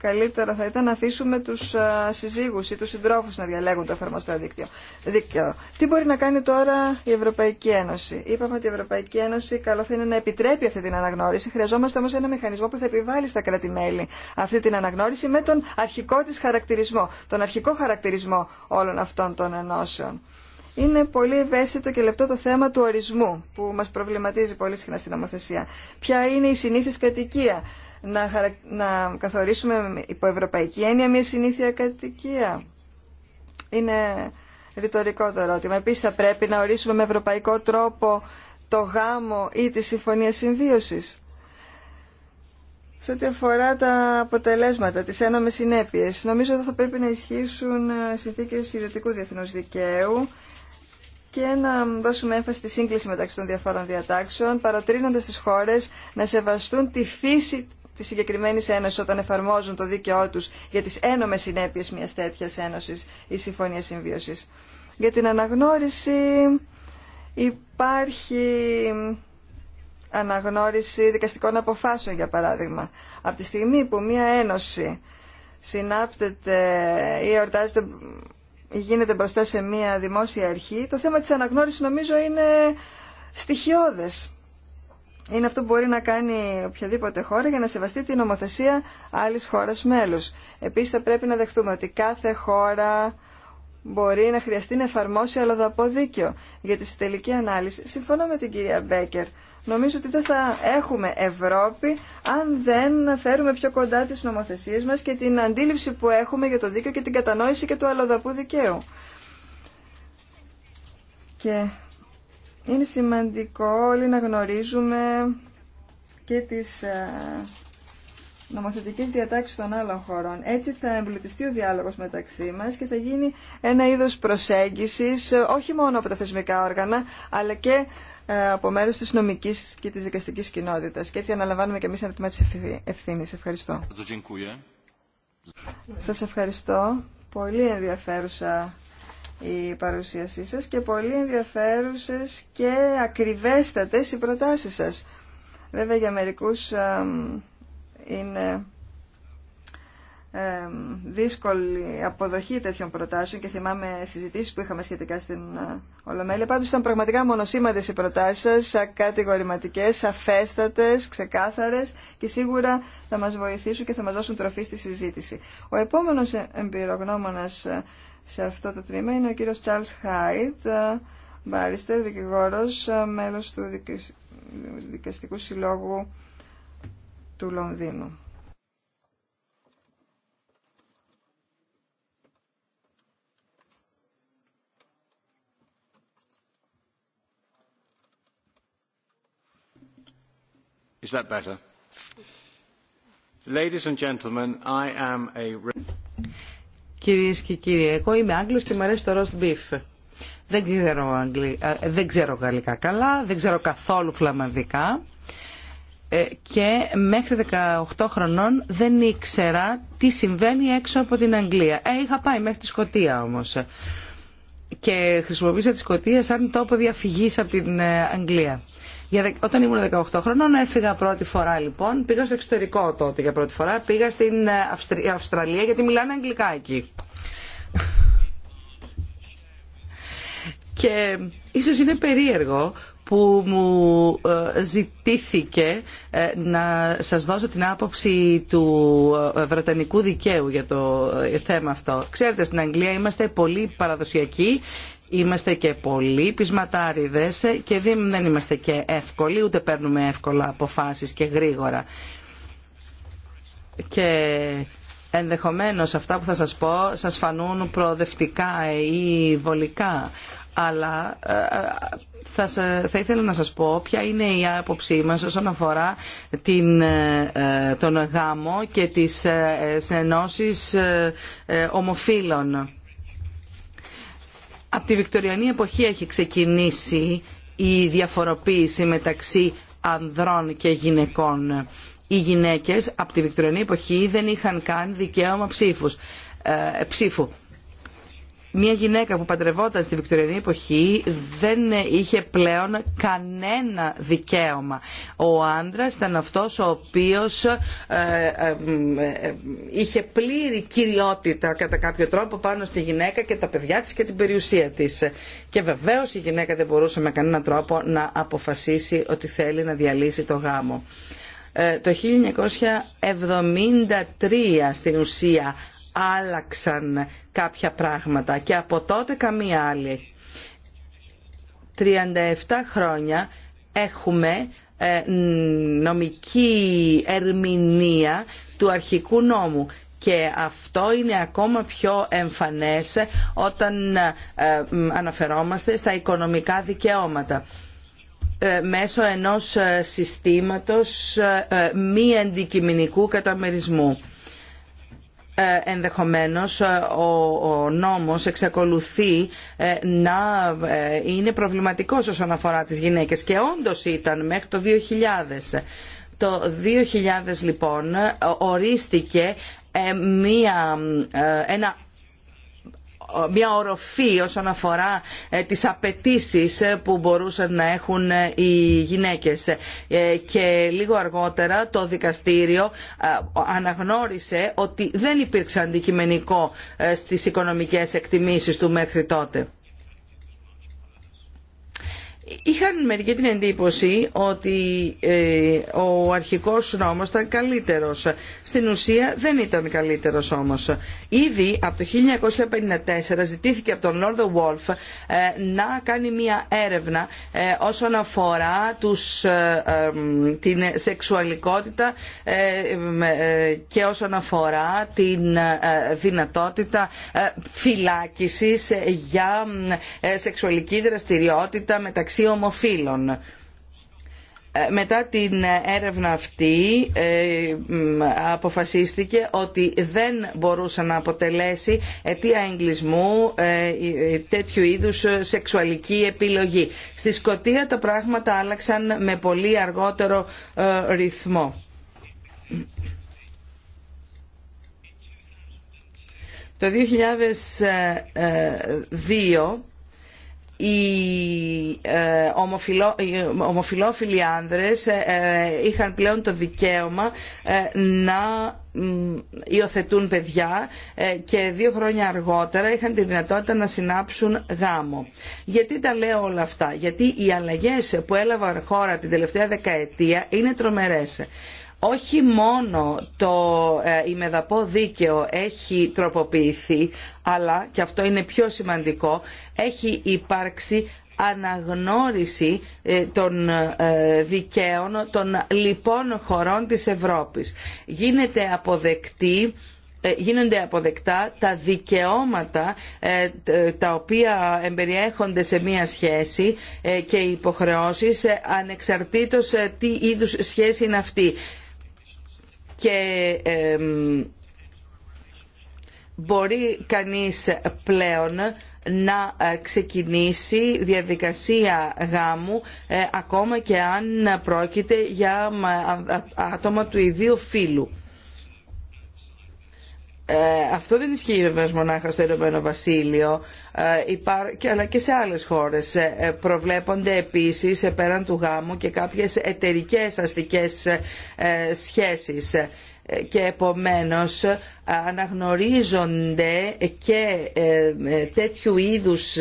καλύτερο θα ήταν να αφήσουμε τους συζύγους ή τους συντρόφους να διαλέγουν το εφαρμοστό δίκτυο. δίκτυο. Τι μπορεί να κάνει τώρα η Ευρωπαϊκή Ένωση. Είπαμε ότι η Ευρωπαϊκή Ένωση καλό θα είναι να επιτρέπει αυτή την αναγνώριση. Χρειαζόμαστε όμως ένα μηχανισμό που θα επιβάλλει στα κράτη-μέλη αυτή την αναγνώριση με τον αρχικό της χαρακτηρισμό, τον αρχικό χαρακτηρισμό όλων αυτών των ενώσεων. Είναι πολύ ευαίσθητο και λεπτό το θέμα του ορισμού που μας προβληματίζει πολύ συχνά στην νομοθεσία. Ποια είναι η συνήθις κατοικία, να, να καθορίσουμε υπό ευρωπαϊκή έννοια μια συνήθεια κατοικία. Είναι ρητορικό το ερώτημα. Επίση θα πρέπει να ορίσουμε με ευρωπαϊκό τρόπο το γάμο ή τη συμφωνία συμβίωση. Σε ό,τι αφορά τα αποτελέσματα, τις ένομες συνέπειες, νομίζω ότι θα πρέπει να ισχύσουν ε, συνθήκες ιδιωτικού διεθνούς δικαίου και να δώσουμε έμφαση στη σύγκληση μεταξύ των διαφόρων διατάξεων, παροτρύνοντας τις χώρες να σεβαστούν τη φύση τη συγκεκριμένη ένωση όταν εφαρμόζουν το δίκαιό τους για τις ένομε συνέπειε μια τέτοια ένωσης ή συμφωνία συμβίωση. Για την αναγνώριση υπάρχει αναγνώριση δικαστικών αποφάσεων για παράδειγμα. Από τη στιγμή που μια ένωση συνάπτεται ή εορτάζεται ή γίνεται μπροστά σε μια δημόσια αρχή, το θέμα της αναγνώρισης νομίζω είναι στοιχειώδες είναι αυτό που μπορεί να κάνει οποιαδήποτε χώρα για να σεβαστεί την νομοθεσία άλλης χώρας μέλους. Επίση θα πρέπει να δεχτούμε ότι κάθε χώρα μπορεί να χρειαστεί να εφαρμόσει αλλοδαπό δίκαιο. Γιατί στη τελική ανάλυση, συμφωνώ με την κυρία Μπέκερ, νομίζω ότι δεν θα έχουμε Ευρώπη αν δεν φέρουμε πιο κοντά τις νομοθεσίε μα και την αντίληψη που έχουμε για το δίκαιο και την κατανόηση και του αλλοδαπού δικαίου. Είναι σημαντικό όλοι να γνωρίζουμε και τις ε, νομοθετικές διατάξεις των άλλων χωρών. Έτσι θα εμπλουτιστεί ο διάλογος μεταξύ μας και θα γίνει ένα είδος προσέγγισης ε, όχι μόνο από τα θεσμικά όργανα αλλά και ε, από μέρους της νομικής και της δικαστικής κοινότητας. Και έτσι αναλαμβάνουμε και εμείς ένα τμήμα της ευθύνης. Ευχαριστώ. Σας ευχαριστώ. Πολύ ενδιαφέρουσα η παρουσίασή σας και πολύ ενδιαφέρουσες και ακριβέστατες οι προτάσεις σας. Βέβαια για μερικούς είναι δύσκολη αποδοχή τέτοιων προτάσεων και θυμάμαι συζητήσεις που είχαμε σχετικά στην ε, Ολομέλεια. Πάντως ήταν πραγματικά μονοσήμαντες οι προτάσεις σας, κατηγορηματικές, αφέστατες, ξεκάθαρες και σίγουρα θα μας βοηθήσουν και θα μας δώσουν τροφή στη συζήτηση. Ο επόμενος εμπειρογνώμονας σε αυτό το τμήμα είναι ο κύριος Τσάρλς Χάιτ, ε, μπαριστερ, δικηγόρος, ε, μέλος του Δικαστικού Συλλόγου του Λονδίνου. Is that Κυρίες και κύριοι, εγώ είμαι Άγγλος και μου αρέσει το roast beef. Δεν ξέρω, δεν ξέρω γαλλικά καλά, δεν ξέρω καθόλου φλαμανδικά ε, και μέχρι 18 χρονών δεν ήξερα τι συμβαίνει έξω από την Αγγλία. Ε, είχα πάει μέχρι τη Σκωτία όμως και χρησιμοποίησα τη Σκωτία σαν τόπο διαφυγής από την ε, Αγγλία. Για, όταν ήμουν 18 χρονών έφυγα πρώτη φορά λοιπόν, πήγα στο εξωτερικό τότε για πρώτη φορά, πήγα στην ε, Αυστραλία γιατί μιλάνε αγγλικά εκεί. Και ίσως είναι περίεργο που μου ε, ζητήθηκε ε, να σας δώσω την άποψη του ε, βρετανικού δικαίου για το θέμα αυτό. Ξέρετε, στην Αγγλία είμαστε πολύ παραδοσιακοί Είμαστε και πολύ πεισματάριδες και δεν είμαστε και εύκολοι, ούτε παίρνουμε εύκολα αποφάσεις και γρήγορα. Και ενδεχομένως αυτά που θα σας πω σας φανούν προοδευτικά ή βολικά, αλλά θα, θα ήθελα να σας πω ποια είναι η άποψή μας όσον αφορά την, ε, τον γάμο και τις ε, ενώσεις ε, ομοφύλων. Από τη Βικτωριανή εποχή έχει ξεκινήσει η διαφοροποίηση μεταξύ ανδρών και γυναικών. Οι γυναίκες από τη Βικτωριανή εποχή δεν είχαν καν δικαίωμα ψήφους, ψήφου μια γυναίκα που παντρευόταν στη Βικτωριανή εποχή δεν είχε πλέον κανένα δικαίωμα. Ο άντρα ήταν αυτό ο οποίο ε, ε, ε, είχε πλήρη κυριότητα κατά κάποιο τρόπο πάνω στη γυναίκα και τα παιδιά της και την περιουσία της. Και βεβαίως η γυναίκα δεν μπορούσε με κανέναν τρόπο να αποφασίσει ότι θέλει να διαλύσει το γάμο. Το 1973 στην ουσία άλλαξαν κάποια πράγματα και από τότε καμία άλλη. 37 χρόνια έχουμε ε, νομική ερμηνεία του αρχικού νόμου και αυτό είναι ακόμα πιο εμφανές όταν ε, αναφερόμαστε στα οικονομικά δικαιώματα ε, μέσω ενός συστήματος μη αντικειμενικού καταμερισμού. Ε, ενδεχομένως ε, ο νόμος εξακολουθεί ε, να είναι προβληματικός όσον αφορά τις γυναίκες και όντως ήταν μέχρι το 2000. Το 2000 λοιπόν ορίστηκε μια, ένα μια οροφή όσον αφορά ε, τις απαιτήσεις ε, που μπορούσαν να έχουν ε, οι γυναίκες. Και λίγο αργότερα το δικαστήριο αναγνώρισε ότι δεν υπήρξε αντικειμενικό στις οικονομικές εκτιμήσεις του μέχρι τότε. Είχαν μερικοί την εντύπωση ότι ε, ο αρχικός νόμος ήταν καλύτερος. Στην ουσία δεν ήταν καλύτερος όμως. Ήδη από το 1954 ζητήθηκε από τον Λόρδο Βόλφ ε, να κάνει μία έρευνα ε, όσον αφορά τους, ε, την σεξουαλικότητα και όσον αφορά την δυνατότητα φυλάκισης για σεξουαλική δραστηριότητα μεταξύ μεταξύ ε, Μετά την έρευνα αυτή ε, αποφασίστηκε ότι δεν μπορούσε να αποτελέσει αιτία εγκλισμού ε, τέτοιου είδους σεξουαλική επιλογή. Στη Σκωτία τα πράγματα άλλαξαν με πολύ αργότερο ρυθμό. Το 2002 οι ε, ομοφιλόφιλοι άνδρες ε, ε, είχαν πλέον το δικαίωμα να υιοθετούν παιδιά και δύο χρόνια αργότερα είχαν τη δυνατότητα να συνάψουν γάμο. Γιατί τα λέω όλα αυτά. Γιατί οι αλλαγές που έλαβαν χώρα την τελευταία δεκαετία είναι τρομερές όχι μόνο το ε, ημεδαπό δίκαιο έχει τροποποιηθεί, αλλά, και αυτό είναι πιο σημαντικό, έχει υπάρξει αναγνώριση ε, των ε, δικαίων των λοιπών χωρών της Ευρώπης. Γίνεται αποδεκτή γίνονται αποδεκτά τα δικαιώματα τα οποία εμπεριέχονται σε μία σχέση και οι υποχρεώσεις ανεξαρτήτως τι είδους σχέση είναι αυτή και μπορεί κανείς πλέον να ε, ξεκινήσει διαδικασία γάμου ε, ακόμα και αν πρόκειται για άτομα του ιδίου φύλου. Ε, αυτό δεν ισχύει βεβαίω μονάχα στο Ηνωμένο Βασίλειο, ε, και, αλλά και σε άλλες χώρες. Ε, ε προβλέπονται επίσης πέραν του γάμου και κάποιες εταιρικές αστικές σχέσεις και επομένως αναγνωρίζονται και τέτοιου είδους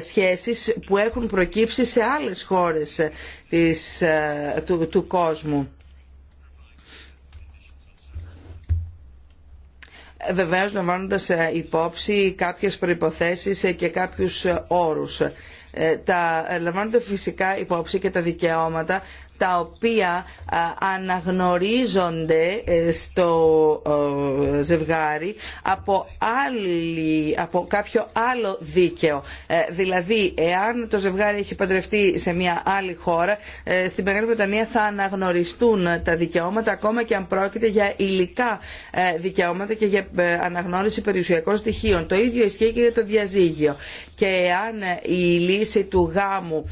σχέσεις που έχουν προκύψει σε άλλες χώρες του κόσμου βεβαίως λαμβάνοντας ε, υπόψη κάποιες προϋποθέσεις ε, και κάποιους ε, όρους. Τα λαμβάνονται φυσικά υπόψη και τα δικαιώματα τα οποία αναγνωρίζονται ε, στο ε, ζευγάρι από, άλλη, από κάποιο άλλο δίκαιο. Ε, δηλαδή, εάν το ζευγάρι έχει παντρευτεί σε μια άλλη χώρα, στην Μεγάλη Βρετανία θα αναγνωριστούν τα δικαιώματα, ακόμα και αν πρόκειται για υλικά δικαιώματα και για αναγνώριση περιουσιακών στοιχείων. Το ίδιο ισχύει και για το διαζύγιο. Και εάν η λύση του γάμου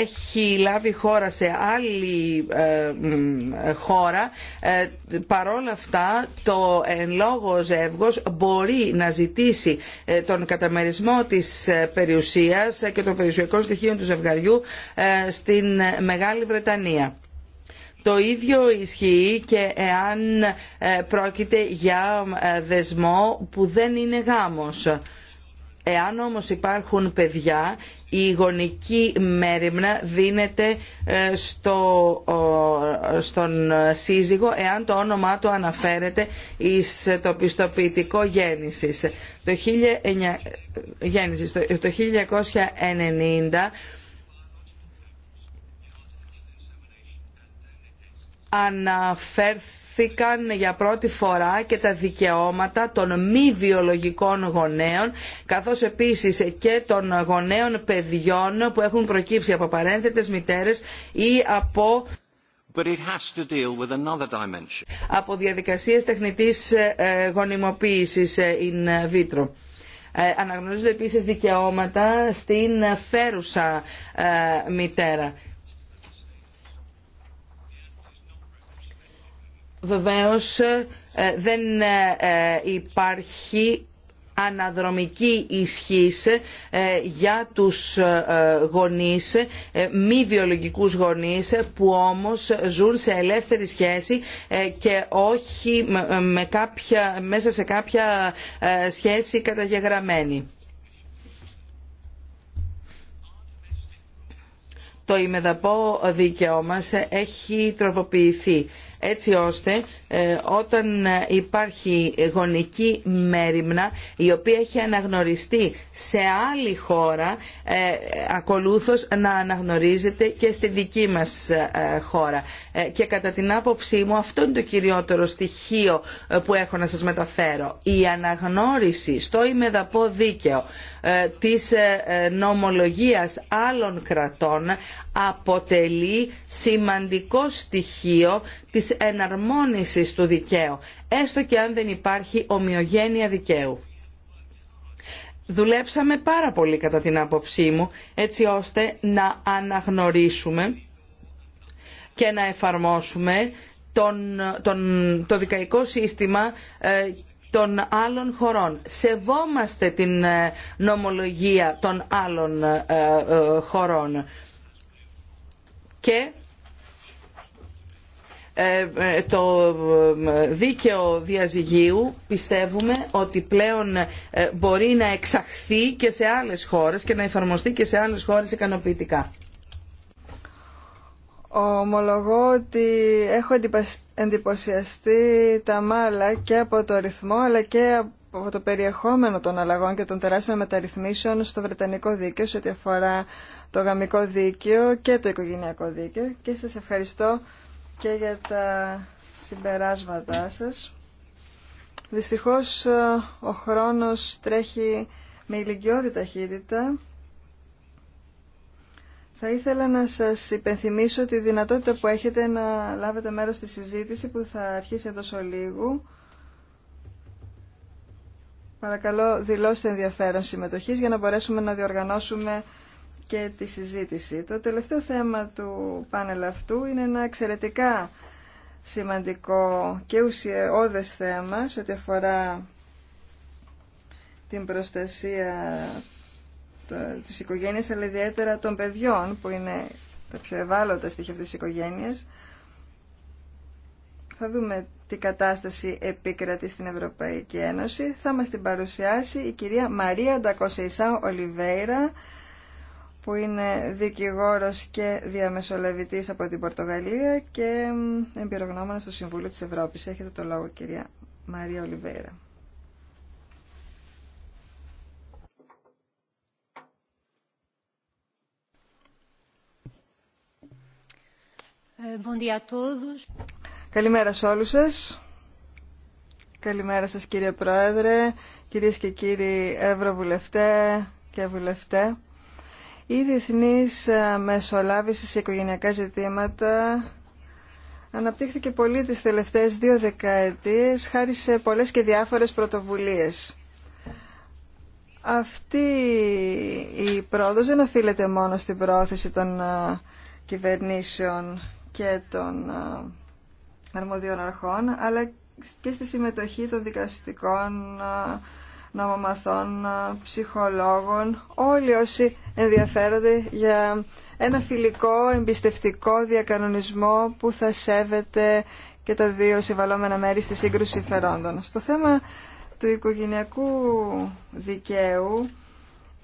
έχει λάβει χώρα σε άλλη ε, χώρα ε, παρόλα αυτά το εν λόγω ζεύγος μπορεί να ζητήσει ε, τον καταμερισμό της περιουσίας και των περιουσιακών στοιχείων του ζευγαριού στην Μεγάλη Βρετανία. Το ίδιο ισχύει και εάν πρόκειται για δεσμό που δεν είναι γάμος. Εάν όμως υπάρχουν παιδιά, η γονική μέρημνα δίνεται ε, στο, στον σύζυγο εάν το όνομά του αναφέρεται εις το πιστοποιητικό γέννησης. Το, 1990 αναφέρθηκαν για πρώτη φορά και τα δικαιώματα των μη βιολογικών γονέων καθώς επίσης και των γονέων παιδιών που έχουν προκύψει από παρένθετες μητέρες ή από But it has to deal with another dimension. από διαδικασίες τεχνητής ε, γονιμοποίησης ε, in vitro. Ε, αναγνωρίζονται επίσης δικαιώματα στην φέρουσα μητέρα. Βεβαίως ε, δεν ε, ε, υπάρχει αναδρομική ισχύς για τους γονείς, μη βιολογικούς γονείς που όμως ζουν σε ελεύθερη σχέση και όχι με κάποια, μέσα σε κάποια σχέση καταγεγραμμένη. Το ημεδαπό δίκαιο μας έχει τροποποιηθεί έτσι ώστε ε, όταν ε, υπάρχει γονική μέρημνα η οποία έχει αναγνωριστεί σε άλλη χώρα ε, ακολούθως να αναγνωρίζεται και στη δική μας χώρα. Και κατά την άποψή μου αυτό είναι το κυριότερο στοιχείο που έχω να σας μεταφέρω. Η αναγνώριση στο ημεδαπό δίκαιο της νομολογίας άλλων κρατών αποτελεί σημαντικό στοιχείο της εναρμόνισης του δικαίου, έστω και αν δεν υπάρχει ομοιογένεια δικαίου. Δουλέψαμε πάρα πολύ κατά την άποψή μου, έτσι ώστε να αναγνωρίσουμε και να εφαρμόσουμε το δικαϊκό σύστημα ε, των άλλων χωρών. Σεβόμαστε την ε, νομολογία των άλλων ε, χωρών και ε, ε, το ε, δίκαιο διαζυγίου πιστεύουμε ότι πλέον μπορεί να εξαχθεί και σε άλλες χώρες και να εφαρμοστεί και σε άλλες χώρες ικανοποιητικά. Ομολογώ ότι έχω εντυπωσιαστεί τα μάλα και από το ρυθμό αλλά και από το περιεχόμενο των αλλαγών και των τεράστιων μεταρρυθμίσεων στο Βρετανικό Δίκαιο σε ό,τι αφορά το γαμικό δίκαιο και το οικογενειακό δίκαιο και σας ευχαριστώ και για τα συμπεράσματά σας. Δυστυχώς ε, ο χρόνος τρέχει με ηλικιώδη ταχύτητα. Θα ήθελα να σας υπενθυμίσω τη δυνατότητα που έχετε να λάβετε μέρος στη συζήτηση που θα αρχίσει εδώ σε λίγο. Παρακαλώ δηλώστε ενδιαφέρον συμμετοχής για να μπορέσουμε να διοργανώσουμε και τη συζήτηση. Το τελευταίο θέμα του πάνελ αυτού είναι ένα εξαιρετικά σημαντικό και ουσιαώδες θέμα σε ό,τι αφορά την προστασία της οικογένειας, αλλά ιδιαίτερα των παιδιών, που είναι τα πιο ευάλωτα στοιχεία αυτής της οικογένειας. Θα δούμε τι κατάσταση επίκρατη στην Ευρωπαϊκή Ένωση. Θα μας την παρουσιάσει η κυρία Μαρία Ντακοσεϊσάου Ολιβέηρα, που είναι δικηγόρος και διαμεσολαβητής από την Πορτογαλία και εμπειρογνώμονα στο Συμβούλιο της Ευρώπης. Έχετε το λόγο κυρία Μαρία Ολιβέρα. Ε, Καλημέρα σε όλους σας. Καλημέρα σας κύριε Πρόεδρε, κυρίες και κύριοι Ευρωβουλευτέ και Βουλευτέ. Η διεθνής ε, μεσολάβηση σε οικογενειακά ζητήματα αναπτύχθηκε πολύ τις τελευταίες δύο δεκαετίες χάρη σε πολλές και διάφορες πρωτοβουλίες. Αυτή η πρόοδος δεν οφείλεται μόνο στην πρόθεση των ε, κυβερνήσεων και των ε, αρμοδίων αρχών, αλλά και στη συμμετοχή των δικαστικών νομομαθών, ψυχολόγων, όλοι όσοι ενδιαφέρονται για ένα φιλικό, εμπιστευτικό διακανονισμό που θα σέβεται και τα δύο συμβαλόμενα μέρη στη σύγκρουση συμφερόντων. Στο θέμα του οικογενειακού δικαίου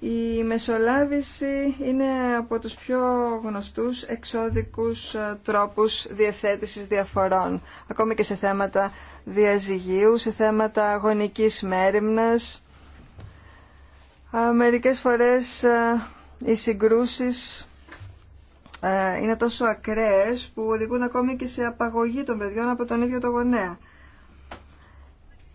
η μεσολάβηση είναι από τους πιο γνωστούς εξώδικους ε, τρόπους διευθέτησης διαφορών, ακόμη και σε θέματα διαζυγίου, σε θέματα γονικής μέρημνας. Μερικές φορές ε, οι συγκρούσεις ε, είναι τόσο ακραίες που οδηγούν ακόμη και σε απαγωγή των παιδιών από τον ίδιο το γονέα.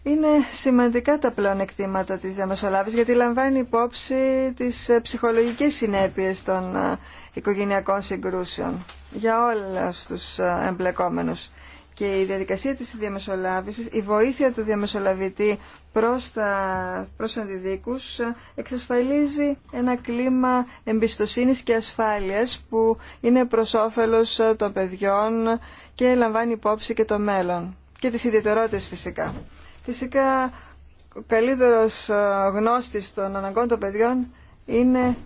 Είναι σημαντικά τα πλεονεκτήματα της διαμεσολάβησης γιατί λαμβάνει υπόψη τις ε, ψυχολογικές συνέπειες των ε, οικογενειακών συγκρούσεων για όλους τους ε, εμπλεκόμενους. Και η διαδικασία της διαμεσολάβησης, η βοήθεια του διαμεσολαβητή προς, τα, προς αντιδίκους εξασφαλίζει ένα κλίμα εμπιστοσύνης και ασφάλειας που είναι προς όφελος των παιδιών και λαμβάνει υπόψη και το μέλλον και τις ιδιαιτερότητες φυσικά. Φυσικά, ο καλύτερος ε, γνώστης των αναγκών των παιδιών είναι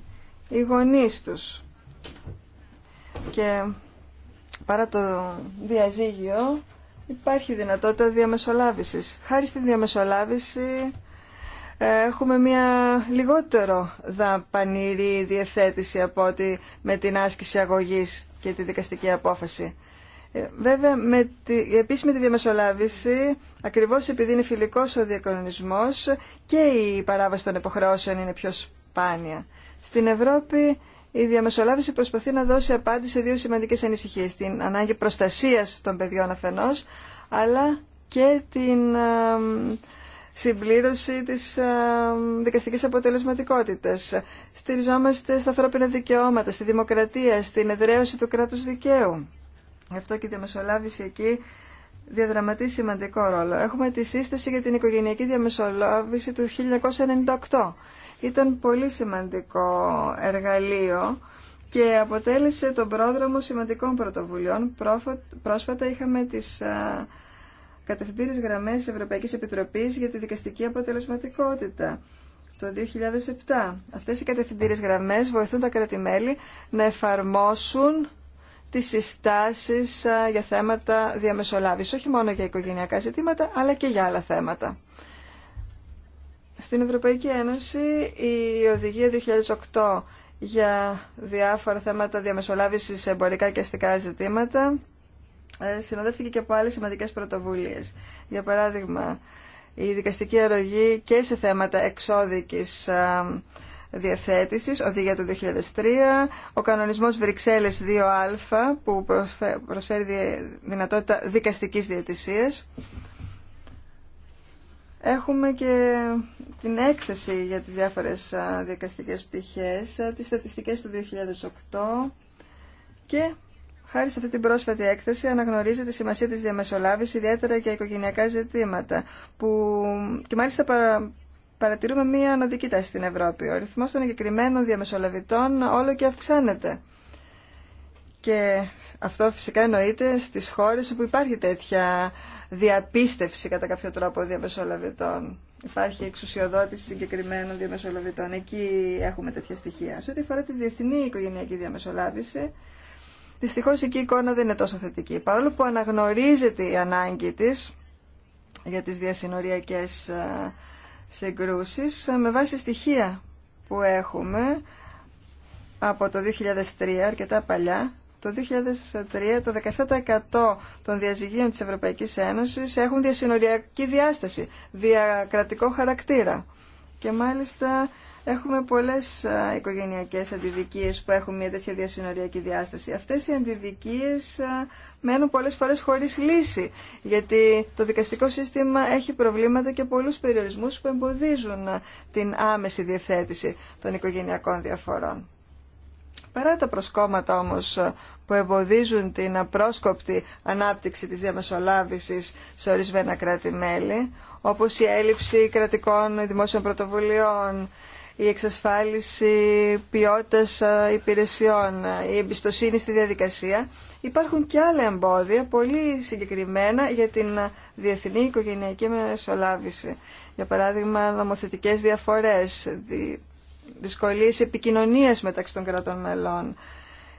οι γονείς τους. Και παρά το διαζύγιο υπάρχει δυνατότητα διαμεσολάβησης. Χάρη στη διαμεσολάβηση ε, έχουμε μια λιγότερο δαπανηρή διευθέτηση από ότι με την άσκηση αγωγής και τη δικαστική απόφαση. Ε, βέβαια, με τη επίσημη τη διαμεσολάβηση, ακριβώς επειδή είναι φιλικός ο διακονονισμός και η παράβαση των υποχρεώσεων είναι πιο σπάνια. Στην Ευρώπη η διαμεσολάβηση προσπαθεί να δώσει απάντηση σε δύο σημαντικές ανησυχίες. Την ανάγκη προστασίας των παιδιών αφενός, αλλά και την συμπλήρωση της δικαστικής αποτελεσματικότητας. Στηριζόμαστε στα ανθρώπινα δικαιώματα, στη δημοκρατία, στην εδραίωση του κράτους δικαίου. Γι' αυτό και η διαμεσολάβηση εκεί διαδραματεί σημαντικό ρόλο. Έχουμε τη σύσταση για την οικογενειακή διαμεσολάβηση του 1998. Ήταν πολύ σημαντικό εργαλείο και αποτέλεσε τον πρόδρομο σημαντικών πρωτοβουλειών. Πρόσφατα είχαμε τις κατευθυντήρες γραμμές της Ευρωπαϊκής Επιτροπής για τη δικαστική αποτελεσματικότητα το 2007. Αυτές οι κατευθυντήρες γραμμές βοηθούν τα κράτη-μέλη να εφαρμόσουν τις συστάσεις για θέματα διαμεσολάβησης, όχι μόνο για οικογενειακά ζητήματα, αλλά και για άλλα θέματα. Στην Ευρωπαϊκή Ένωση η Οδηγία 2008 για διάφορα θέματα διαμεσολάβησης σε εμπορικά και αστικά ζητήματα ε, συνοδεύτηκε και από άλλες σημαντικές πρωτοβουλίες. Για παράδειγμα, η δικαστική αρρωγή και σε θέματα εξώδικης ο οδηγία του 2003, ο κανονισμός Βρυξέλλες 2α που προσφέρει δυνατότητα δικαστικής διατησίας. Έχουμε και την έκθεση για τις διάφορες δικαστικές πτυχές, τις στατιστικές του 2008 και χάρη σε αυτή την πρόσφατη έκθεση αναγνωρίζεται η σημασία της διαμεσολάβησης, ιδιαίτερα για οικογενειακά ζητήματα που και μάλιστα παρα, παρατηρούμε μία ανωδική τάση στην Ευρώπη. Ο ρυθμός των εγκεκριμένων διαμεσολαβητών όλο και αυξάνεται. Και αυτό φυσικά εννοείται στι χώρε όπου υπάρχει τέτοια διαπίστευση κατά κάποιο τρόπο διαμεσολαβητών. Υπάρχει εξουσιοδότηση συγκεκριμένων διαμεσολαβητών. Εκεί έχουμε τέτοια στοιχεία. Σε ό,τι αφορά τη διεθνή οικογενειακή διαμεσολάβηση, δυστυχώ εκεί η εικόνα δεν είναι τόσο θετική. Παρόλο που αναγνωρίζεται η ανάγκη τη για τι διασυνοριακέ ε, συγκρούσεις ε, με βάση στοιχεία που έχουμε από το 2003, αρκετά παλιά. Το 2003 το 17% των διαζυγίων της Ευρωπαϊκής Ένωσης έχουν διασυνοριακή διάσταση, διακρατικό χαρακτήρα. Και μάλιστα Έχουμε πολλέ οικογενειακέ αντιδικίε που έχουν μια τέτοια διασυνοριακή διάσταση. Αυτέ οι αντιδικίε μένουν πολλέ φορέ χωρί λύση, γιατί το δικαστικό σύστημα έχει προβλήματα και πολλού περιορισμού που εμποδίζουν την άμεση διευθέτηση των οικογενειακών διαφορών. Παρά τα προσκόμματα όμως που εμποδίζουν την απρόσκοπτη ανάπτυξη της διαμεσολάβησης σε ορισμένα κράτη-μέλη, όπως η έλλειψη κρατικών δημόσιων πρωτοβουλειών, η εξασφάλιση ποιότητας ε, υπηρεσιών, η εμπιστοσύνη στη διαδικασία. Υπάρχουν και άλλα εμπόδια, πολύ συγκεκριμένα, για την διεθνή οικογενειακή μεσολάβηση. Για παράδειγμα, νομοθετικές διαφορές, δυσκολίες επικοινωνίας μεταξύ των κρατών μελών,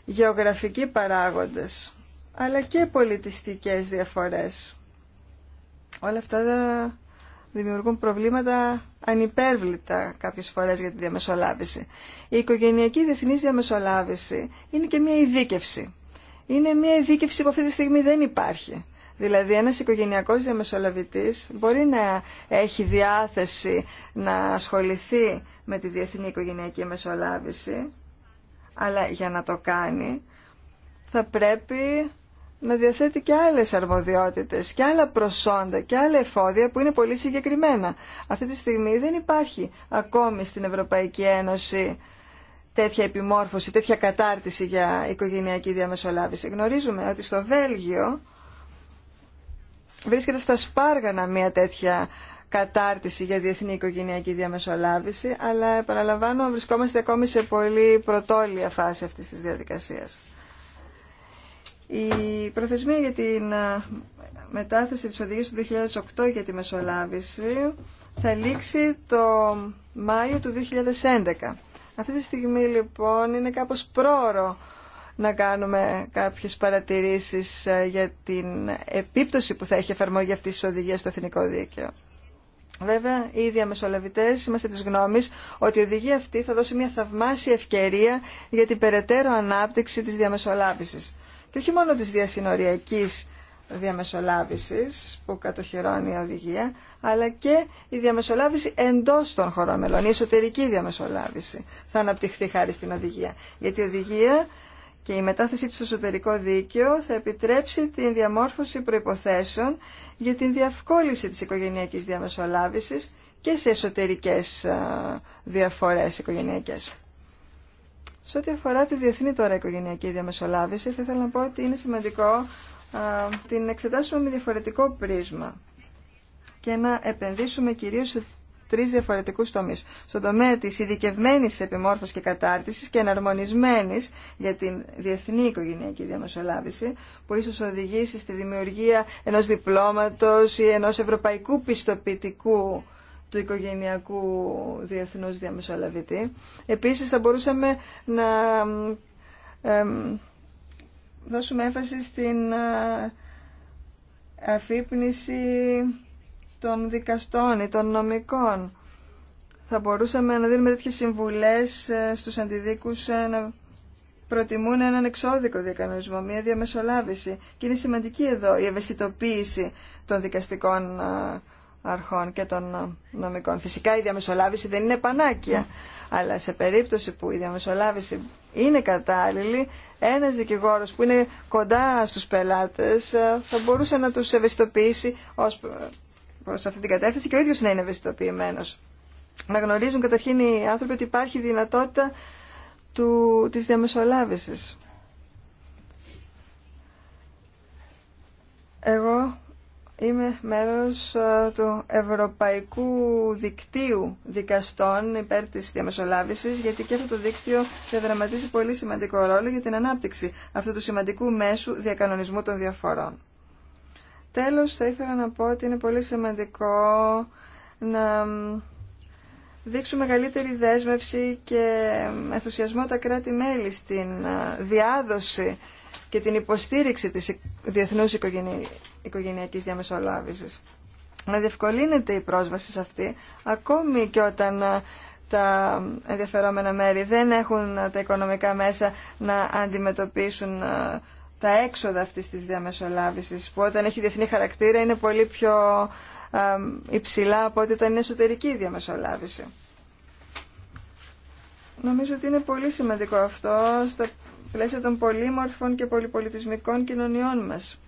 γεωγραφικοί παράγοντες, αλλά και πολιτιστικές διαφορές. Όλα αυτά δημιουργούν προβλήματα ανυπέρβλητα κάποιες φορές για τη διαμεσολάβηση. Η οικογενειακή διεθνή διαμεσολάβηση είναι και μια ειδίκευση. Είναι μια ειδίκευση που αυτή τη στιγμή δεν υπάρχει. Δηλαδή ένας οικογενειακός διαμεσολαβητή μπορεί να έχει διάθεση να ασχοληθεί με τη διεθνή οικογενειακή μεσολάβηση, αλλά για να το κάνει θα πρέπει να διαθέτει και άλλες αρμοδιότητες και άλλα προσόντα και άλλα εφόδια που είναι πολύ συγκεκριμένα. Αυτή τη στιγμή δεν υπάρχει ακόμη στην Ευρωπαϊκή Ένωση τέτοια επιμόρφωση, τέτοια κατάρτιση για οικογενειακή διαμεσολάβηση. Γνωρίζουμε ότι στο Βέλγιο βρίσκεται στα σπάργανα μια τέτοια κατάρτιση για διεθνή οικογενειακή διαμεσολάβηση, αλλά επαναλαμβάνω βρισκόμαστε ακόμη σε πολύ πρωτόλια φάση αυτής της διαδικασίας. Η προθεσμία για την ε, μετάθεση της οδηγίας του 2008 για τη μεσολάβηση θα λήξει το Μάιο του 2011. Αυτή τη στιγμή λοιπόν είναι κάπως πρόωρο να κάνουμε κάποιες παρατηρήσεις ε, για την επίπτωση που θα έχει εφαρμογή αυτή τη οδηγίας στο εθνικό δίκαιο. Βέβαια, οι διαμεσολαβητές είμαστε της γνώμης ότι η οδηγία αυτή θα δώσει μια θαυμάσια ευκαιρία για την περαιτέρω ανάπτυξη της διαμεσολάβησης και όχι μόνο της διασυνοριακής διαμεσολάβησης που κατοχυρώνει η οδηγία, αλλά και η διαμεσολάβηση εντός των χωρών μελών, η εσωτερική διαμεσολάβηση θα αναπτυχθεί χάρη στην οδηγία. Γιατί η οδηγία και η μετάθεσή της στο εσωτερικό δίκαιο θα επιτρέψει την διαμόρφωση προϋποθέσεων για την διαφκόληση της οικογενειακής διαμεσολάβησης και σε εσωτερικές ε, διαφορές οικογενειακές. Σε ό,τι αφορά τη διεθνή τώρα οικογενειακή διαμεσολάβηση, θα ήθελα να πω ότι είναι σημαντικό α, την εξετάσουμε με διαφορετικό πρίσμα και να επενδύσουμε κυρίως σε τρει διαφορετικούς τομείς. Στον τομέα τη ειδικευμένη επιμόρφωσης και κατάρτιση και εναρμονισμένης για την διεθνή οικογενειακή διαμεσολάβηση, που ίσω οδηγήσει στη δημιουργία ενό διπλώματο ή ενό ευρωπαϊκού πιστοποιητικού του οικογενειακού διεθνούς διαμεσολαβητή. Επίσης θα μπορούσαμε να δώσουμε έμφαση στην ε, αφύπνιση των δικαστών ή των νομικών. Θα μπορούσαμε να δίνουμε τέτοιες συμβουλές ε, στους αντιδίκους ε, να προτιμούν έναν εξώδικο διακανονισμό, μια διαμεσολάβηση. Και είναι σημαντική εδώ η ευαισθητοποίηση των δικαστικών αρχών και των νομικών. Φυσικά η διαμεσολάβηση δεν είναι πανάκια, αλλά σε περίπτωση που η διαμεσολάβηση είναι κατάλληλη, ένας δικηγόρος που είναι κοντά στους πελάτες ε, θα μπορούσε να τους ευαισθητοποιήσει ως προς αυτή την κατεύθυνση και ο ίδιος να είναι ευαισθητοποιημένος. Να γνωρίζουν καταρχήν οι άνθρωποι ότι υπάρχει δυνατότητα του, της διαμεσολάβησης. Εγώ Είμαι μέλος ε, του Ευρωπαϊκού Δικτύου Δικαστών υπέρ της διαμεσολάβησης, γιατί και αυτό το δίκτυο διαδραματίζει πολύ σημαντικό ρόλο για την ανάπτυξη αυτού του σημαντικού μέσου διακανονισμού των διαφορών. Τέλος, θα ήθελα να πω ότι είναι πολύ σημαντικό να δείξουμε μεγαλύτερη δέσμευση και ενθουσιασμό τα κράτη-μέλη στην ε, διάδοση και την υποστήριξη της διεθνούς οικογενειακής διαμεσολάβησης. Να διευκολύνεται η πρόσβαση σε αυτή, ακόμη και όταν ε, τα ενδιαφερόμενα μέρη δεν έχουν ε, τα οικονομικά μέσα να αντιμετωπίσουν ε, τα έξοδα αυτής της διαμεσολάβησης, που όταν έχει διεθνή χαρακτήρα είναι πολύ πιο υψηλά από ό,τι ήταν εσωτερική διαμεσολάβηση. Νομίζω ότι είναι πολύ σημαντικό αυτό πλαίσια των πολύμορφων και πολυπολιτισμικών κοινωνιών μας.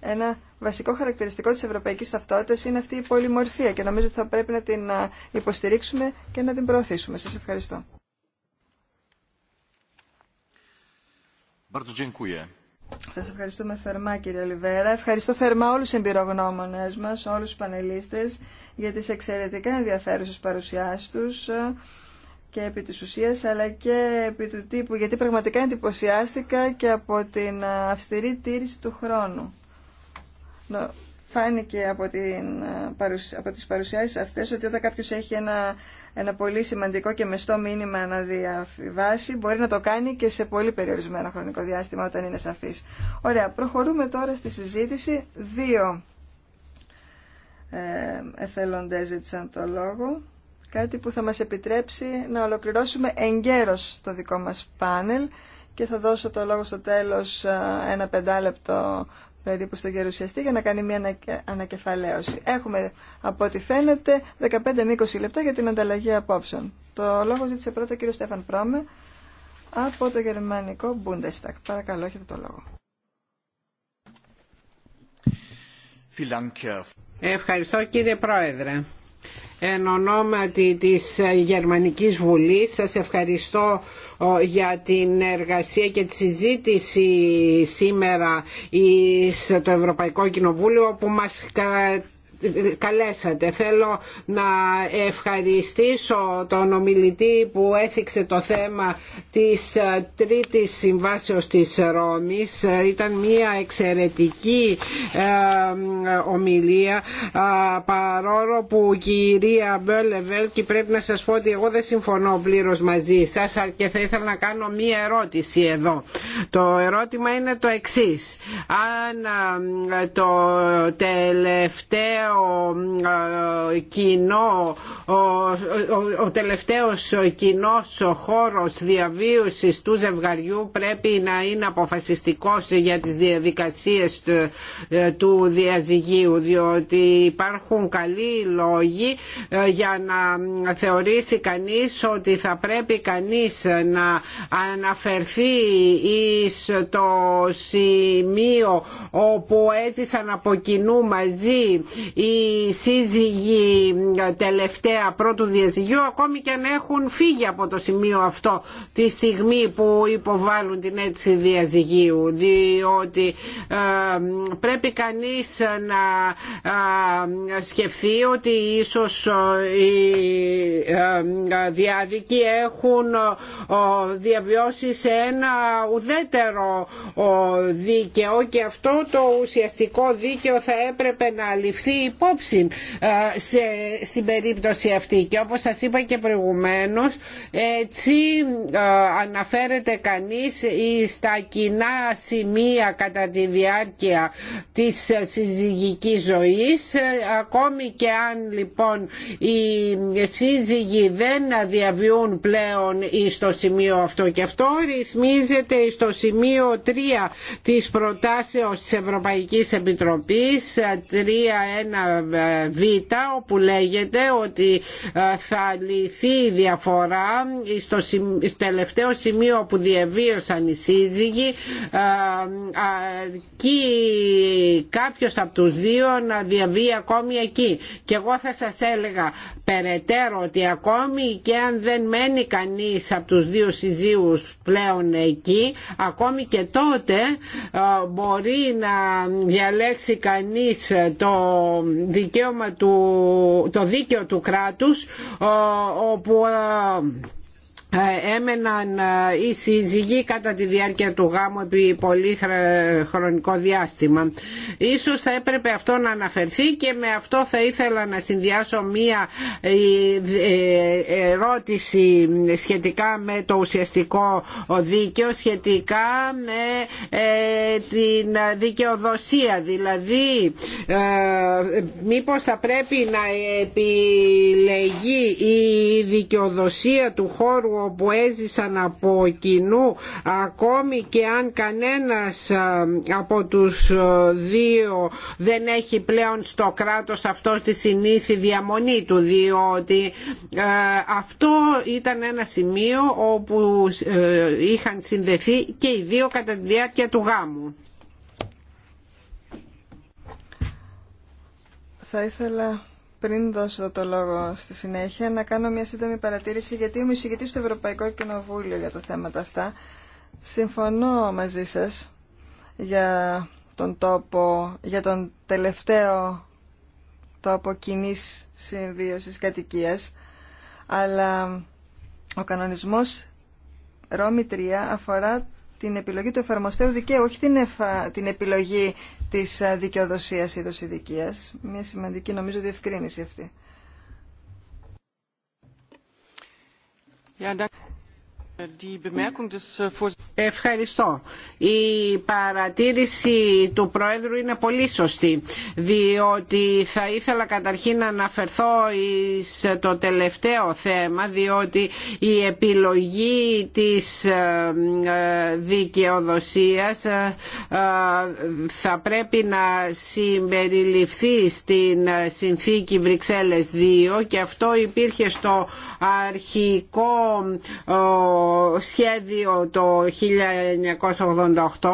Ένα βασικό χαρακτηριστικό της ευρωπαϊκής ταυτότητας είναι αυτή η πολυμορφία και νομίζω ότι θα πρέπει να την υποστηρίξουμε και να την προωθήσουμε. Σας ευχαριστώ. Σας ευχαριστούμε θερμά κύριε Ολιβέρα. Ευχαριστώ θερμά όλους του εμπειρογνώμονε μας, όλους τους πανελίστε, για τις εξαιρετικά ενδιαφέρουσε παρουσιάσεις του και επί της ουσίας αλλά και επί του τύπου γιατί πραγματικά εντυπωσιάστηκα και από την αυστηρή τήρηση του χρόνου. Φάνηκε από, την, ε, από τις παρουσιάσεις αυτές ότι όταν κάποιος έχει ένα, ένα πολύ σημαντικό και μεστό μήνυμα να διαβάσει μπορεί να το κάνει και σε πολύ περιορισμένο χρονικό διάστημα όταν είναι σαφής. Ωραία, προχωρούμε τώρα στη συζήτηση. Δύο ε, εθελοντές ζήτησαν το λόγο. Κάτι που θα μας επιτρέψει να ολοκληρώσουμε εγκαίρως το δικό μας πάνελ και θα δώσω το λόγο στο τέλος ένα πεντάλεπτο περίπου στο γερουσιαστή για να κάνει μια ανακεφαλαίωση. Έχουμε από ό,τι φαίνεται 15 20 λεπτά για την ανταλλαγή απόψεων. Το λόγο ζήτησε πρώτα ο κύριος Στέφαν Πρόμε από το γερμανικό Bundestag. Παρακαλώ, έχετε το λόγο. Ευχαριστώ κύριε Πρόεδρε εν ονόματι της Γερμανικής Βουλής σας ευχαριστώ για την εργασία και τη συζήτηση σήμερα στο Ευρωπαϊκό Κοινοβούλιο που μας καλέσατε. Θέλω να ευχαριστήσω τον ομιλητή που έθιξε το θέμα της ε, τρίτης συμβάσεως της Ρώμης. Ε, ήταν μια εξαιρετική ε, ομιλία παρόλο που κυρία και πρέπει να σας πω ότι εγώ δεν συμφωνώ πλήρως μαζί σας και θα ήθελα να κάνω μια ερώτηση εδώ. Το ερώτημα είναι το εξής. Αν το τελευταίο κοινό ο τελευταίος κοινός χώρος διαβίωσης του ζευγαριού πρέπει να είναι αποφασιστικός για τις διαδικασίες του ε, διαζυγίου διότι υπάρχουν καλοί λόγοι ε, για να θεωρήσει κανείς ότι θα πρέπει κανείς να αναφερθεί εις το σημείο όπου έζησαν από κοινού μαζί οι σύζυγοι ε, τελευταία πρώτου διαζυγίου ακόμη και αν έχουν φύγει από το σημείο αυτό τη στιγμή που υποβάλλουν την αίτηση διαζυγίου διότι ε, πρέπει κανείς να ε, σκεφτεί ότι ίσως οι διάδικοι έχουν διαβιώσει σε ένα ουδέτερο δίκαιο και αυτό το ουσιαστικό δίκαιο θα έπρεπε να ληφθεί υπόψη ε, στην περίπτωση αυτή και όπως σας είπα και προηγουμένως έτσι ε, αναφέρεται κανείς στα κοινά σημεία κατά τη διάρκεια της συζυγικής ζωής ε, ακόμη και αν λοιπόν οι σύζυγοι δεν διαβιούν πλέον στο σημείο αυτό και αυτό ρυθμίζεται στο σημείο 3 της προτάσεως της Ευρωπαϊκής Επιτροπής 3.1 ένα β όπου λέγεται ότι ε, θα λυθεί η διαφορά στο τελευταίο σημείο που διαβίωσαν οι σύζυγοι ε, αρκεί κάποιος από τους δύο να διαβεί ακόμη εκεί και εγώ θα σας έλεγα περαιτέρω ότι ακόμη και αν δεν μένει κανείς από τους δύο σύζυγους πλέον εκεί ακόμη και τότε ε, μπορεί να διαλέξει κανείς το δικαίωμα του, το δίκαιο του κράτους όπου ε, έμεναν ε, οι σύζυγοι κατά τη διάρκεια του γάμου επί πολύ χρονικό διάστημα. Ίσως θα έπρεπε αυτό να αναφερθεί και με αυτό θα ήθελα να συνδυάσω μία ε, ερώτηση σχετικά με το ουσιαστικό δίκαιο, σχετικά με την δικαιοδοσία. Δηλαδή, μήπως θα πρέπει να επιλεγεί η δικαιοδοσία του χώρου που έζησαν από κοινού ακόμη και αν κανένας από τους δύο δεν έχει πλέον στο κράτος αυτό τη συνήθη διαμονή του διότι αυτό ήταν ένα σημείο όπου είχαν συνδεθεί και οι δύο κατά τη διάρκεια του γάμου. Θα ήθελα πριν δώσω το λόγο στη συνέχεια, να κάνω μια σύντομη παρατήρηση, γιατί είμαι εισηγητή στο Ευρωπαϊκό Κοινοβούλιο για τα θέματα αυτά. Συμφωνώ μαζί σας για τον τόπο, για τον τελευταίο τόπο κοινή συμβίωσης κατοικία, αλλά ο κανονισμός Ρώμη 3 αφορά την επιλογή του εφαρμοστέου δικαίου, όχι την, την επιλογή της ε, δικαιοδοσίας ή ειδικία. Μια σημαντική νομίζω διευκρίνηση αυτή. Äh, Ευχαριστώ. Η παρατήρηση του Προέδρου είναι πολύ σωστή, διότι θα ήθελα καταρχήν να αναφερθώ στο ε, τελευταίο θέμα, διότι η επιλογή της ε, ε, δικαιοδοσίας θα πρέπει να συμπεριληφθεί στην συνθήκη Βρυξέλλες 2 και αυτό υπήρχε στο αρχικό σχέδιο το 1988.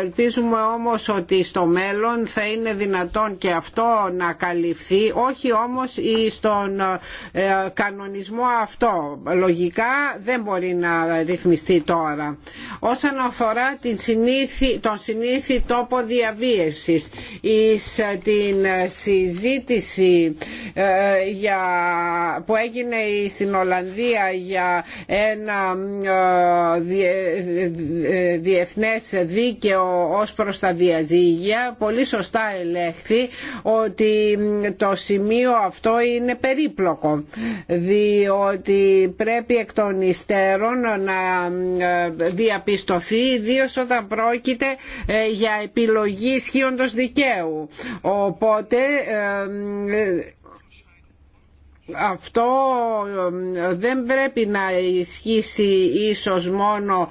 Ελπίζουμε όμως ότι στο μέλλον θα είναι δυνατόν και αυτό να καλυφθεί, όχι όμως στον ε, κανονισμό αυτό. Λογικά δεν μπορεί να ρυθμιστεί τώρα. Όσον αφορά την τον συνήθι τόπο διαβίεσης εις ε, την ε, συζήτηση για, που έγινε στην Ολλανδία για ένα ένα ε, ε, διεθνές δίκαιο ως προς τα διαζύγια πολύ σωστά ελέγχθη ότι το σημείο αυτό είναι περίπλοκο διότι πρέπει εκ των υστέρων να ε, διαπιστωθεί ιδίω όταν πρόκειται για επιλογή ισχύοντος δικαίου οπότε αυτό δεν πρέπει να ισχύσει ίσως μόνο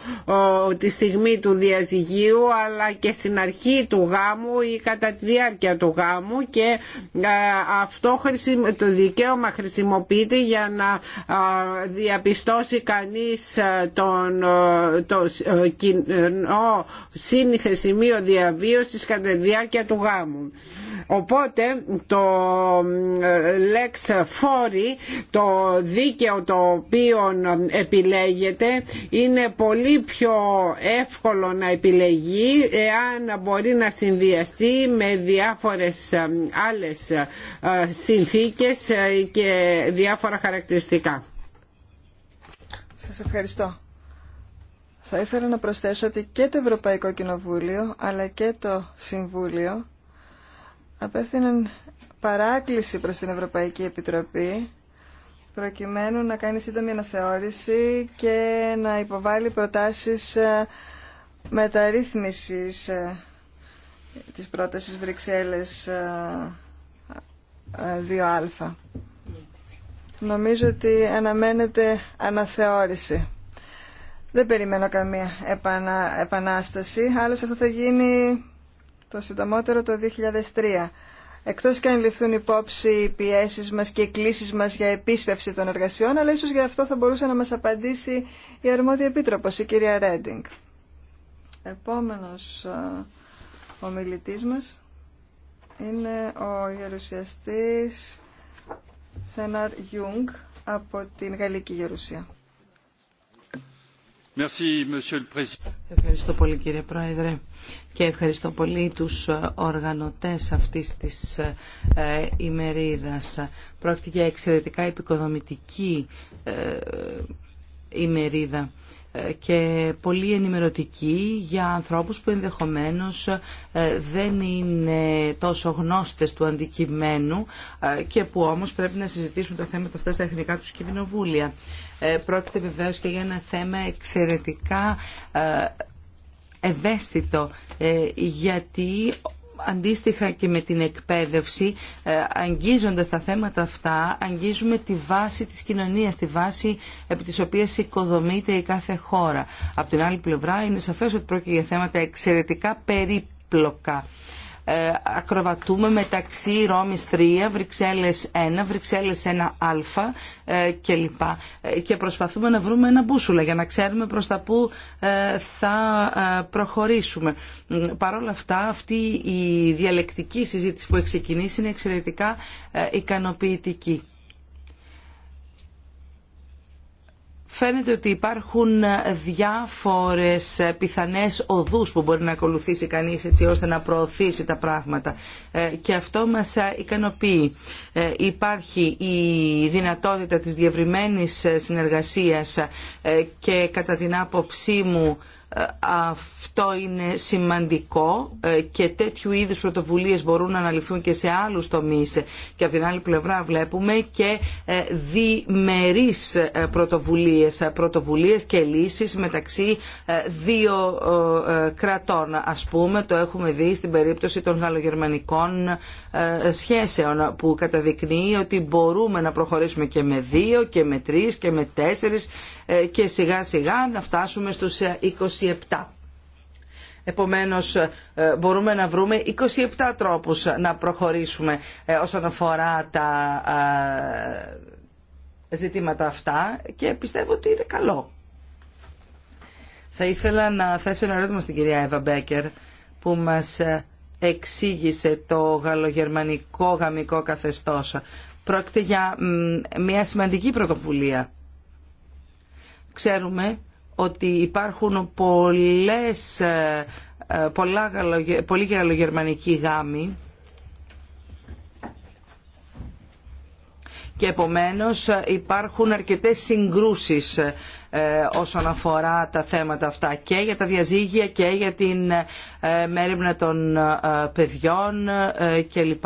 τη στιγμή του διαζυγίου αλλά και στην αρχή του γάμου ή κατά τη διάρκεια του γάμου και ε, αυτό το δικαίωμα χρησιμοποιείται για να διαπιστώσει κανείς ε, τον, ε, το κοινό σύνηθε σημείο διαβίωσης κατά τη διάρκεια του γάμου. Οπότε το Lex το δίκαιο το οποίο επιλέγεται είναι πολύ πιο εύκολο να επιλεγεί εάν μπορεί να συνδυαστεί με διάφορες ε, άλλες ε, συνθήκες ε, και διάφορα χαρακτηριστικά. Σας ευχαριστώ. Θα ήθελα να προσθέσω ότι και το Ευρωπαϊκό Κοινοβούλιο αλλά και το Συμβούλιο απέθυναν παράκληση προς την Ευρωπαϊκή Επιτροπή προκειμένου να κάνει σύντομη αναθεώρηση και να υποβάλει προτάσεις ε, μεταρρύθμισης ε, της πρότασης Βρυξέλλες 2α. Ε, Νομίζω ότι αναμένεται αναθεώρηση. Δεν περιμένω καμία επανάσταση, άλλως αυτό θα γίνει το συντομότερο το 2003 εκτός και αν ληφθούν υπόψη οι πιέσεις μας και οι κλήσεις μας για επίσπευση των εργασιών, αλλά ίσως για αυτό θα μπορούσε να μας απαντήσει η αρμόδια επίτροπος, η κυρία Ρέντινγκ. Επόμενος ο μιλητής μας είναι ο γερουσιαστής Σενάρ Γιούγκ από την Γαλλική Γερουσία. Ευχαριστώ πολύ κύριε Πρόεδρε και ευχαριστώ πολύ τους ε, οργανωτές αυτής της ε, ε, ημερίδας. Πρόκειται για εξαιρετικά επικοδομητική ημερίδα ε, και πολύ ενημερωτική για ανθρώπους που ενδεχομένως ε, δεν είναι τόσο γνώστες του αντικειμένου ε, και που όμως πρέπει να συζητήσουν τα θέματα αυτά στα εθνικά τους κοινοβούλια. Πρόκειται βεβαίως και για ένα θέμα εξαιρετικά ευαίσθητο γιατί αντίστοιχα και με την εκπαίδευση, ε, αγγίζοντας τα θέματα αυτά, αγγίζουμε τη βάση της κοινωνίας, τη βάση επί της οποίας οικοδομείται η κάθε χώρα. Από την άλλη πλευρά είναι σαφές ότι πρόκειται για θέματα εξαιρετικά περίπλοκα ε, ακροβατούμε μεταξύ Ρώμης 3, Βρυξέλλες 1, Βρυξέλλες 1α ε, κλπ. Ε, και προσπαθούμε να βρούμε ένα μπούσουλα για να ξέρουμε προς τα που θα προχωρήσουμε. Παρ' όλα αυτά αυτή η διαλεκτική συζήτηση που έχει ξεκινήσει είναι εξαιρετικά ικανοποιητική. Φαίνεται ότι υπάρχουν διάφορες πιθανές οδούς που μπορεί να ακολουθήσει κανείς έτσι ώστε να προωθήσει τα πράγματα ε, και αυτό μας ε, ικανοποιεί. Ε, υπάρχει η δυνατότητα της διευρυμένης συνεργασίας και κατά την άποψή μου ε, αυτό είναι σημαντικό ε, και τέτοιου είδους πρωτοβουλίες μπορούν να αναλυθούν και σε άλλους τομείς και από την άλλη πλευρά βλέπουμε και ε, διμερείς πρωτοβουλίες, πρωτοβουλίες και λύσεις μεταξύ δύο κρατών ας πούμε το έχουμε δει στην περίπτωση των γαλλογερμανικών σχέσεων που καταδεικνύει ότι μπορούμε να προχωρήσουμε και με δύο και με τρεις και με τέσσερις και σιγά σιγά να φτάσουμε στους 20 27. Επομένως ε, μπορούμε να βρούμε 27 τρόπους να προχωρήσουμε ε, όσον αφορά τα ζητήματα αυτά και πιστεύω ότι είναι καλό. Θα ήθελα να θέσω ένα ερώτημα στην κυρία Εύα Μπέκερ που μας ε, εξήγησε το γαλλογερμανικό γαμικό καθεστώς. Πρόκειται για μια σημαντική πρωτοβουλία. Ξέρουμε ότι υπάρχουν πολλές, ε, ε, πολλά, πολλοί γαλλογερμανικοί γάμοι και επομένως ε, υπάρχουν αρκετές συγκρούσεις όσον αφορά τα θέματα αυτά και για τα διαζύγια και για την μέρημνα των παιδιών κλπ.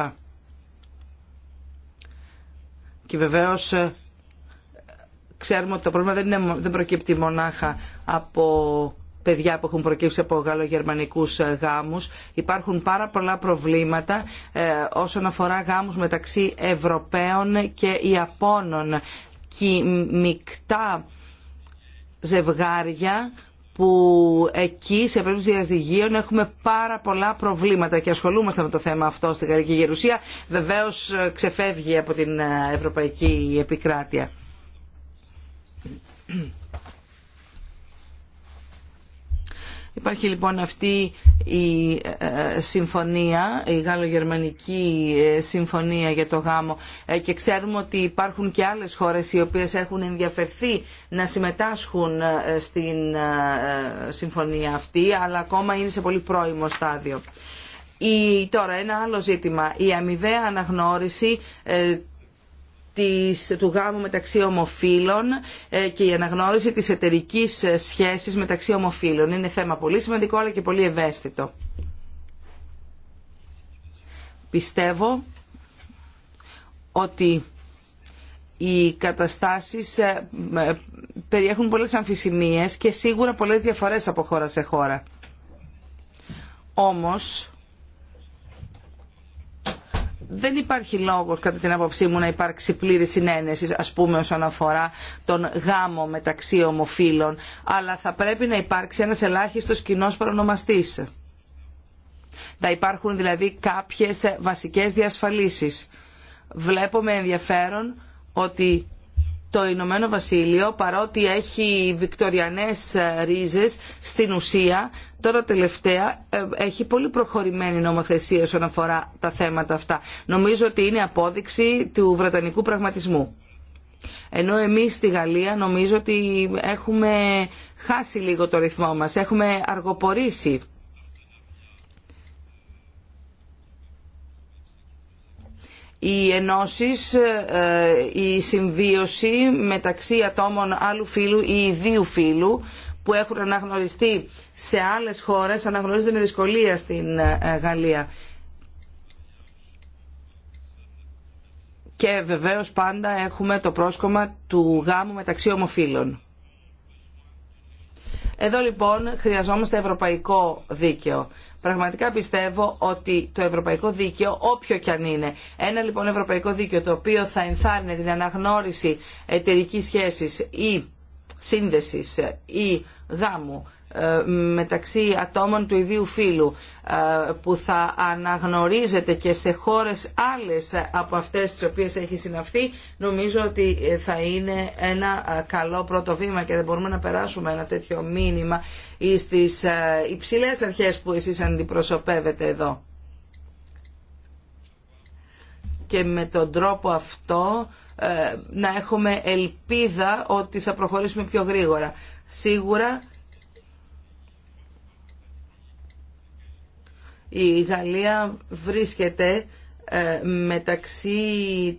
Και βεβαίως Ξέρουμε ότι το πρόβλημα δεν, είναι, δεν προκύπτει μονάχα από παιδιά που έχουν προκύψει από γαλλογερμανικούς ε, γάμους. Υπάρχουν πάρα πολλά προβλήματα ε, όσον αφορά γάμους μεταξύ Ευρωπαίων και Ιαπώνων και μεικτά ζευγάρια που εκεί σε περίπτωση διαζυγίων έχουμε πάρα πολλά προβλήματα και ασχολούμαστε με το θέμα αυτό στην Γαλλική Γερουσία. Βεβαίως ε, ξεφεύγει από την ευρωπαϊκή επικράτεια. Υπάρχει λοιπόν αυτή η ε, ε, συμφωνία, η γαλλογερμανική ε, συμφωνία για το γάμο και ξέρουμε ότι υπάρχουν και άλλες χώρες οι οποίες έχουν ενδιαφερθεί να συμμετάσχουν στην συμφωνία αυτή, αλλά ακόμα είναι σε πολύ πρώιμο στάδιο. Η, τώρα ένα άλλο ζήτημα, η αμοιβαία αναγνώριση του γάμου μεταξύ ομοφύλων ε, και η αναγνώριση της εταιρική ε, σχέσης μεταξύ ομοφύλων. Είναι θέμα πολύ σημαντικό αλλά και πολύ ευαίσθητο. Πιστεύω ότι οι καταστάσεις ε, περιέχουν πολλές αμφισημίες και σίγουρα πολλές διαφορές από χώρα σε χώρα. Όμως, δεν υπάρχει λόγος κατά την άποψή μου να υπάρξει πλήρη συνένεση ας πούμε όσον αφορά τον γάμο μεταξύ ομοφύλων αλλά θα πρέπει να υπάρξει ένας ελάχιστος κοινό παρονομαστής. Να υπάρχουν δηλαδή κάποιες βασικές διασφαλίσεις. Βλέπω με ενδιαφέρον ότι το Ηνωμένο Βασίλειο παρότι έχει βικτοριανές ε, ρίζες στην ουσία τώρα τελευταία ε, έχει πολύ προχωρημένη νομοθεσία όσον αφορά τα θέματα αυτά. Νομίζω ότι είναι απόδειξη του βρετανικού πραγματισμού. Ενώ εμείς στη Γαλλία νομίζω ότι έχουμε χάσει λίγο το ρυθμό μας, έχουμε αργοπορήσει. οι ενώσεις, ε, η συμβίωση μεταξύ ατόμων άλλου φύλου ή ιδίου φύλου που έχουν αναγνωριστεί σε άλλες χώρες αναγνωρίζονται με δυσκολία στην ε, Γαλλία. Και βεβαίως πάντα έχουμε το πρόσκομα του γάμου μεταξύ ομοφύλων. Εδώ λοιπόν χρειαζόμαστε ευρωπαϊκό δίκαιο. Πραγματικά πιστεύω ότι το ευρωπαϊκό δίκαιο, όποιο κι αν είναι, ένα λοιπόν ευρωπαϊκό δίκαιο το οποίο θα ενθάρρυνε την αναγνώριση εταιρική σχέση ή σύνδεσης ή γάμου ε, μεταξύ ατόμων του ιδίου φύλου ε, που θα αναγνωρίζεται και σε χώρες άλλες από αυτές τις οποίες έχει συναυθεί νομίζω ότι θα είναι ένα ε, καλό πρώτο βήμα και δεν μπορούμε να περάσουμε ένα τέτοιο μήνυμα στις υψηλές αρχές που εσείς αντιπροσωπεύετε εδώ. Και με τον τρόπο αυτό να έχουμε ελπίδα ότι θα προχωρήσουμε πιο γρήγορα. Σίγουρα Η Γαλλία βρίσκεται ε, μεταξύ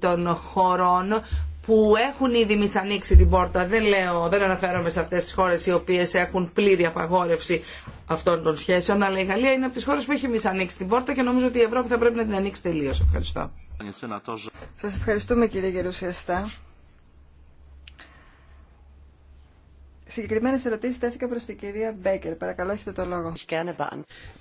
των χωρών που έχουν ήδη ανοίξει την πόρτα. Δεν, λέω, δεν αναφέρομαι σε αυτές τις χώρες οι οποίες έχουν πλήρη απαγόρευση αυτών των σχέσεων, αλλά η Γαλλία είναι από τις χώρες που έχει ανοίξει την πόρτα και νομίζω ότι η Ευρώπη θα πρέπει να την ανοίξει τελείως. Ευχαριστώ. Σας ευχαριστούμε κύριε Γερουσιαστά. Συγκεκριμένε ερωτήσει τέθηκα προ την κυρία Μπέκερ. Παρακαλώ, έχετε το λόγο.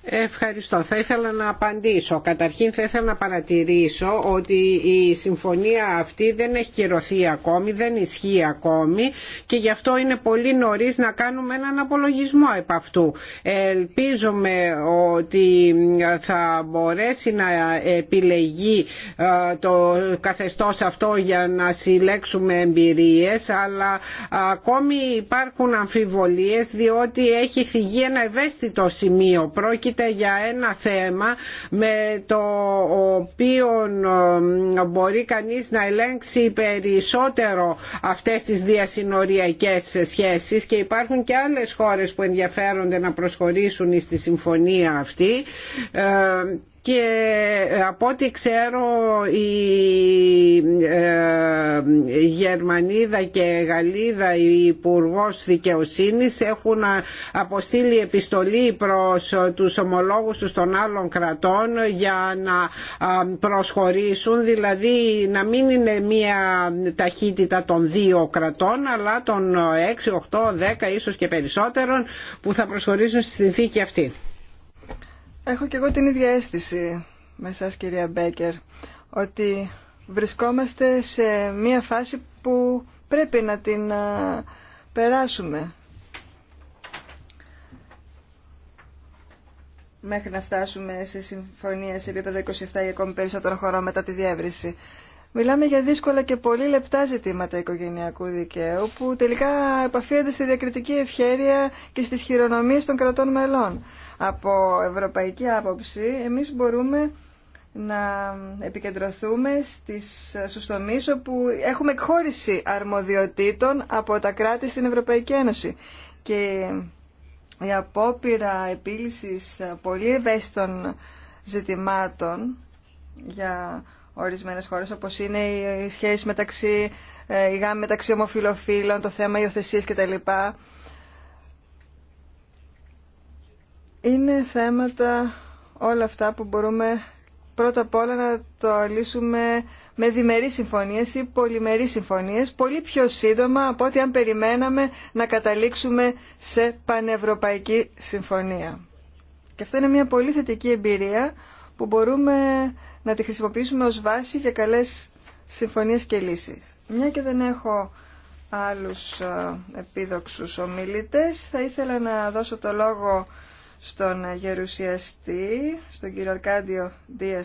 Ευχαριστώ. Θα ήθελα να απαντήσω. Καταρχήν, θα ήθελα να παρατηρήσω ότι η συμφωνία αυτή δεν έχει κυρωθεί ακόμη, δεν ισχύει ακόμη και γι' αυτό είναι πολύ νωρί να κάνουμε έναν απολογισμό επ' αυτού. Ελπίζουμε ότι θα μπορέσει να επιλεγεί ε, το καθεστώ αυτό για να συλλέξουμε εμπειρίε, αλλά ακόμη υπάρχουν υπάρχουν αμφιβολίες διότι έχει θυγεί ένα ευαίσθητο σημείο. Πρόκειται για ένα θέμα με το οποίο ε, μπορεί κανείς να ελέγξει περισσότερο αυτές τις διασυνοριακές σχέσεις και υπάρχουν και άλλες χώρες που ενδιαφέρονται να προσχωρήσουν στη συμφωνία αυτή ε, και ε, από ό,τι ξέρω η ε, Γερμανίδα και η Γαλλίδα η υπουργό δικαιοσύνη έχουν ε, αποστείλει επιστολή προς τους ομολόγους τους των άλλων κρατών για να προσχωρήσουν δηλαδή να μην είναι μία ταχύτητα των δύο κρατών αλλά των 6, 8, 10 ίσως και περισσότερων που θα προσχωρήσουν στη συνθήκη αυτή. Έχω και εγώ την ίδια αίσθηση με εσάς κυρία Μπέκερ ότι βρισκόμαστε σε μία φάση που πρέπει να την περάσουμε μέχρι να φτάσουμε σε συμφωνία σε επίπεδο 27 ή ακόμη περισσότερο χώρο μετά τη διεύρυνση. Μιλάμε για δύσκολα και πολύ λεπτά ζητήματα οικογενειακού δικαίου που τελικά επαφίονται στη διακριτική ευχέρεια και στις χειρονομίες των κρατών μελών. Από ευρωπαϊκή άποψη, εμείς μπορούμε να επικεντρωθούμε στις, στους τομείς όπου έχουμε εκχώρηση αρμοδιοτήτων από τα κράτη στην Ευρωπαϊκή Ένωση. Και η απόπειρα επίλυσης πολύ ευαίσθητων ζητημάτων για ορισμένες χώρες όπως είναι η σχέση μεταξύ, ε, η γάμη μεταξύ ομοφιλοφίλων, το θέμα υιοθεσίας κτλ. Είναι θέματα όλα αυτά που μπορούμε πρώτα απ' όλα να το λύσουμε με διμερείς συμφωνίες ή πολυμερείς συμφωνίες πολύ πιο σύντομα από ό,τι αν περιμέναμε να καταλήξουμε σε πανευρωπαϊκή συμφωνία. Και αυτό είναι μια πολύ θετική εμπειρία που μπορούμε να τη χρησιμοποιήσουμε ως βάση για καλές συμφωνίες και λύσεις. Μια και δεν έχω άλλους ε, επίδοξους ομιλητές, θα ήθελα να δώσω το λόγο στον γερουσιαστή, στον κύριο Αρκάντιο Δία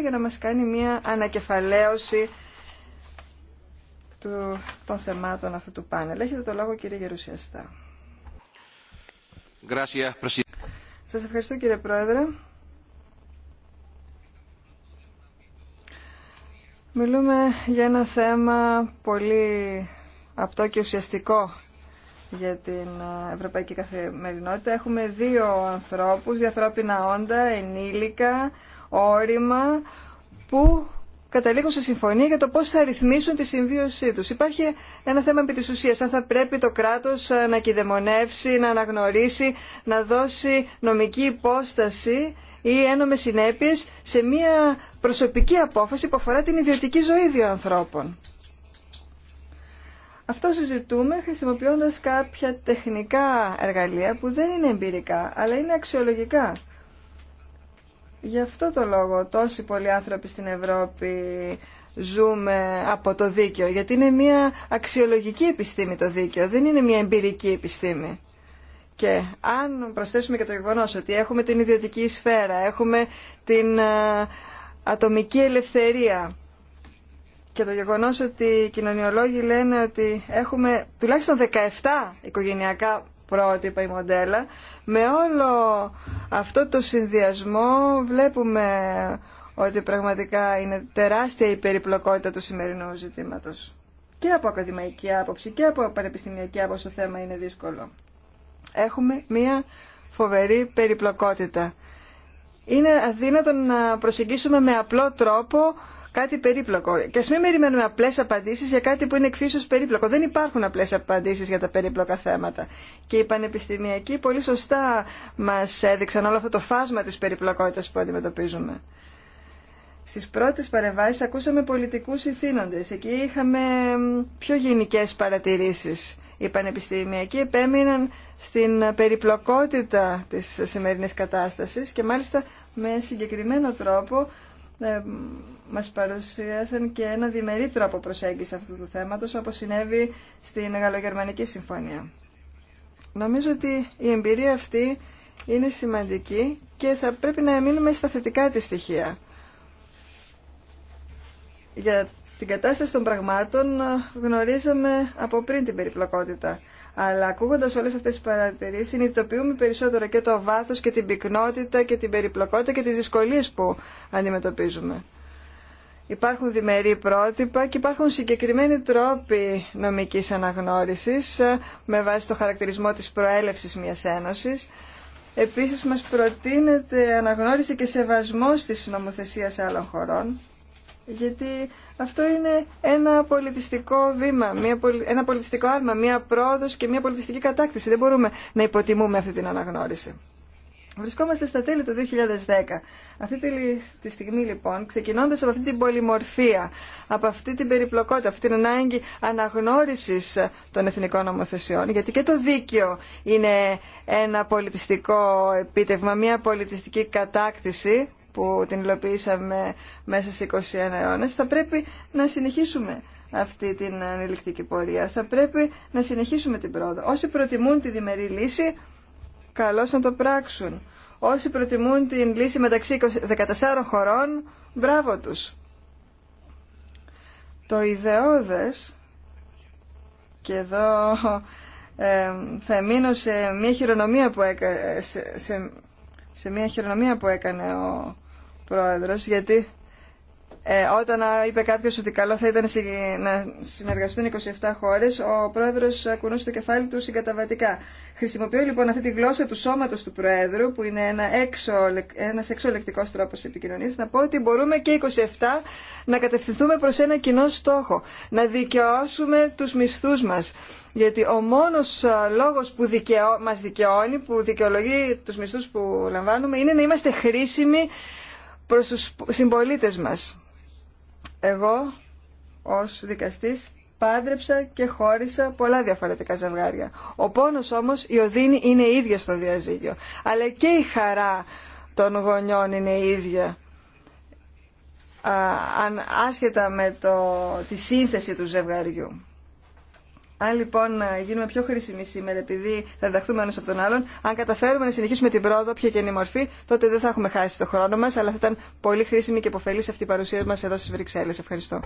για να μας κάνει μια ανακεφαλαίωση του, των θεμάτων αυτού του πάνελ. Έχετε το λόγο κύριε Γερουσιαστά. Σας ευχαριστώ κύριε Πρόεδρε. Μιλούμε για ένα θέμα πολύ απτό και ουσιαστικό για την ε, ευρωπαϊκή καθημερινότητα. Έχουμε δύο ανθρώπους, διαθρώπινα όντα, ενήλικα, όρημα, που καταλήγουν σε συμφωνία για το πώς θα ρυθμίσουν τη συμβίωσή τους. Υπάρχει ένα θέμα επί της ουσίας, αν θα πρέπει το κράτος ε, να κυδεμονεύσει, να αναγνωρίσει, να δώσει νομική υπόσταση ή ένομες συνέπειες σε μια προσωπική απόφαση που αφορά την ιδιωτική ζωή δύο ανθρώπων. Αυτό συζητούμε χρησιμοποιώντας κάποια τεχνικά εργαλεία που δεν είναι εμπειρικά, αλλά είναι αξιολογικά. Γι' αυτό το λόγο τόσοι πολλοί άνθρωποι στην Ευρώπη ζούμε από το δίκαιο, γιατί είναι μια αξιολογική επιστήμη το δίκαιο, δεν είναι μια εμπειρική επιστήμη. Και αν προσθέσουμε και το γεγονό ότι έχουμε την ιδιωτική σφαίρα, έχουμε την ε, ατομική ελευθερία, και το γεγονός ότι οι κοινωνιολόγοι λένε ότι έχουμε τουλάχιστον 17 οικογενειακά πρότυπα ή μοντέλα, με όλο αυτό το συνδυασμό βλέπουμε ότι πραγματικά είναι τεράστια η περιπλοκότητα του σημερινού ζητήματος. Και από ακαδημαϊκή άποψη και από πανεπιστημιακή άποψη το θέμα είναι δύσκολο. Έχουμε μία φοβερή περιπλοκότητα. Είναι αδύνατο να προσεγγίσουμε με απλό τρόπο κάτι περίπλοκο. Και α μην περιμένουμε απλέ απαντήσει για κάτι που είναι εκφίσω περίπλοκο. Δεν υπάρχουν απλέ απαντήσει για τα περίπλοκα θέματα. Και οι πανεπιστημιακοί πολύ σωστά μα έδειξαν όλο αυτό το φάσμα τη περιπλοκότητα που αντιμετωπίζουμε. Στι πρώτε παρεμβάσει ακούσαμε πολιτικού ηθήνοντε. Εκεί είχαμε πιο γενικέ παρατηρήσει. Οι πανεπιστημιακοί επέμειναν στην περιπλοκότητα της σημερινής κατάστασης και μάλιστα με συγκεκριμένο τρόπο ε, μας παρουσίασαν και ένα διμερή τρόπο προσέγγιση αυτού του θέματος, όπως συνέβη στην Γαλλογερμανική Συμφωνία. Νομίζω ότι η εμπειρία αυτή είναι σημαντική και θα πρέπει να μείνουμε στα θετικά της στοιχεία. Για την κατάσταση των πραγμάτων γνωρίζαμε από πριν την περιπλοκότητα. Αλλά ακούγοντα όλε αυτέ τι παρατηρήσει, συνειδητοποιούμε περισσότερο και το βάθο και την πυκνότητα και την περιπλοκότητα και τι δυσκολίε που αντιμετωπίζουμε. Υπάρχουν διμερεί πρότυπα και υπάρχουν συγκεκριμένοι τρόποι νομικής αναγνώρισης ε, με βάση το χαρακτηρισμό της προέλευσης μιας ένωσης. Επίσης μας προτείνεται αναγνώριση και σεβασμός της νομοθεσίας άλλων χωρών γιατί αυτό είναι ένα πολιτιστικό βήμα, ένα πολιτιστικό άρμα, μια πρόοδος και μια πολιτιστική κατάκτηση. Δεν μπορούμε να υποτιμούμε αυτή την αναγνώριση. Βρισκόμαστε στα τέλη του 2010. Αυτή τη στιγμή λοιπόν, ξεκινώντας από αυτή την πολυμορφία, από αυτή την περιπλοκότητα, αυτή την ανάγκη αναγνώρισης των εθνικών νομοθεσιών, γιατί και το δίκαιο είναι ένα πολιτιστικό επίτευγμα, μια πολιτιστική κατάκτηση που την υλοποιήσαμε μέσα σε 21 αιώνε, θα πρέπει να συνεχίσουμε αυτή την ανελικτική πορεία. Θα πρέπει να συνεχίσουμε την πρόοδο. Όσοι προτιμούν τη διμερή λύση, καλώς να το πράξουν. Όσοι προτιμούν την λύση μεταξύ 14 χωρών, μπράβο τους. Το ιδεώδες, και εδώ ε, θα μείνω σε μια χειρονομία που έκανε, σε μια χειρονομία που έκανε ο πρόεδρος, γιατί ε, όταν είπε κάποιο ότι καλό θα ήταν να συνεργαστούν 27 χώρε, ο πρόεδρο κουνούσε το κεφάλι του συγκαταβατικά. Χρησιμοποιώ λοιπόν αυτή τη γλώσσα του σώματο του πρόεδρου, που είναι ένα έξω, ένας εξολεκτικό τρόπο επικοινωνία, να πω ότι μπορούμε και 27 να κατευθυνθούμε προ ένα κοινό στόχο. Να δικαιώσουμε του μισθού μα. Γιατί ο μόνο ε, λόγο που δικαιώ, μα δικαιώνει, που δικαιολογεί του μισθού που λαμβάνουμε, είναι να είμαστε χρήσιμοι προς τους συμπολίτες μας. Εγώ ως δικαστής πάντρεψα και χώρισα πολλά διαφορετικά ζευγάρια. Ο πόνος όμως, η οδύνη είναι ίδια στο διαζύγιο. Αλλά και η χαρά των γονιών είναι ίδια. αν, άσχετα με το, τη σύνθεση του ζευγαριού. Αν λοιπόν ε, γίνουμε πιο χρήσιμοι σήμερα, επειδή θα διδαχθούμε ένα από τον άλλον, αν καταφέρουμε να συνεχίσουμε την πρόοδο, ποια και είναι η μορφή, τότε δεν θα έχουμε χάσει το χρόνο μα, αλλά θα ήταν πολύ χρήσιμη και υποφελή αυτή η παρουσία μα εδώ στι Βρυξέλλε. Ευχαριστώ.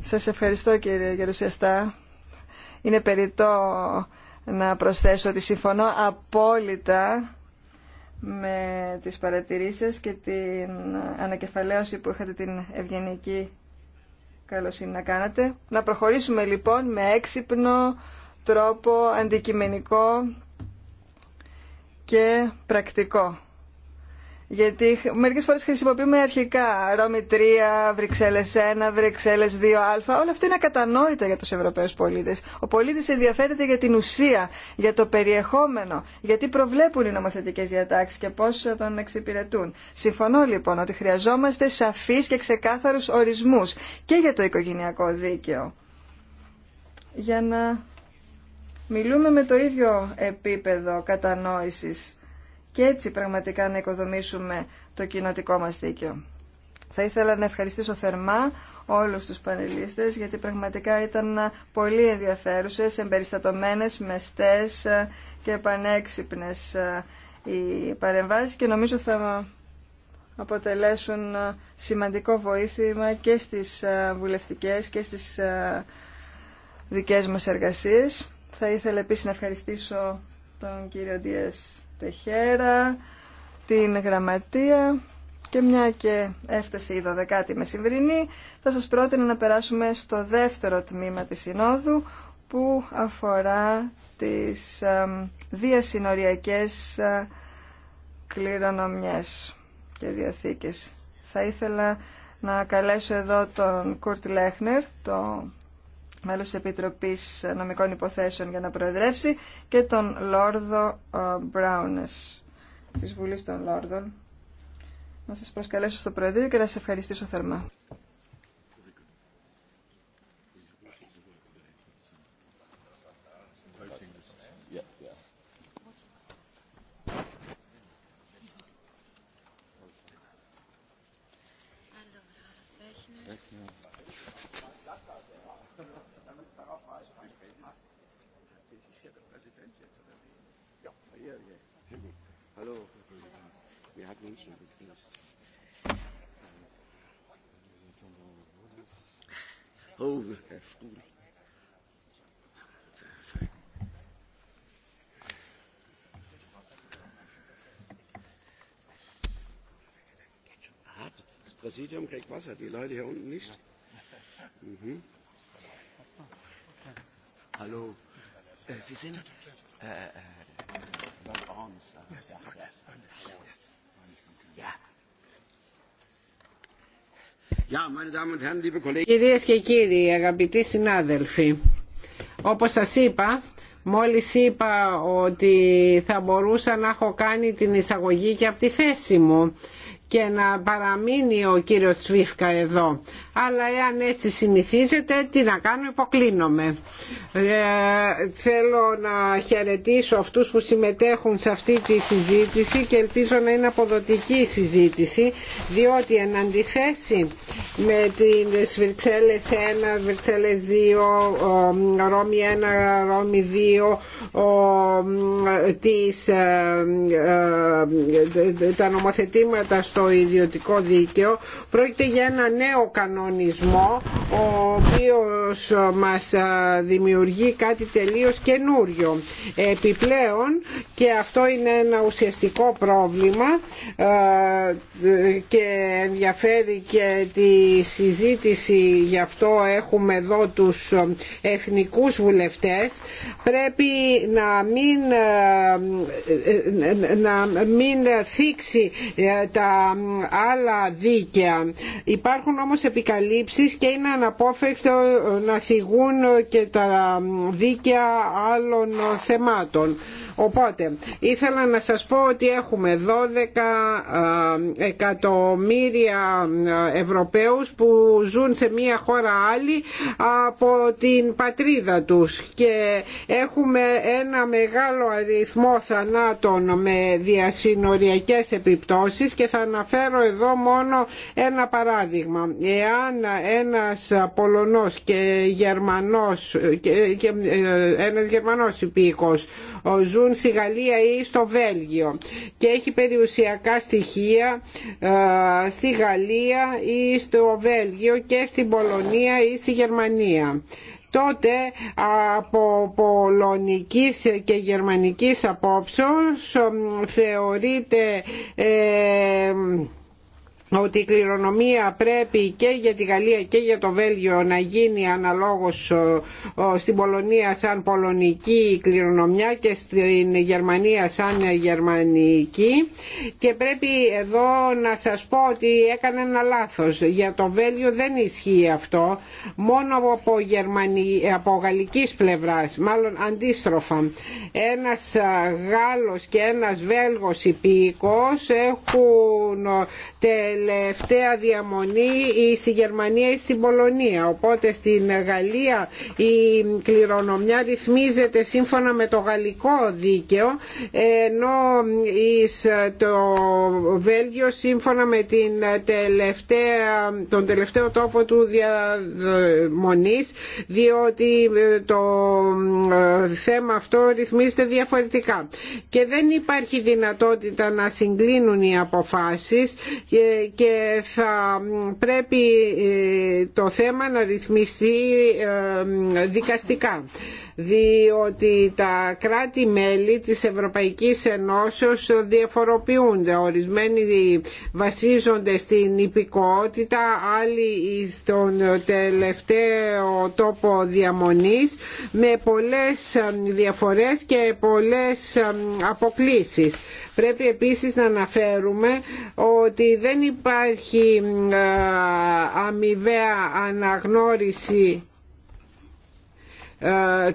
Σα ευχαριστώ κύριε Γερουσιαστά. Είναι περιττό να προσθέσω ότι συμφωνώ απόλυτα με τις παρατηρήσεις και την ανακεφαλαίωση που είχατε την ευγενική είναι να κάνατε. Να προχωρήσουμε λοιπόν με έξυπνο τρόπο αντικειμενικό και πρακτικό. Γιατί μερικέ φορέ χρησιμοποιούμε αρχικά Ρώμη 3, Βρυξέλλε 1, βρυξελλε 2 2α. Όλα αυτά είναι ακατανόητα για του ευρωπαίου πολίτε. Ο πολίτη ενδιαφέρεται για την ουσία, για το περιεχόμενο, γιατί προβλέπουν οι νομοθετικέ διατάξει και πώς τον εξυπηρετούν. Συμφωνώ λοιπόν ότι χρειαζόμαστε σαφείς και ξεκάθαρου ορισμού και για το οικογενειακό δίκαιο. Για να μιλούμε με το ίδιο επίπεδο κατανόησης και έτσι πραγματικά να οικοδομήσουμε το κοινοτικό μας δίκαιο. Θα ήθελα να ευχαριστήσω θερμά όλους τους πανελίστες γιατί πραγματικά ήταν πολύ ενδιαφέρουσες, εμπεριστατωμένες, μεστές και πανέξυπνες ε, οι παρεμβάσεις και νομίζω θα αποτελέσουν ε, σημαντικό βοήθημα και στις ε, βουλευτικές και στις δικές μας εργασίες. Θα ήθελα επίσης να ευχαριστήσω τον κύριο Ντιές Τεχέρα, την Γραμματεία και μια και έφτασε η 12η μεσημβρινή, θα σας πρότεινα να περάσουμε στο δεύτερο τμήμα της Συνόδου που αφορά τις διασυνοριακές ε, κληρονομιές και διαθήκες. Θα ήθελα να καλέσω εδώ τον Κουρτ Λέχνερ, τον μέλος της Επιτροπής Νομικών Υποθέσεων για να προεδρεύσει και τον Λόρδο ε, Μπράουνες της Βουλής των Λόρδων. Να σας προσκαλέσω στο Προεδρείο και να σας ευχαριστήσω θερμά. Das Präsidium kriegt Wasser, die Leute hier unten nicht. Mhm. Hallo. Sie sind. Äh, äh, Κυρίες και κύριοι, αγαπητοί συνάδελφοι, όπως σας είπα, μόλις είπα ότι θα μπορούσα να έχω κάνει την εισαγωγή και από τη θέση μου και να παραμείνει ο κύριος Τσβίφκα εδώ. Αλλά εάν έτσι συνηθίζετε, τι να κάνω, υποκλίνομαι. Ε, θέλω να χαιρετήσω αυτούς που συμμετέχουν σε αυτή τη συζήτηση και ελπίζω να είναι αποδοτική η συζήτηση, διότι εν αντιθέσει με την Βρυξέλλες 1, Βρυξέλλες 2, Ρώμη 1, Ρώμη 2, τις, ε, ε, τα νομοθετήματα στο στο ιδιωτικό δίκαιο. Πρόκειται για ένα νέο κανονισμό ο οποίος μας δημιουργεί κάτι τελείως καινούριο. Επιπλέον και αυτό είναι ένα ουσιαστικό πρόβλημα και ενδιαφέρει και τη συζήτηση γι' αυτό έχουμε εδώ τους εθνικούς βουλευτές πρέπει να μην, να μην θίξει ε, τα άλλα δίκαια. Υπάρχουν όμως επικαλύψεις και είναι αναπόφευκτο να θυγούν και τα δίκαια άλλων θεμάτων. Οπότε, ήθελα να σας πω ότι έχουμε 12 εκατομμύρια Ευρωπαίους που ζουν σε μία χώρα άλλη από την πατρίδα τους και έχουμε ένα μεγάλο αριθμό θανάτων με διασυνοριακές επιπτώσεις και θα αναφέρω εδώ μόνο ένα παράδειγμα. Εάν ένας Πολωνός και Γερμανός, και, και ε, ένας Γερμανός υπήκος ζουν στη Γαλλία ή στο Βέλγιο και έχει περιουσιακά στοιχεία ε, στη Γαλλία ή στο Βέλγιο και στην Πολωνία ή στη Γερμανία τότε από πολωνικής και γερμανικής απόψεως θεωρείται ότι η κληρονομία πρέπει και για τη Γαλλία και για το Βέλγιο να γίνει αναλόγως στην Πολωνία σαν πολωνική κληρονομιά και στην Γερμανία σαν γερμανική και πρέπει εδώ να σας πω ότι έκανε ένα λάθος για το Βέλγιο δεν ισχύει αυτό μόνο από, γερμανι από γαλλικής πλευράς μάλλον αντίστροφα ένας Γάλλος και ένας Βέλγος υπήκος έχουν τελειώσει τελευταία διαμονή στη Γερμανία ή στην Πολωνία. Οπότε στην Γαλλία η κληρονομιά ρυθμίζεται σύμφωνα με το γαλλικό δίκαιο ενώ εις το Βέλγιο σύμφωνα με την τελευταία, τον τελευταίο τόπο του διαμονής διότι το θέμα αυτό ρυθμίζεται διαφορετικά και δεν υπάρχει δυνατότητα να συγκλίνουν οι αποφάσεις και θα πρέπει ε, το θέμα να ρυθμιστεί ε, δικαστικά διότι τα κράτη-μέλη της Ευρωπαϊκής Ενώσεως διαφοροποιούνται. Ορισμένοι βασίζονται στην υπηκότητα, άλλοι στον τελευταίο τόπο διαμονής με πολλές ε, διαφορές και πολλές αποκλήσεις. Πρέπει επίσης να αναφέρουμε ότι δεν υπάρχει υπάρχει αμοιβαία αναγνώριση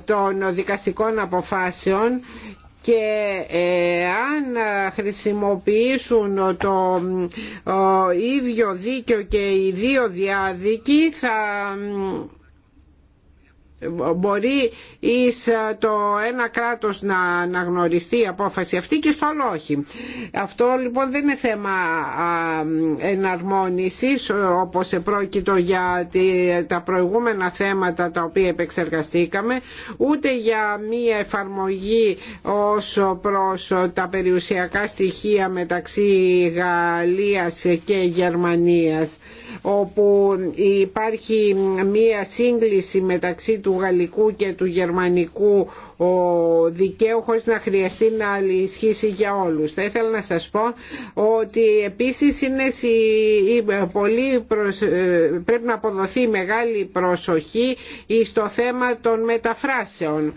των δικαστικών αποφάσεων και ε, αν χρησιμοποιήσουν το ίδιο δίκαιο και οι δύο διάδικοι θα μπορεί εις ε, το ένα κράτος να αναγνωριστεί η απόφαση αυτή και στο άλλο όχι. Αυτό λοιπόν δεν είναι θέμα εναρμόνισης όπως επρόκειτο για τα προηγούμενα θέματα τα οποία επεξεργαστήκαμε ούτε για μία εφαρμογή όσο προς τα περιουσιακά στοιχεία μεταξύ Γαλλίας και Γερμανίας όπου υπάρχει μία σύγκληση μεταξύ του γαλλικού και του γερμανικού δικαίου χωρίς να χρειαστεί να ισχύσει για όλους. Θα ήθελα να σας πω ότι επίσης είναι πολύ ε, πρέπει να αποδοθεί μεγάλη προσοχή στο θέμα των μεταφράσεων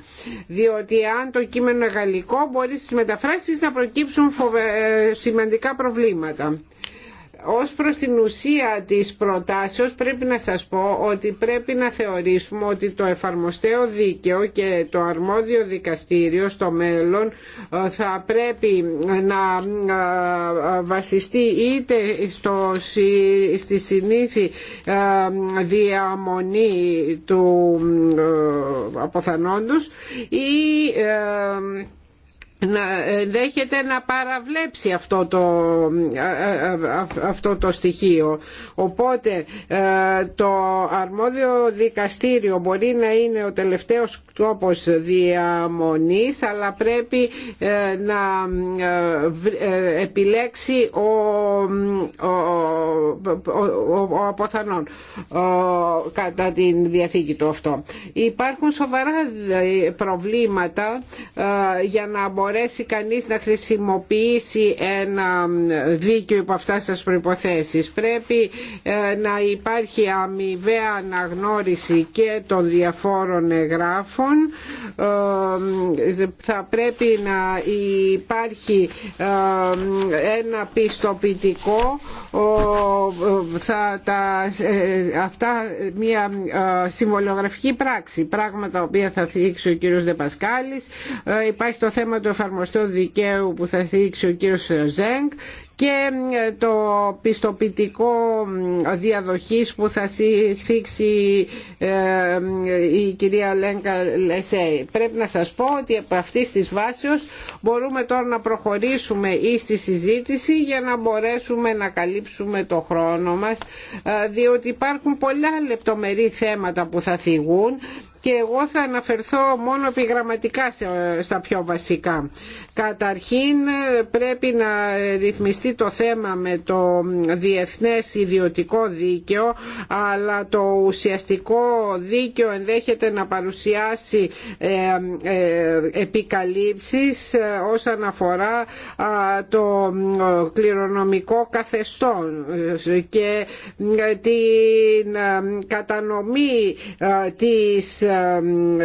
διότι αν το κείμενο γαλλικό μπορεί στις μεταφράσεις να προκύψουν φοβε... Ε, σημαντικά προβλήματα. Ως προς την ουσία της προτάσεως πρέπει να σας πω ότι πρέπει να θεωρήσουμε ότι το εφαρμοστέο δίκαιο και το αρμόδιο δικαστήριο στο μέλλον ε, θα πρέπει να ε, βασιστεί είτε στο, στη συνήθη ε, διαμονή του αποθανόντος ή να ε, δέχεται να παραβλέψει αυτό το, ε, ε, αυτό το στοιχείο. Οπότε το αρμόδιο δικαστήριο μπορεί να είναι ο τελευταίος τόπος διαμονής αλλά πρέπει να επιλέξει ο, ο, αποθανόν κατά την διαθήκη του αυτό. Υπάρχουν σοβαρά προβλήματα για να μπορέσει κανείς να χρησιμοποιήσει ένα δίκαιο υπό αυτά σας προϋποθέσεις. Πρέπει ε, να υπάρχει αμοιβαία αναγνώριση και των διαφόρων εγγράφων. Ε, θα πρέπει να υπάρχει ε, ένα πιστοποιητικό θα τα, αυτά μια συμβολιογραφική πράξη, πράγματα τα οποία θα θίξει ο κύριος Δεπασκάλης. Υπάρχει το θέμα του εφαρμοστεί δικαίου που θα θίξει ο κύριος Ζέγκ και ε, το πιστοποιητικό διαδοχής που θα θίξει ε, η κυρία Λέγκα Λεσέη. Πρέπει να σας πω ότι από αυτή τη βάση μπορούμε τώρα να προχωρήσουμε ή στη συζήτηση για να μπορέσουμε να καλύψουμε το χρόνο μας ε, διότι υπάρχουν πολλά λεπτομερή θέματα που θα φυγούν και εγώ θα αναφερθώ μόνο επιγραμματικά στα πιο βασικά. Καταρχήν πρέπει να ρυθμιστεί το θέμα με το διεθνές ιδιωτικό δίκαιο αλλά το ουσιαστικό δίκαιο ενδέχεται να παρουσιάσει ε, ε, επικαλύψεις ε, όσον αφορά το κληρονομικό καθεστών και την κατανομή της ε,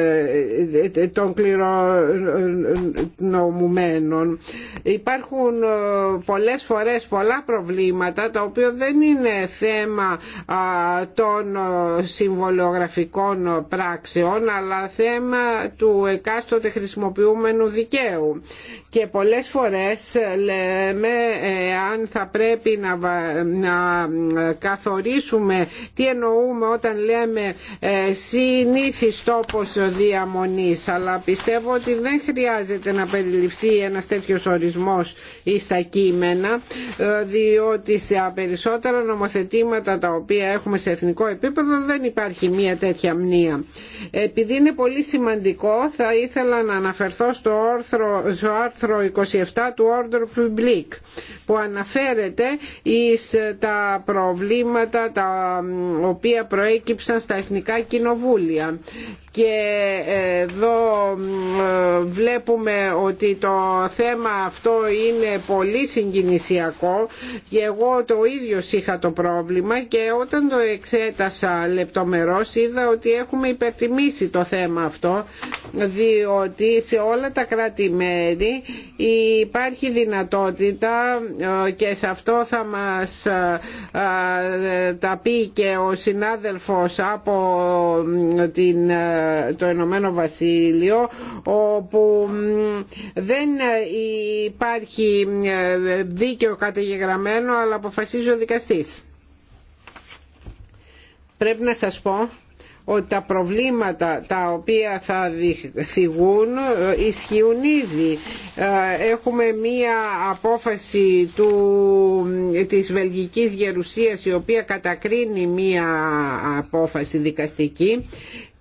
ε, ε, των κληρονομουμένων. Υπάρχουν πολλές φορές πολλά προβλήματα τα οποία δεν είναι θέμα των συμβολογραφικών πράξεων αλλά θέμα του εκάστοτε χρησιμοποιούμενου δικαίου και πολλές φορές λέμε αν θα πρέπει να, να καθορίσουμε τι εννοούμε όταν λέμε συνήθις τόπος ε, διαμονής αλλά πιστεύω ότι δεν χρειάζεται να περιληφθεί ένας τέτοιος ορισμός στα κείμενα ε, διότι σε περισσότερα νομοθετήματα τα οποία έχουμε σε εθνικό επίπεδο δεν υπάρχει μία τέτοια μνήα. Επειδή είναι πολύ σημαντικό θα ήθελα να αναφερθώ στο, άρθρο 27 του Order Public που αναφέρεται εις ε, τα προβλήματα τα οποία προέκυψαν στα εθνικά κοινοβούλια. Υπότιτλοι AUTHORWAVE και ε, εδώ ε, βλέπουμε ότι το θέμα αυτό είναι πολύ συγκινησιακό και εγώ το ίδιο είχα το πρόβλημα και όταν το εξέτασα λεπτομερώς είδα ότι έχουμε υπερτιμήσει το θέμα αυτό διότι σε όλα τα κράτη-μέρη υπάρχει δυνατότητα ε, και σε αυτό θα μας τα πει και ο συνάδελφος από την το Ενωμένο Βασίλειο όπου δεν υπάρχει ε, δίκαιο καταγεγραμμένο αλλά αποφασίζει ο δικαστής. Πρέπει να σας πω ότι τα προβλήματα τα οποία θα θυγούν ε, ισχύουν ήδη. Ε, έχουμε μία απόφαση του, της Βελγικής Γερουσίας η οποία κατακρίνει μία απόφαση δικαστική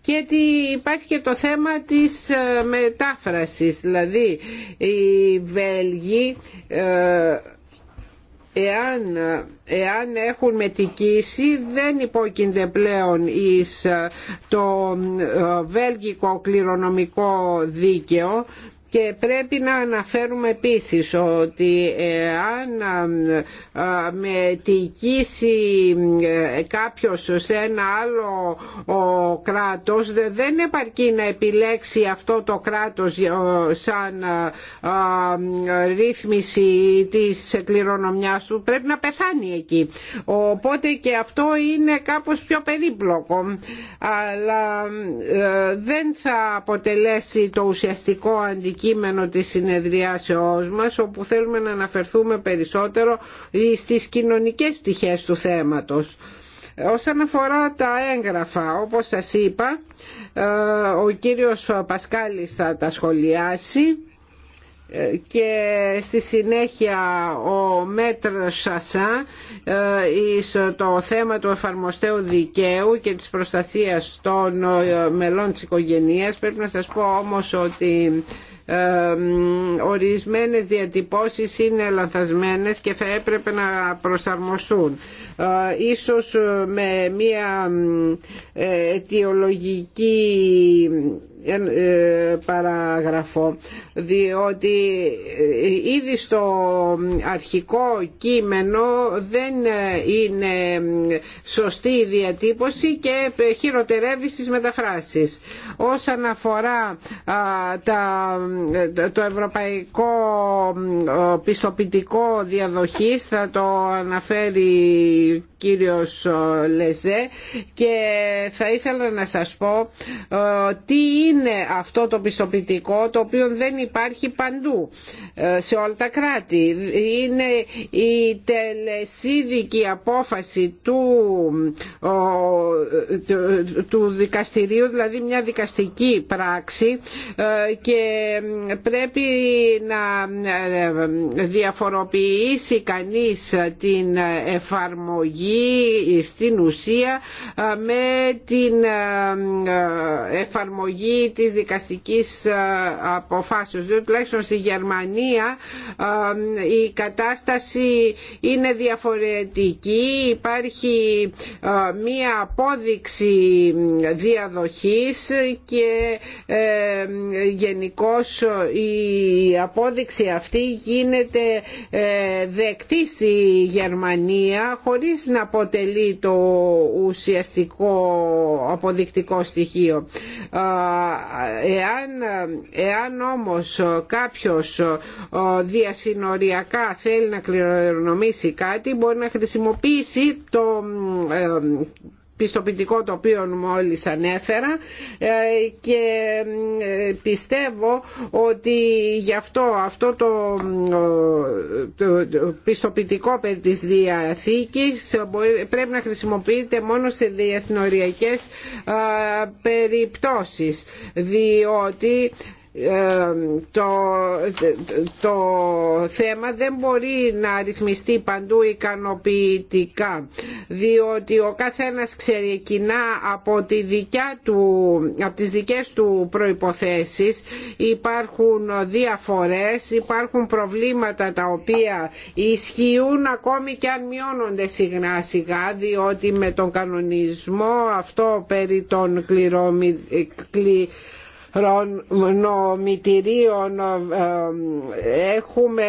και υπάρχει και το θέμα της ε, μετάφρασης. Δηλαδή, οι Βέλγοι ε, εάν, εάν έχουν μετικήσει δεν υπόκεινται πλέον ε, το βέλγικο κληρονομικό δίκαιο και πρέπει να αναφέρουμε επίσης ότι ε, αν ε, με τικήσει ε, κάποιος σε ένα άλλο κράτος δεν επαρκεί να επιλέξει αυτό το κράτος σαν ρύθμιση της κληρονομιάς σου πρέπει να πεθάνει εκεί. Οπότε και αυτό είναι κάπως πιο περίπλοκο αλλά δεν θα αποτελέσει το ουσιαστικό αντικείμενο αντικείμενο της συνεδριάσεώς μας όπου θέλουμε να αναφερθούμε περισσότερο στις κοινωνικές πτυχές του θέματος. Όσον αφορά τα έγγραφα, όπως σας είπα, ε, ο κύριος Πασκάλης θα τα σχολιάσει ε, και στη συνέχεια ο Μέτρ Σασά ε, το θέμα του εφαρμοστέου δικαίου και της προστασίας των μελών της οικογένειας. Πρέπει να σας πω όμως ότι ορισμένες διατυπώσεις είναι λανθασμένες και θα έπρεπε να προσαρμοστούν. Ε, ίσως με μια ε, αιτιολογική ε, παραγραφό διότι ε, ήδη στο αρχικό κείμενο δεν ε, είναι σωστή η διατύπωση και χειροτερεύει στις μεταφράσεις. Όσον αφορά το ευρωπαϊκό πιστοποιητικό διαδοχής θα το αναφέρει κύριος Λεζέ και θα ήθελα να σας πω τι είναι αυτό το πιστοποιητικό το οποίο δεν υπάρχει παντού ε, σε όλα τα κράτη. Είναι η τελεσίδικη απόφαση του, του δικαστηρίου, δηλαδή μια δικαστική πράξη ε, και πρέπει να ε, διαφοροποιήσει κανείς την εφαρμογή στην ουσία με την εφαρμογή της δικαστικής ε, αποφάσεως. Διότι δηλαδή, τουλάχιστον στη Γερμανία ε, η κατάσταση είναι διαφορετική. Υπάρχει ε, μία απόδειξη διαδοχής και γενικώ η απόδειξη αυτή γίνεται δεκτή στη Γερμανία χωρίς να αποτελεί το ουσιαστικό αποδεικτικό στοιχείο εάν, εάν όμως κάποιος διασυνοριακά θέλει να κληρονομήσει κάτι μπορεί να χρησιμοποιήσει το ε, πιστοποιητικό το οποίο μόλις ανέφερα ε, και ε, πιστεύω ότι γι' αυτό αυτό το πιστοποιητικό περί της Διαθήκης πρέπει να χρησιμοποιείται μόνο σε διασυνοριακές ε, περιπτώσεις διότι ε, το, το θέμα δεν μπορεί να ρυθμιστεί παντού ικανοποιητικά διότι ο καθένας ξεκινά από, τη δικιά του, από τις δικές του προϋποθέσεις υπάρχουν διαφορές υπάρχουν προβλήματα τα οποία ισχύουν ακόμη και αν μειώνονται σιγά σιγά διότι με τον κανονισμό αυτό περί των κληρομη, νομιτηρίων ε, έχουμε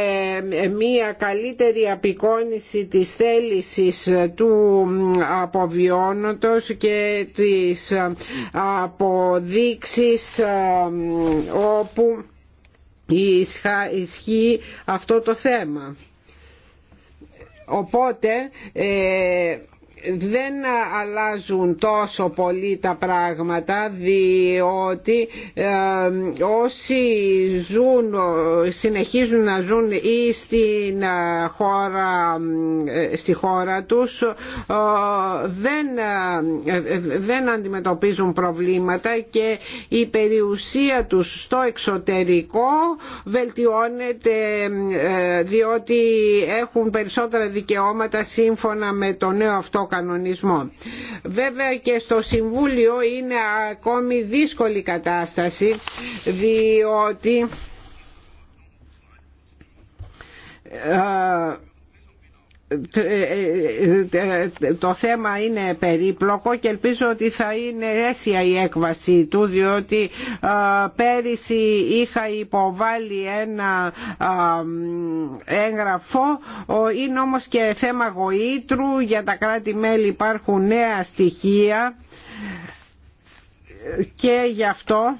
μία καλύτερη απεικόνηση της θέλησης του αποβιώνοντος και της αποδείξης ε, όπου ισχύει αυτό το θέμα. Οπότε ε, δεν αλλάζουν τόσο πολύ τα πράγματα διότι ε, όσοι ζουν, συνεχίζουν να ζουν ή στην ε, χώρα, ε, στη χώρα τους δεν, δεν αντιμετωπίζουν προβλήματα και η περιουσία τους στο εξωτερικό βελτιώνεται διότι έχουν περισσότερα δικαιώματα σύμφωνα με το νέο αυτό κανονισμό. Βέβαια και στο Συμβούλιο είναι ακόμη δύσκολη κατάσταση διότι ε, το θέμα είναι περίπλοκο και ελπίζω ότι θα είναι αίσια η έκβαση του διότι πέρυσι είχα υποβάλει ένα έγγραφο είναι όμως και θέμα γοήτρου για τα κράτη-μέλη υπάρχουν νέα στοιχεία και γι' αυτό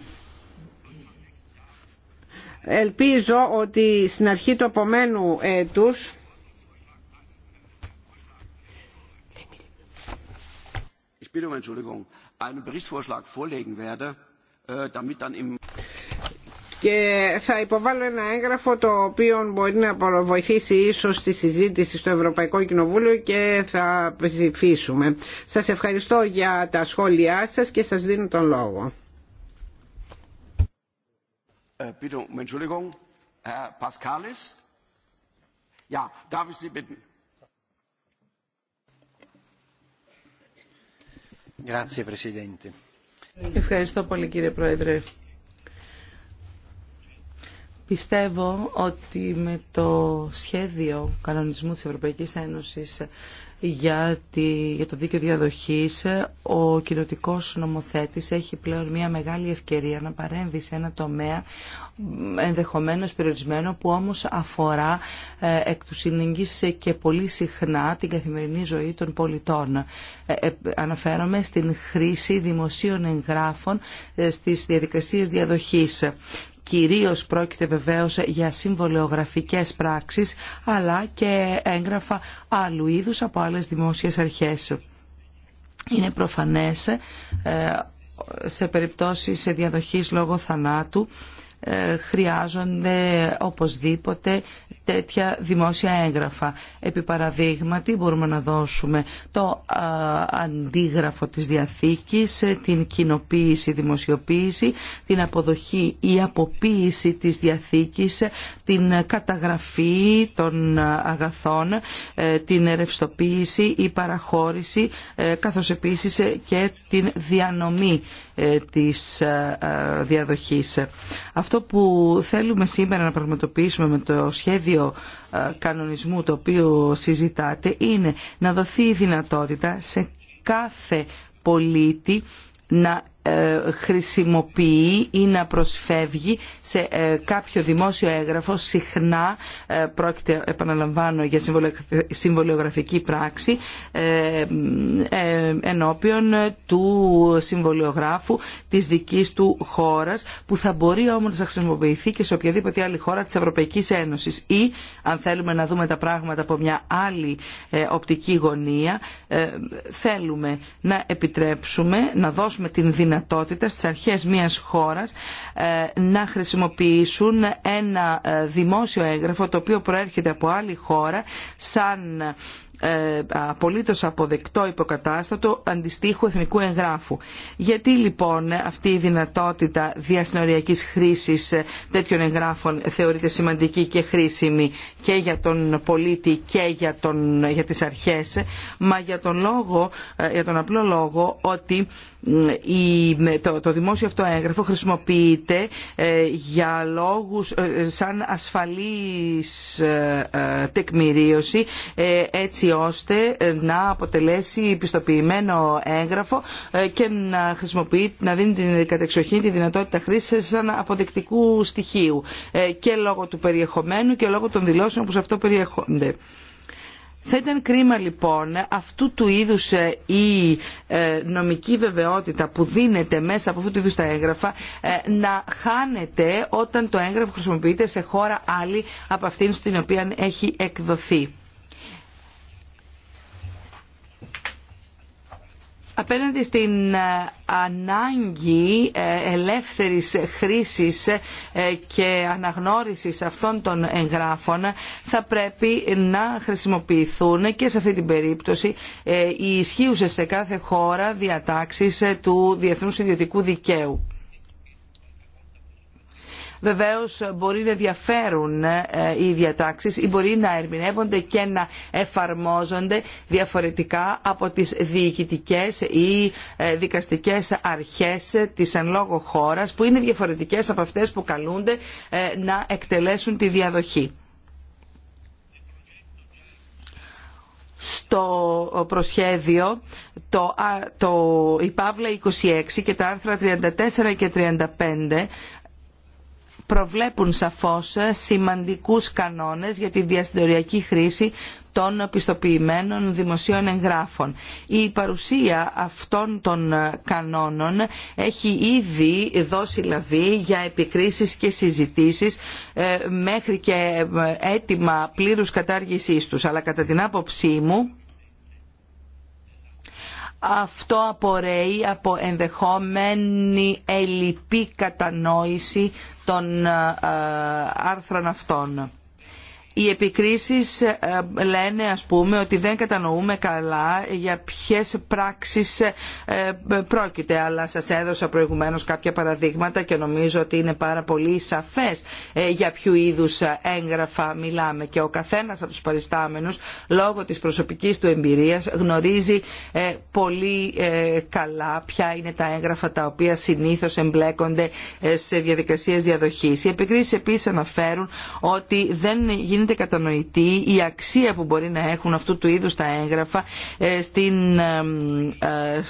ελπίζω ότι στην αρχή του επομένου έτους Bildung, Entschuldigung, einen Berichtsvorschlag vorlegen werde, äh, damit dann im και θα υποβάλω ένα έγγραφο το οποίο μπορεί να βοηθήσει ίσως στη συζήτηση στο Ευρωπαϊκό Κοινοβούλιο και θα ψηφίσουμε. Σας ευχαριστώ για τα σχόλιά σας και σας δίνω τον λόγο. Äh, Bitte um Entschuldigung, Herr Pascalis. Ja, darf ich Sie bitten? Ευχαριστώ πολύ κύριε Πρόεδρε. Πιστεύω ότι με το σχέδιο κανονισμού της Ευρωπαϊκής Ένωσης για, για το δίκαιο διαδοχής ο κοινοτικός νομοθέτης έχει πλέον μια μεγάλη ευκαιρία να παρέμβει σε ένα τομέα ενδεχομένως περιορισμένο που όμως αφορά ε, εκ του συνεγγύς και πολύ συχνά την καθημερινή ζωή των πολιτών. Ε, ε, αναφέρομαι στην χρήση δημοσίων εγγράφων στις διαδικασίες διαδοχής. Κυρίως πρόκειται βεβαίως για συμβολεογραφικές πράξεις αλλά και έγγραφα άλλου είδους από άλλες δημόσιες αρχές. Είναι προφανές ε, σε περιπτώσεις διαδοχής λόγω θανάτου ε, χρειάζονται οπωσδήποτε τέτοια δημόσια έγγραφα. Επί παραδείγματι μπορούμε να δώσουμε το αντίγραφο της Διαθήκης, ε, την κοινοποίηση, δημοσιοποίηση, την αποδοχή ή αποποίηση της Διαθήκης, ε, την καταγραφή των αγαθών, την ρευστοποίηση ή παραχώρηση, καθώς επίσης και την διανομή ε, της ε, ε, διαδοχής. Αυτό που θέλουμε σήμερα να πραγματοποιήσουμε με το σχέδιο κανονισμού το οποίο συζητάτε είναι να δοθεί η δυνατότητα σε κάθε πολίτη να ε, χρησιμοποιεί ή να προσφεύγει σε ε, κάποιο δημόσιο έγγραφο συχνά ε, πρόκειται επαναλαμβάνω για συμβολιογραφική πράξη ενώπιον του συμβολιογράφου της δικής του χώρας που θα μπορεί όμως να χρησιμοποιηθεί και σε οποιαδήποτε άλλη χώρα της Ευρωπαϊκής Ένωσης ή αν θέλουμε να δούμε τα πράγματα από μια άλλη οπτική γωνία θέλουμε να επιτρέψουμε να δώσουμε την δυνατότητα δυνατότητα στις αρχές μιας χώρας ε, να χρησιμοποιήσουν ένα ε, δημόσιο έγγραφο το οποίο προέρχεται από άλλη χώρα σαν ε, απολύτως αποδεκτό υποκατάστατο αντιστοίχου εθνικού εγγράφου. Γιατί λοιπόν αυτή η δυνατότητα διασυνοριακής χρήσης τέτοιων εγγράφων θεωρείται σημαντική και χρήσιμη και για τον πολίτη και για, τον, για τις αρχές, μα για λόγο, για τον απλό λόγο ότι το δημόσιο αυτό έγγραφο χρησιμοποιείται ε, για λόγους ε, σαν ασφαλής ε, τεκμηρίωση έτσι ώστε να αποτελέσει πιστοποιημένο έγγραφο και να, να δίνει την κατεξοχή τη δυνατότητα χρήσης σαν αποδεκτικού στοιχείου και λόγω του περιεχομένου και λόγω των δηλώσεων που σε αυτό περιέχονται. Θα ήταν κρίμα λοιπόν αυτού του είδους ε, η ε, νομική βεβαιότητα που δίνεται μέσα από αυτού του είδους τα έγγραφα ε, να χάνεται όταν το έγγραφο χρησιμοποιείται σε χώρα άλλη από αυτήν στην οποία έχει εκδοθεί. Απέναντι στην ε, ανάγκη ε, ελεύθερης χρήσης ε, και αναγνώρισης αυτών των εγγράφων θα πρέπει να χρησιμοποιηθούν και σε αυτή την περίπτωση οι ισχύουσες σε κάθε χώρα διατάξεις του διεθνούς ιδιωτικού δικαίου. Βεβαίως μπορεί να διαφέρουν ε, οι διατάξει ή μπορεί να ερμηνεύονται και να εφαρμόζονται διαφορετικά από τις διοικητικέ ή ε, δικαστικές αρχές της εν λόγω χώρας που είναι διαφορετικές από αυτές που καλούνται ε, να εκτελέσουν τη διαδοχή. στο προσχέδιο το, το, η Παύλα 26 και τα άρθρα 34 και 35 προβλέπουν σαφώς ε, σημαντικούς κανόνες για τη διαστηριακή χρήση των πιστοποιημένων δημοσίων εγγράφων. Η παρουσία αυτών των ε, κανόνων έχει ήδη δώσει λαβή για επικρίσεις και συζητήσεις ε, μέχρι και έτοιμα πλήρους κατάργησής τους. Αλλά κατά την άποψή μου αυτό απορρέει από ενδεχόμενη ελλειπή κατανόηση των ε, ε, άρθρων αυτών οι επικρίσεις ε, λένε ας πούμε ότι δεν κατανοούμε καλά για ποιες πράξεις ε, ε, πρόκειται αλλά σας έδωσα προηγουμένως κάποια παραδείγματα και νομίζω ότι είναι πάρα πολύ σαφές για ποιου είδους έγγραφα μιλάμε και ο καθένας από τους παριστάμενους λόγω της προσωπικής του εμπειρίας γνωρίζει πολύ καλά ποια είναι τα έγγραφα τα οποία συνήθως εμπλέκονται σε διαδικασίες διαδοχής. Οι επικρίσεις επίσης αναφέρουν ότι δεν γίνεται κατανοητή η αξία που μπορεί να έχουν αυτού του είδους τα έγγραφα ε, στην, ε,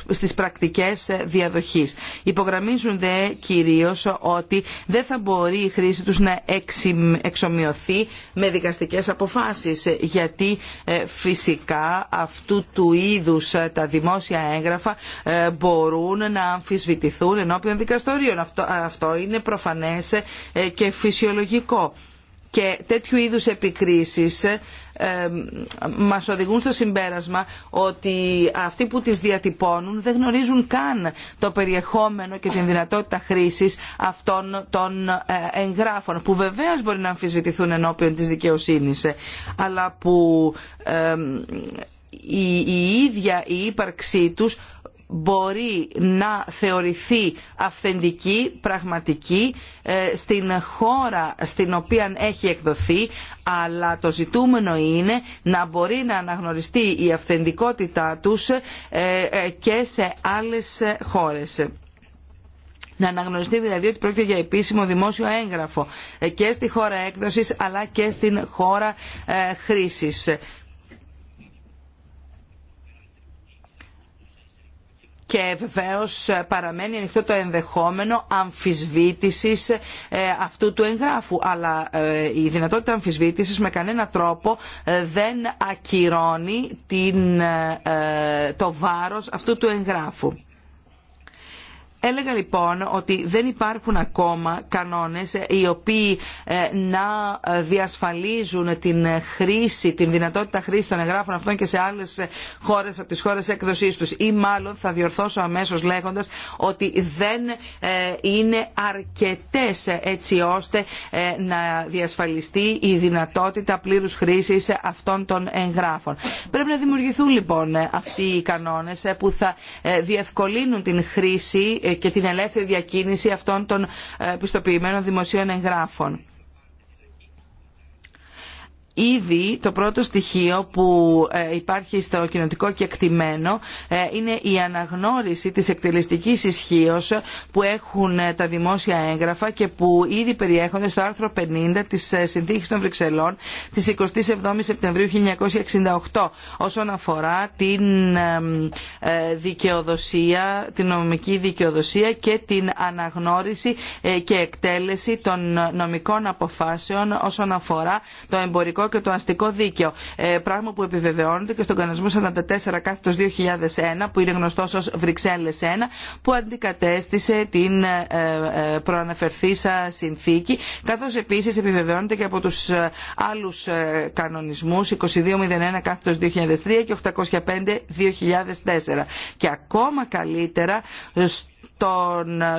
ε, στις πρακτικές διαδοχής. Υπογραμμίζουν δε κυρίως ότι δεν θα μπορεί η χρήση τους να εξομοιωθεί με δικαστικές αποφάσεις γιατί φυσικά αυτού του είδους τα δημόσια έγγραφα μπορούν να αμφισβητηθούν ενώπιον δικαστορίων. Αυτό, αυτό είναι προφανές και φυσιολογικό και τέτοιου είδους επικρίσεις ε, μας οδηγούν στο συμπέρασμα ότι αυτοί που τις διατυπώνουν δεν γνωρίζουν καν το περιεχόμενο και την δυνατότητα χρήσης αυτών των ε, εγγράφων που βεβαίως μπορεί να αμφισβητηθούν ενώπιον της δικαιοσύνης ε, αλλά που η ίδια η ύπαρξή τους μπορεί να θεωρηθεί αυθεντική, πραγματική ε, στην χώρα στην οποία έχει εκδοθεί αλλά το ζητούμενο είναι να μπορεί να αναγνωριστεί η αυθεντικότητά τους ε, ε, και σε άλλες χώρες να αναγνωριστεί δηλαδή ότι πρόκειται για επίσημο δημόσιο έγγραφο και στη χώρα έκδοσης αλλά και στην χώρα χρήσης. και βεβαίως παραμένει ανοιχτό το ενδεχόμενο αμφισβήτησης ε, αυτού του εγγράφου. Αλλά ε, η δυνατότητα αμφισβήτησης με κανένα τρόπο ε, δεν ακυρώνει το βάρος αυτού του εγγράφου. Έλεγα λοιπόν ότι δεν υπάρχουν ακόμα κανόνες ε, οι οποίοι ε, να ε, διασφαλίζουν την χρήση, την δυνατότητα χρήση των εγγράφων αυτών και σε άλλες χώρες από τις χώρες έκδοσής τους. Ή μάλλον θα διορθώσω αμέσως λέγοντας ότι δεν είναι αρκετές έτσι ώστε να διασφαλιστεί η δυνατότητα πλήρους χρήσης αυτών των εγγράφων. Πρέπει να δημιουργηθούν λοιπόν αυτοί οι κανόνες που θα διευκολύνουν την χρήση και την ελεύθερη διακίνηση αυτών των ε, πιστοποιημένων δημοσίων εγγράφων. Ήδη το πρώτο στοιχείο που ε, υπάρχει στο κοινοτικό κεκτημένο ε, είναι η αναγνώριση της εκτελεστικής ισχύω που έχουν ε, τα δημόσια έγγραφα και που ήδη περιέχονται στο άρθρο 50 της Συνθήκης των Βρυξελών της 27 Σεπτεμβρίου 1968 όσον αφορά την δικαιοδοσία, την νομική δικαιοδοσία και την αναγνώριση και εκτέλεση των νομικών αποφάσεων όσον αφορά το εμπορικό και το αστικό δίκαιο. Ε, πράγμα που επιβεβαιώνεται και στον κανονισμό 44 2001 που είναι γνωστό ως Βρυξέλλες 1 που αντικατέστησε την ε, ε, προαναφερθήσα συνθήκη καθώς επίσης επιβεβαιώνεται και από τους άλλους κανονισμούς 2201 κάθετος 2003 και 805 2004 και ακόμα καλύτερα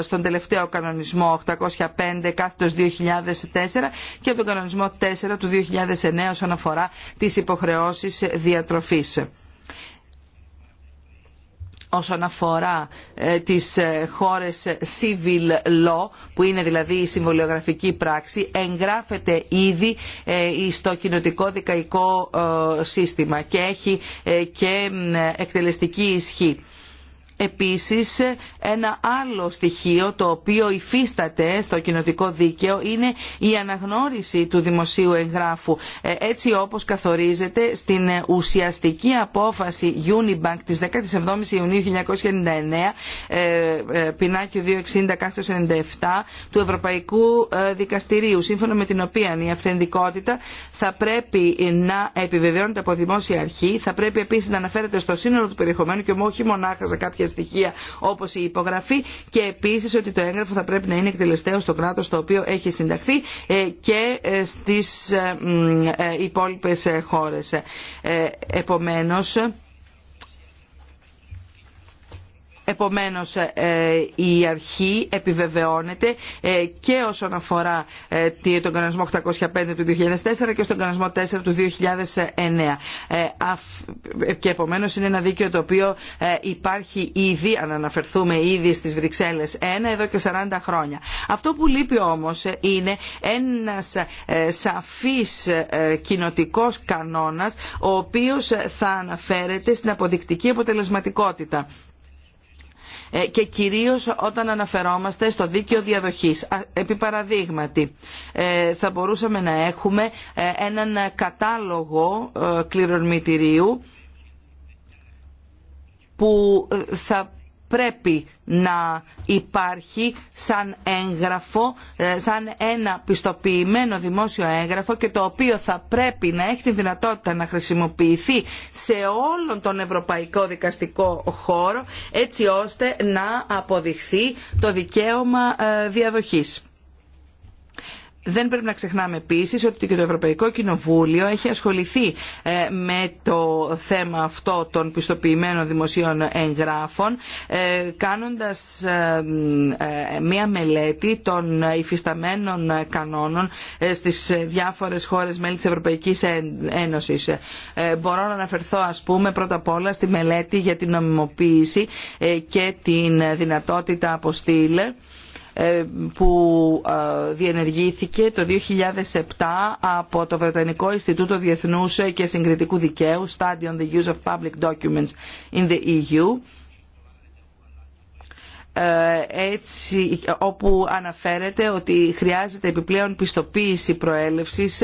στον, τελευταίο κανονισμό 805 κάθετος 2004 και τον κανονισμό 4 του 2009 όσον αφορά τις υποχρεώσεις διατροφής όσον αφορά ε, τις ε, χώρες civil law που είναι δηλαδή η συμβολιογραφική πράξη εγγράφεται ήδη ε, στο κοινοτικό δικαϊκό σύστημα και έχει και εκτελεστική ισχύ. Επίσης ένα άλλο στοιχείο το οποίο υφίσταται στο κοινοτικό δίκαιο είναι η αναγνώριση του δημοσίου εγγράφου ε, έτσι όπως καθορίζεται στην ουσιαστική απόφαση Unibank της 17ης Ιουνίου 1999 ε, ε, πινάκιο 260 97 του Ευρωπαϊκού Δικαστηρίου σύμφωνα με την οποία η αυθεντικότητα θα πρέπει να επιβεβαιώνεται από δημόσια αρχή θα πρέπει επίσης να αναφέρεται στο σύνολο του περιεχομένου και όχι μονάχα σε στοιχεία όπω η υπογραφή και επίση ότι το έγγραφο θα πρέπει να είναι εκτελεστέο στο κράτο το οποίο έχει συνταχθεί ε, και ε, στι ε, υπόλοιπε χώρε. Επομένως, Επομένως ε, ε, η αρχή επιβεβαιώνεται ε, και όσον αφορά τον κανονισμό 805 του 2004 και στον κανονισμό 4 του 2009. Και επομένως είναι ένα δίκαιο το οποίο υπάρχει ήδη, αν αναφερθούμε ήδη στις Βρυξέλλες 1 εδώ και 40 χρόνια. Αυτό που λείπει όμως είναι ένας σαφής κοινοτικός κανόνας ο οποίος θα αναφέρεται στην αποδεικτική αποτελεσματικότητα. Ε, και κυρίως όταν αναφερόμαστε στο δίκαιο διαδοχής. Επί παραδείγματι, ε, θα μπορούσαμε να έχουμε ε, έναν κατάλογο κληρονομητηρίου που θα πρέπει να υπάρχει σαν έγγραφο, ε, σαν ένα πιστοποιημένο δημόσιο έγγραφο και το οποίο θα πρέπει να έχει τη δυνατότητα να χρησιμοποιηθεί σε όλον τον ευρωπαϊκό δικαστικό χώρο έτσι ώστε να αποδειχθεί το δικαίωμα ε, διαδοχής δεν πρέπει να ξεχνάμε επίση ότι και το Ευρωπαϊκό Κοινοβούλιο έχει ασχοληθεί ε, με το θέμα αυτό των πιστοποιημένων δημοσίων εγγράφων ε, κάνοντας ε, μία μελέτη των υφισταμένων κανόνων στις διάφορες χώρες μέλη της Ευρωπαϊκής Ένωσης. Μπορώ να αναφερθώ ας πούμε πρώτα απ' όλα στη μελέτη για την νομιμοποίηση και την δυνατότητα αποστήλε ε, που ε, διενεργήθηκε το 2007 από το Βρετανικό Ινστιτούτο Διεθνούς και Συγκριτικού Δικαίου Study on the Use of Public Documents in the EU ε, έτσι, όπου αναφέρεται ότι χρειάζεται επιπλέον πιστοποίηση προέλευσης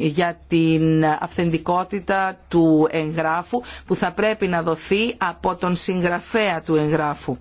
για την αυθεντικότητα του εγγράφου που θα πρέπει να δοθεί από τον συγγραφέα του εγγράφου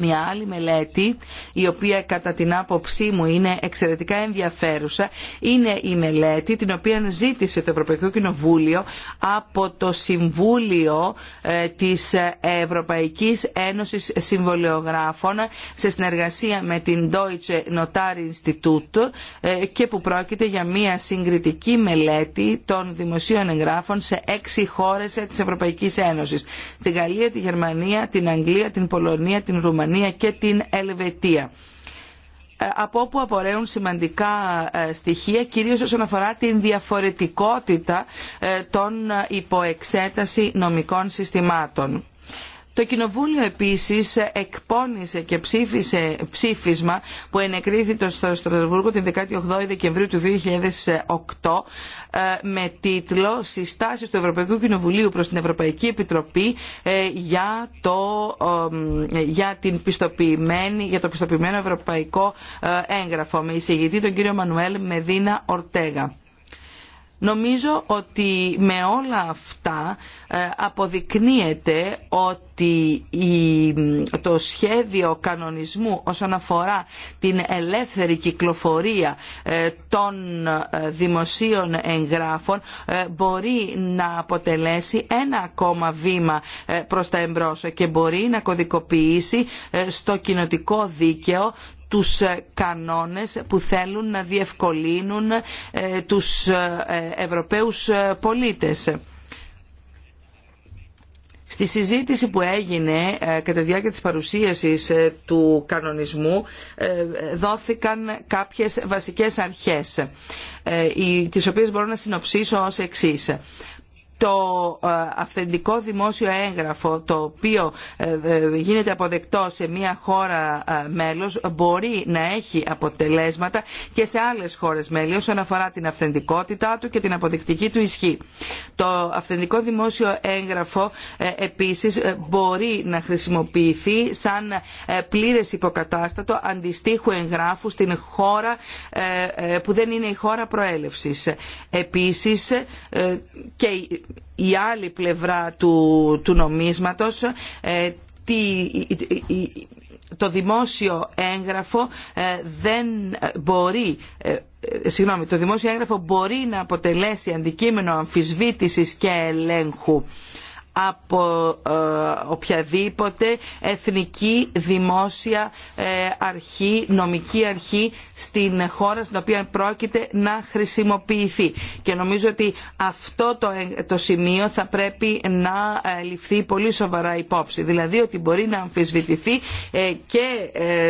μια άλλη μελέτη, η οποία κατά την άποψή μου είναι εξαιρετικά ενδιαφέρουσα, είναι η μελέτη την οποία ζήτησε το Ευρωπαϊκό Κοινοβούλιο από το Συμβούλιο ε, της Ευρωπαϊκής Ένωσης Συμβολιογράφων σε συνεργασία με την Deutsche Notar Institut ε, και που πρόκειται για μια συγκριτική μελέτη των δημοσίων εγγράφων σε έξι χώρες ε, της Ευρωπαϊκής Ένωσης. Στη Γαλλία, τη Γερμανία, την Αγγλία, την Πολωνία, την Ρουμανία και την Ελβετία ε, από όπου απορρέουν σημαντικά ε, στοιχεία, κυρίως όσον αφορά την διαφορετικότητα ε, των υποεξέταση νομικών συστημάτων. Το Κοινοβούλιο επίσης εκπώνησε και ψήφισε ψήφισμα που ενεκρίθη στο Στρασβούργο την 18η Δεκεμβρίου του 2008 ε, με τίτλο «Συστάσεις του Ευρωπαϊκού Κοινοβουλίου προς την Ευρωπαϊκή Επιτροπή ε, για, το, ε, για, την πιστοποιημένη, για το πιστοποιημένο ευρωπαϊκό έγγραφο» με εισηγητή τον κύριο Μανουέλ Μεδίνα Ορτέγα. Νομίζω ότι με όλα αυτά ε, αποδεικνύεται ότι το σχέδιο κανονισμού όσον αφορά την ελεύθερη κυκλοφορία ε, των ε, δημοσίων εγγράφων μπορεί να αποτελέσει ένα ακόμα βήμα προς τα εμπρός και μπορεί να κωδικοποιήσει στο κοινοτικό δίκαιο τους ε, κανόνες που θέλουν να διευκολύνουν ε, τους ε, Ευρωπαίους πολίτες. Στη συζήτηση που έγινε κατά τη διάρκεια της παρουσίασης του κανονισμού δόθηκαν κάποιες βασικές αρχές τις οποίες μπορώ να συνοψίσω ως εξής το ε, αυθεντικό δημόσιο έγγραφο το οποίο ε, ε, γίνεται αποδεκτό σε μια χώρα μέλος μπορεί να έχει αποτελέσματα και σε άλλες χώρες μέλη όσον αφορά την αυθεντικότητά του και την αποδεικτική του ισχύ. Το αυθεντικό δημόσιο έγγραφο επίσης μπορεί να χρησιμοποιηθεί σαν πλήρες υποκατάστατο αντιστοίχου εγγράφου στην χώρα που δεν είναι η χώρα προέλευσης. Επίσης και η άλλη πλευρά του, του νομίσματος ε, το δημόσιο έγγραφο ε, δεν μπορεί ε, συγγνώμη, το δημόσιο έγγραφο μπορεί να αποτελέσει αντικείμενο αμφισβήτησης και ελέγχου από ε, οποιαδήποτε εθνική δημόσια ε, αρχή, νομική αρχή στην χώρα στην οποία πρόκειται να χρησιμοποιηθεί. Και νομίζω ότι αυτό το ε, σημείο θα πρέπει να ληφθεί πολύ σοβαρά υπόψη. Δηλαδή ότι μπορεί να αμφισβητηθεί και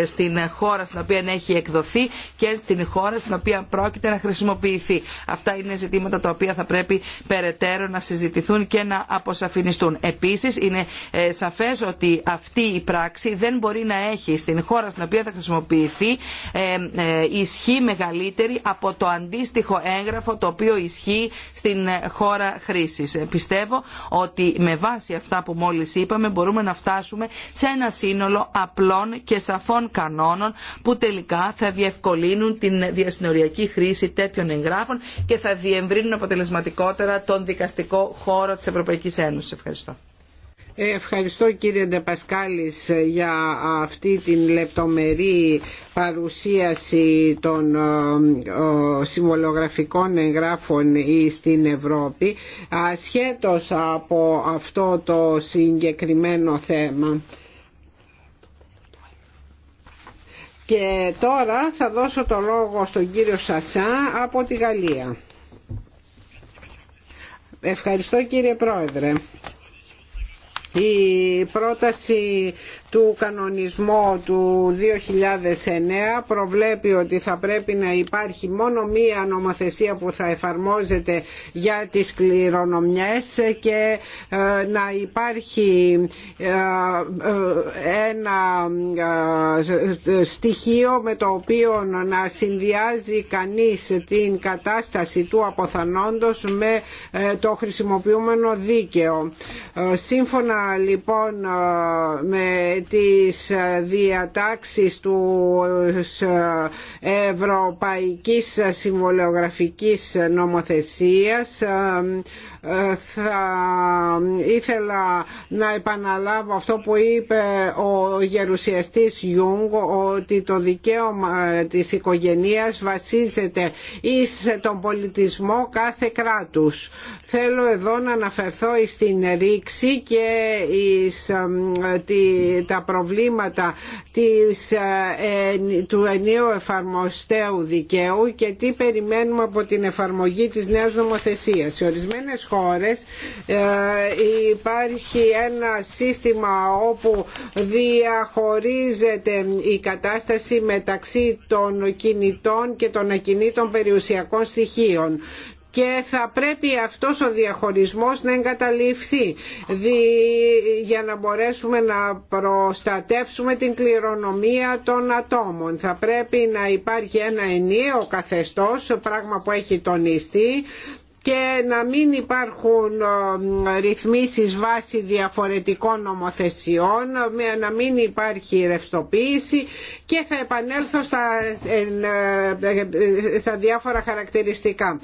στην χώρα στην οποία έχει εκδοθεί και στην χώρα στην οποία πρόκειται να χρησιμοποιηθεί. Αυτά είναι ζητήματα τα οποία θα πρέπει περαιτέρω να συζητηθούν και να αποσαφινιστούν συνεχιστούν. Επίσης είναι ε, σαφές ότι αυτή η πράξη δεν μπορεί να έχει στην χώρα στην οποία θα χρησιμοποιηθεί ε, ε, ισχύ μεγαλύτερη από το αντίστοιχο έγγραφο το οποίο ισχύει στην χώρα χρήσης. Πιστεύω ότι με βάση αυτά που μόλις είπαμε μπορούμε να φτάσουμε σε ένα σύνολο απλών και σαφών κανόνων που τελικά θα διευκολύνουν την διασυνοριακή χρήση τέτοιων εγγράφων και θα διευρύνουν αποτελεσματικότερα τον δικαστικό χώρο της Ευρωπαϊκής Ένωσης. Ευχαριστώ. Ε, ευχαριστώ κύριε Ντεπασκάλης για αυτή την λεπτομερή παρουσίαση των ε, συμβολογραφικών εγγράφων στην Ευρώπη ασχέτως από αυτό το συγκεκριμένο θέμα. Και τώρα θα δώσω το λόγο στον κύριο Σασά από τη Γαλλία. Ευχαριστώ κύριε Πρόεδρε. Η πρόταση του κανονισμού του 2009 προβλέπει ότι θα πρέπει να υπάρχει μόνο μία νομοθεσία που θα εφαρμόζεται για τις κληρονομιές και ε, να υπάρχει ε, ε, ένα στοιχείο με το οποίο να συνδυάζει κανείς την κατάσταση του αποθανόντος με το χρησιμοποιούμενο δίκαιο. Σύμφωνα λοιπόν με της ε, διατάξεις του ε, Ευρωπαϊκής Συμβολιογραφικής Νομοθεσίας ε, θα ήθελα να επαναλάβω αυτό που είπε ο γερουσιαστής Ιούγκ ότι το δικαίωμα της οικογενείας βασίζεται σε τον πολιτισμό κάθε κράτους. Θέλω εδώ να αναφερθώ στην ρήξη και εις ε, τα προβλήματα της, ε, του ενίου εφαρμοστέου δικαίου και τι περιμένουμε από την εφαρμογή της νέας νομοθεσίας. Σε ορισμένες χώρες χώρες. Ε, υπάρχει ένα σύστημα όπου διαχωρίζεται η κατάσταση μεταξύ των κινητών και των ακινήτων περιουσιακών στοιχείων και θα πρέπει αυτός ο διαχωρισμός να εγκαταλειφθεί για να μπορέσουμε να προστατεύσουμε την κληρονομία των ατόμων. Θα πρέπει να υπάρχει ένα ενιαίο καθεστώς, πράγμα που έχει τονιστεί και να μην υπάρχουν ε, ρυθμίσεις βάσει διαφορετικών νομοθεσιών, να μην υπάρχει ρευστοποίηση και θα επανέλθω στα, ε, ε, διάφορα χαρακτηριστικά.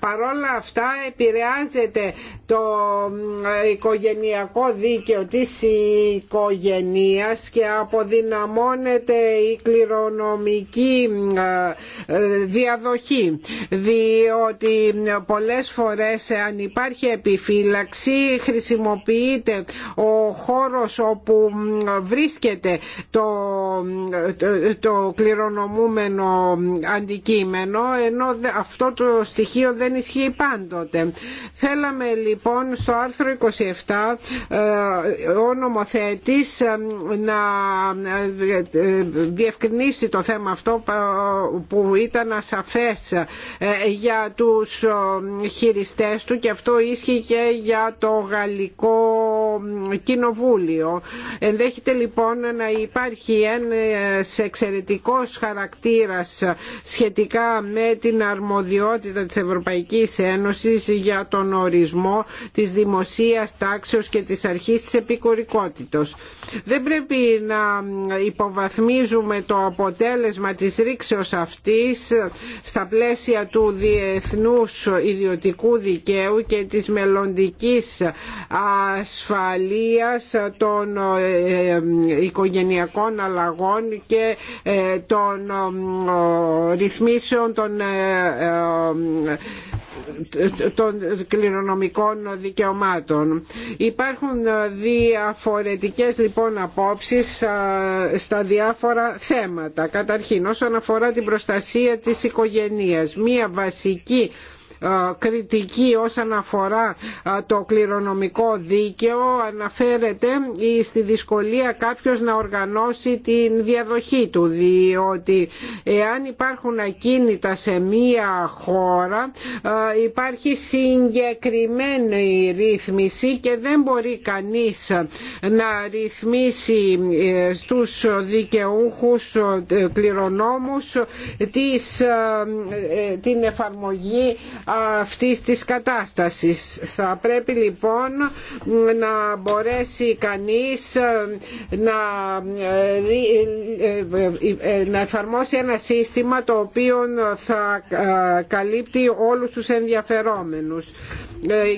Παρόλα αυτά επηρεάζεται το οικογενειακό δίκαιο της οικογενείας και αποδυναμώνεται η κληρονομική διαδοχή διότι πολλές πολλές φορές αν υπάρχει επιφύλαξη χρησιμοποιείται ο χώρος όπου βρίσκεται το, το, κληρονομούμενο αντικείμενο ενώ αυτό το στοιχείο δεν ισχύει πάντοτε. Θέλαμε λοιπόν στο άρθρο 27 ε, ο νομοθέτης ε, να ε, διευκρινίσει το θέμα αυτό που ήταν ασαφές για τους χειριστές του και αυτό ίσχυε και για το γαλλικό κοινοβούλιο. Ενδέχεται λοιπόν να υπάρχει ένα εξαιρετικός χαρακτήρας σχετικά με την αρμοδιότητα της Ευρωπαϊκής Ένωσης για τον ορισμό της δημοσίας τάξεως και της αρχής της επικουρικότητος. Δεν πρέπει να υποβαθμίζουμε το αποτέλεσμα της ρήξεως αυτής στα πλαίσια του διεθνούς ιδιωτικού δικαίου και της μελλοντικής ασφαλή ασφαλείας των ε, ε, οικογενειακών αλλαγών και ε, των ρυθμίσεων των των κληρονομικών δικαιωμάτων. Υπάρχουν διαφορετικές λοιπόν απόψεις στα διάφορα θέματα. Καταρχήν όσον αφορά την προστασία της οικογένειας, μία βασική ε, κριτική όσον αφορά ε, το κληρονομικό δίκαιο αναφέρεται στη δυσκολία κάποιος να οργανώσει την διαδοχή του διότι εάν υπάρχουν ακίνητα σε μία χώρα ε, υπάρχει συγκεκριμένη ρύθμιση και δεν μπορεί κανείς να ρυθμίσει στους δικαιούχους κληρονόμους την εφαρμογή αυτής της κατάστασης. Θα πρέπει λοιπόν να μπορέσει κανείς ε, να, ε, ε, να εφαρμόσει ένα σύστημα το οποίο θα καλύπτει όλους τους ενδιαφερόμενους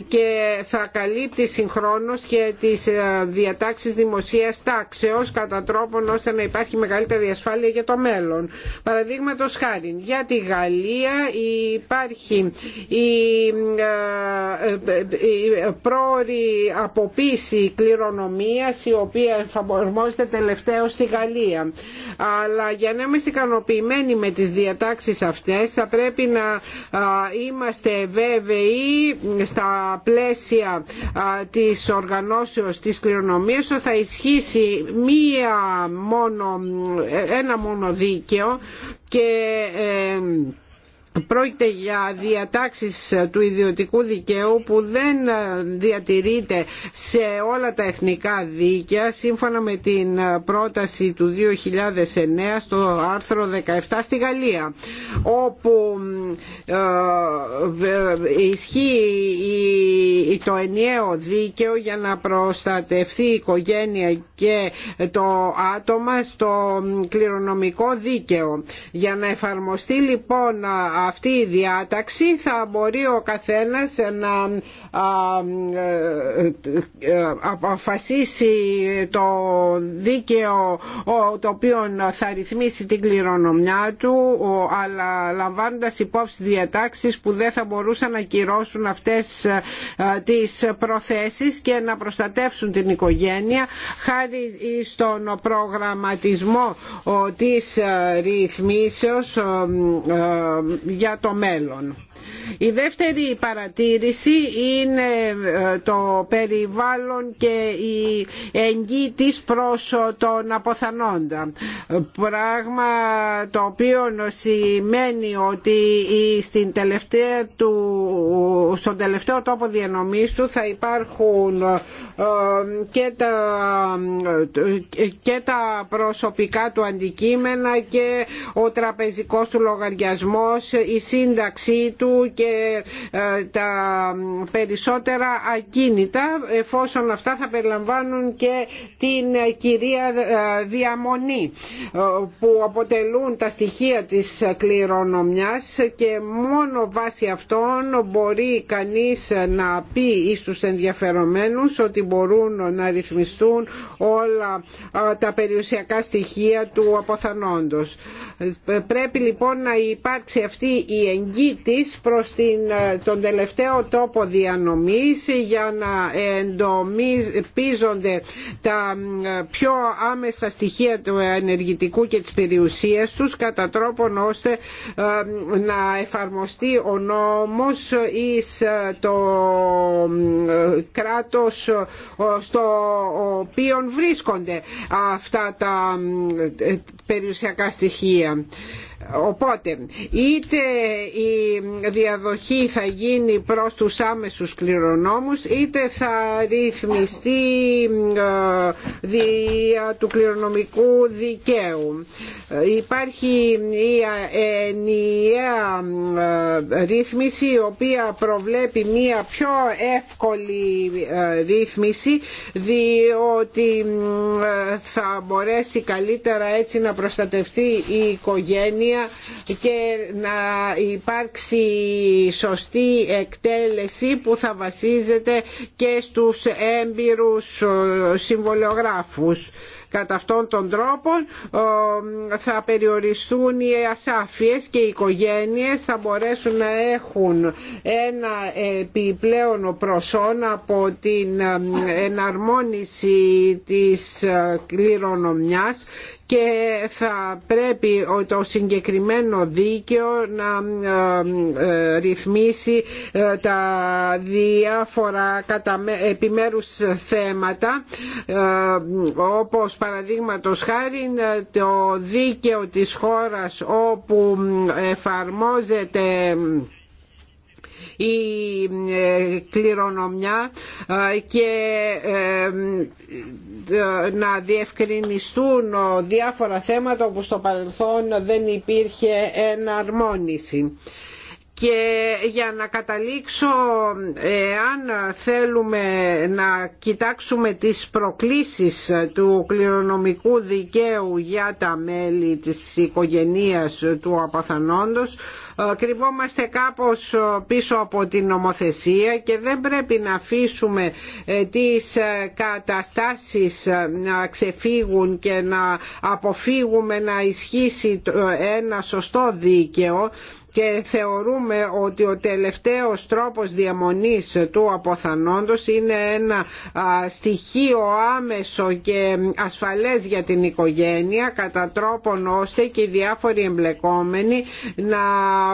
και θα καλύπτει συγχρόνως και τις διατάξεις δημοσίας τάξεως κατά τρόπον ώστε να υπάρχει μεγαλύτερη ασφάλεια για το μέλλον. Παραδείγματος χάρη, για τη Γαλλία υπάρχει η ε, ε, ε, πρόορη αποποίηση κληρονομίας η οποία εφαρμόζεται τελευταίο στη Γαλλία. Αλλά για να είμαστε ικανοποιημένοι με τις διατάξεις αυτές θα πρέπει να είμαστε βέβαιοι στα πλαίσια της οργανώσεως της κληρονομίας ότι θα ισχύσει μία μόνο, ένα μόνο δίκαιο και Πρόκειται για διατάξεις του ιδιωτικού δικαίου που δεν διατηρείται σε όλα τα εθνικά δίκαια σύμφωνα με την πρόταση του 2009 στο άρθρο 17 στη Γαλλία όπου ε, ισχύει το ενιαίο δίκαιο για να προστατευτεί η οικογένεια και το άτομα στο κληρονομικό δίκαιο. Για να εφαρμοστεί λοιπόν αυτή η διάταξη θα μπορεί ο καθένας να ε, αποφασίσει το δίκαιο το οποίο θα ρυθμίσει την κληρονομιά του αλλά λαμβάνοντας υπόψη διατάξεις που δεν θα μπορούσαν να κυρώσουν αυτές ε, τις προθέσεις και να προστατεύσουν την οικογένεια χάρη στον προγραμματισμό της ε, ρυθμίσεως για το μέλλον. Η δεύτερη παρατήρηση είναι ε, το περιβάλλον και η εγγύτης προς ε, τον αποθανόντα. Πράγμα το οποίο σημαίνει ότι στην τελευταία του, στον τελευταίο τόπο διανομής του θα υπάρχουν ε, και τα, και τα προσωπικά του αντικείμενα και ο τραπεζικός του λογαριασμός, η σύνταξή του και ε, τα περισσότερα ακίνητα εφόσον αυτά θα περιλαμβάνουν και την ε, κυρία ε, διαμονή που αποτελούν τα στοιχεία της κληρονομιάς και μόνο βάσει αυτών μπορεί κανείς να πει ίσως ενδιαφερομένους ότι μπορούν να ρυθμιστούν όλα τα περιουσιακά στοιχεία του αποθανόντος. Πρέπει λοιπόν να υπάρξει αυτή η εγγύτης προς την, ε, τον τελευταίο τόπο διανομής για να εντομίζονται τα ε, πιο άμεσα στοιχεία του ενεργητικού και της περιουσίας τους κατά τρόπον ώστε ε, να εφαρμοστεί ο νόμος ή το κράτος στο οποίο βρίσκονται αυτά τα περιουσιακά στοιχεία. Οπότε είτε η διαδοχή θα γίνει προς τους άμεσους κληρονόμους είτε θα ρυθμιστεί ε, δια του κληρονομικού δικαίου. Υπάρχει η ενιαία ε, ρύθμιση η οποία προβλέπει μία πιο εύκολη ε, ρύθμιση διότι θα μπορέσει καλύτερα έτσι να προστατευτεί η οικογένεια και να υπάρξει σωστή εκτέλεση που θα βασίζεται και στους έμπειρους συμβολιογράφους. Κατά αυτόν τον τρόπο θα περιοριστούν οι ασάφειες και οι οικογένειες θα μπορέσουν να έχουν ένα επιπλέον προσόν από την ε, εναρμόνιση της ε, κληρονομιάς και θα πρέπει το συγκεκριμένο δίκαιο να ε, ε, ρυθμίσει ε, τα διάφορα επιμέρους θέματα όπως παραδείγματος χάρη το δίκαιο της χώρας όπου εφαρμόζεται η ε, κληρονομιά ε, και ε, να διευκρινιστούν διάφορα θέματα που στο παρελθόν δεν υπήρχε εναρμόνιση και για να καταλήξω αν θέλουμε να κοιτάξουμε τις προκλήσεις του κληρονομικού δικαίου για τα μέλη της οικογενείας του απαθανόντος ε, κρυβόμαστε κάπως πίσω από την νομοθεσία και δεν πρέπει να αφήσουμε ε, τις ε, καταστάσεις να ξεφύγουν και να αποφύγουμε να ισχύσει ένα σωστό δίκαιο και θεωρούμε ότι ο τελευταίος τρόπος διαμονής του αποθανόντος είναι ένα στοιχείο άμεσο και ασφαλές για την οικογένεια κατά τρόπον ώστε και οι διάφοροι εμπλεκόμενοι να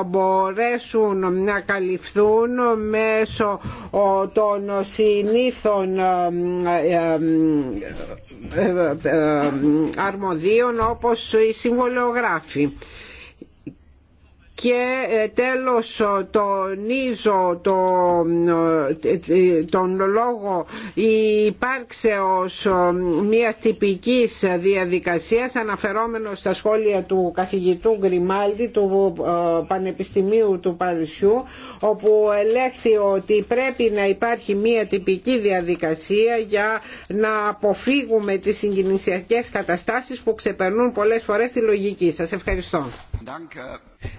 μπορέσουν να καλυφθούν μέσω των συνήθων αρμοδίων όπως οι συμβολεογράφοι και ε, τέλος τονίζω το, ε, ε, τον λόγο υπάρξεως μιας τυπικής διαδικασίας αναφερόμενο στα σχόλια του καθηγητού Γκριμάλτη του Πανεπιστημίου του Παρισιού όπου ελέγχθη ότι πρέπει να υπάρχει μια τυπική διαδικασία για να αποφύγουμε τις συγκινησιακές καταστάσεις που ξεπερνούν πολλές φορές τη λογική. Σας ευχαριστώ.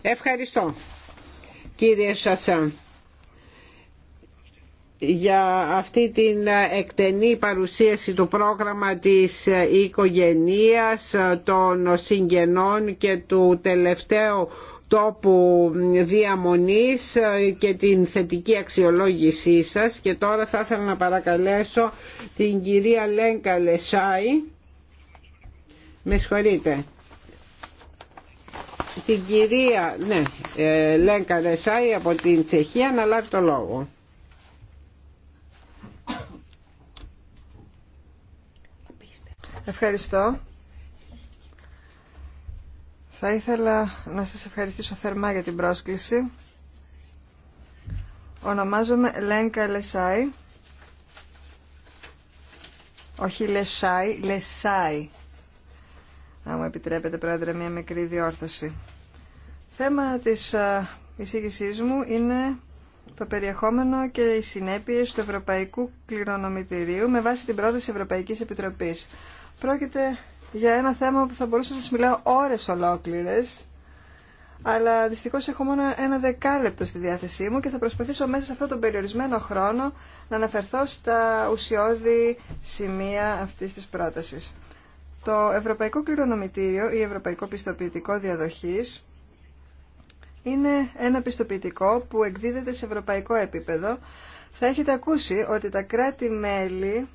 Ευχαριστώ κύριε Σασάν για αυτή την εκτενή παρουσίαση του πρόγραμμα της οικογενείας των συγγενών και του τελευταίου τόπου διαμονής και την θετική αξιολόγησή σας και τώρα θα ήθελα να παρακαλέσω την κυρία Λέγκα Λεσάη με συγχωρείτε την κυρία ναι, ε, Λένκα από την Τσεχία να λάβει το λόγο. Ευχαριστώ. Θα ήθελα να σας ευχαριστήσω θερμά για την πρόσκληση. Ονομάζομαι Λένκα Λεσάη. Όχι Λεσάη, Λεσάη. Αν μου επιτρέπετε, Πρόεδρε, μια μικρή διόρθωση. Θέμα της εισήγησής μου είναι το περιεχόμενο και οι συνέπειες του Ευρωπαϊκού Κληρονομητηρίου με βάση την πρόταση Ευρωπαϊκής Επιτροπής. Πρόκειται για ένα θέμα που θα μπορούσα να σας μιλάω ώρες ολόκληρες, αλλά δυστυχώς έχω μόνο ένα δεκάλεπτο στη διάθεσή μου και θα προσπαθήσω μέσα σε αυτόν τον περιορισμένο χρόνο να αναφερθώ στα ουσιώδη σημεία αυτής της πρότασης. Το Ευρωπαϊκό Κληρονομητήριο ή Ευρωπαϊκό Πιστοποιητικό Διαδοχής είναι ένα πιστοποιητικό που εκδίδεται σε ευρωπαϊκό επίπεδο. Θα έχετε ακούσει ότι τα κράτη-μέλη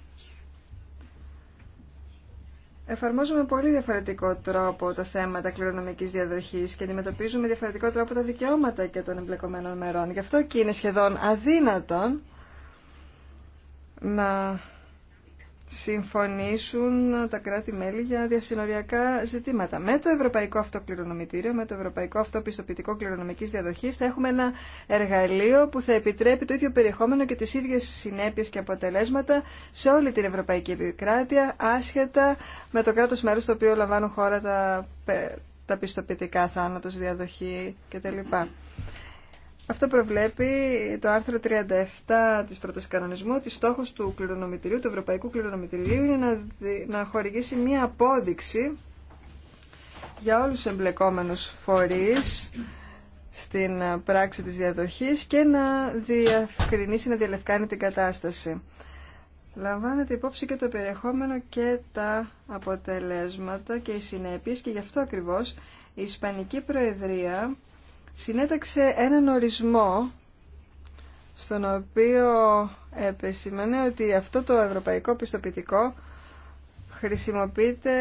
εφαρμόζουμε πολύ διαφορετικό τρόπο τα θέματα κληρονομικής διαδοχής και αντιμετωπίζουν με διαφορετικό τρόπο τα δικαιώματα και των εμπλεκομένων μερών. Γι' αυτό και είναι σχεδόν αδύνατον να συμφωνήσουν τα κράτη-μέλη για διασυνοριακά ζητήματα. Με το Ευρωπαϊκό Αυτοκληρονομητήριο, με το Ευρωπαϊκό Αυτοπιστοποιητικό Κληρονομικής Διαδοχής θα έχουμε ένα εργαλείο που θα επιτρέπει το ίδιο περιεχόμενο και τις ίδιες συνέπειες και αποτελέσματα σε όλη την Ευρωπαϊκή Επικράτεια, άσχετα με το κράτος μέρος στο οποίο λαμβάνουν χώρα τα, τα πιστοποιητικά θάνατος, διαδοχή κτλ. Αυτό προβλέπει το άρθρο 37 της πρώτης κανονισμού ότι στόχος του κληρονομητηρίου, του Ευρωπαϊκού Κληρονομητηρίου είναι να, χορηγήσει μία απόδειξη για όλους τους εμπλεκόμενους φορείς στην πράξη της διαδοχής και να διευκρινίσει, να διαλευκάνει την κατάσταση. Λαμβάνεται υπόψη και το περιεχόμενο και τα αποτελέσματα και οι συνέπειες και γι' αυτό ακριβώς η Ισπανική Προεδρία συνέταξε έναν ορισμό στον οποίο επεσήμανε ότι αυτό το ευρωπαϊκό πιστοποιητικό χρησιμοποιείται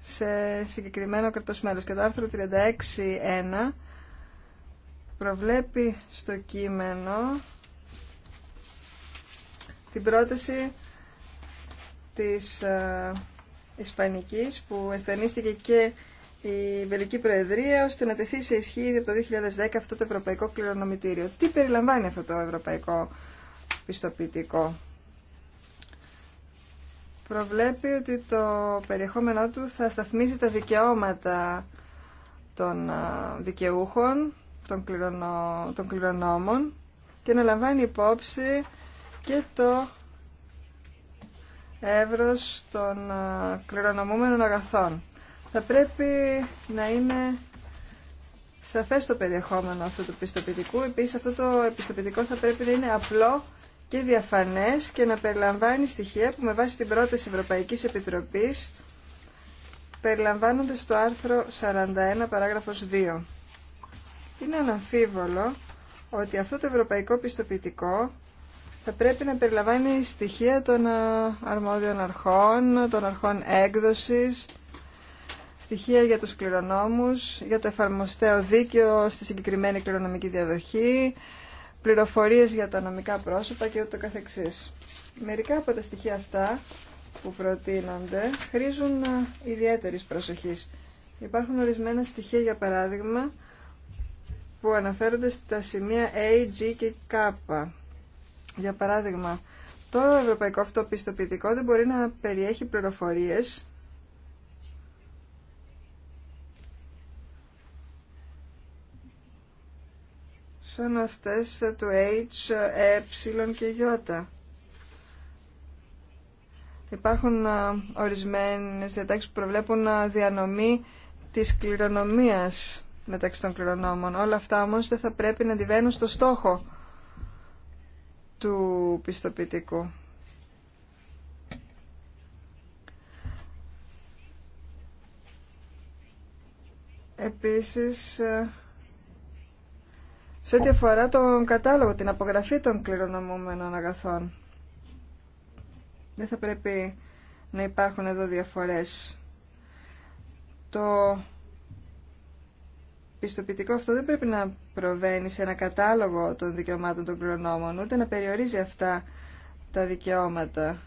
σε συγκεκριμένο κρατός μέλος και το άρθρο 36.1 προβλέπει στο κείμενο την πρόταση της ε, Ισπανικής που αισθανίστηκε και η Βελική Προεδρία ώστε να τεθεί σε ισχύ από το 2010 αυτό το Ευρωπαϊκό Κληρονομητήριο. Τι περιλαμβάνει αυτό το Ευρωπαϊκό Πιστοποιητικό. Προβλέπει ότι το περιεχόμενό του θα σταθμίζει τα δικαιώματα των δικαιούχων, των, κληρονο, των κληρονόμων και να λαμβάνει υπόψη και το εύρος των κληρονομούμενων αγαθών θα πρέπει να είναι σαφές το περιεχόμενο αυτού του πιστοποιητικού. Επίσης αυτό το επιστοποιητικό θα πρέπει να είναι απλό και διαφανές και να περιλαμβάνει στοιχεία που με βάση την πρόταση Ευρωπαϊκής Επιτροπής περιλαμβάνονται στο άρθρο 41 παράγραφος 2. Είναι αναμφίβολο ότι αυτό το ευρωπαϊκό πιστοποιητικό θα πρέπει να περιλαμβάνει στοιχεία των ε, αρμόδιων αρχών, των αρχών έκδοσης, στοιχεία για τους κληρονόμους, για το εφαρμοστέο δίκαιο στη συγκεκριμένη κληρονομική διαδοχή, πληροφορίες για τα νομικά πρόσωπα και ούτω καθεξής. Μερικά από τα στοιχεία αυτά που προτείνονται χρήζουν ε, ιδιαίτερης προσοχής. Υπάρχουν ορισμένα στοιχεία, για παράδειγμα, που αναφέρονται στα σημεία A, G και K. Για παράδειγμα, το Ευρωπαϊκό Αυτοπιστοποιητικό δεν μπορεί να περιέχει πληροφορίες αυτές του H, ε και ι. Υπάρχουν ε, ορισμένες διατάξεις που προβλέπουν ε, διανομή της κληρονομίας μεταξύ των κληρονόμων. Όλα αυτά όμως δεν θα πρέπει να αντιβαίνουν στο στόχο του πιστοποιητικού. Επίσης, ε, σε ό,τι αφορά τον κατάλογο, την απογραφή των κληρονομούμενων αγαθών. Δεν θα πρέπει να υπάρχουν εδώ διαφορές. Το πιστοποιητικό αυτό δεν πρέπει να προβαίνει σε ένα κατάλογο των δικαιωμάτων των κληρονόμων, ούτε να περιορίζει αυτά τα δικαιώματα,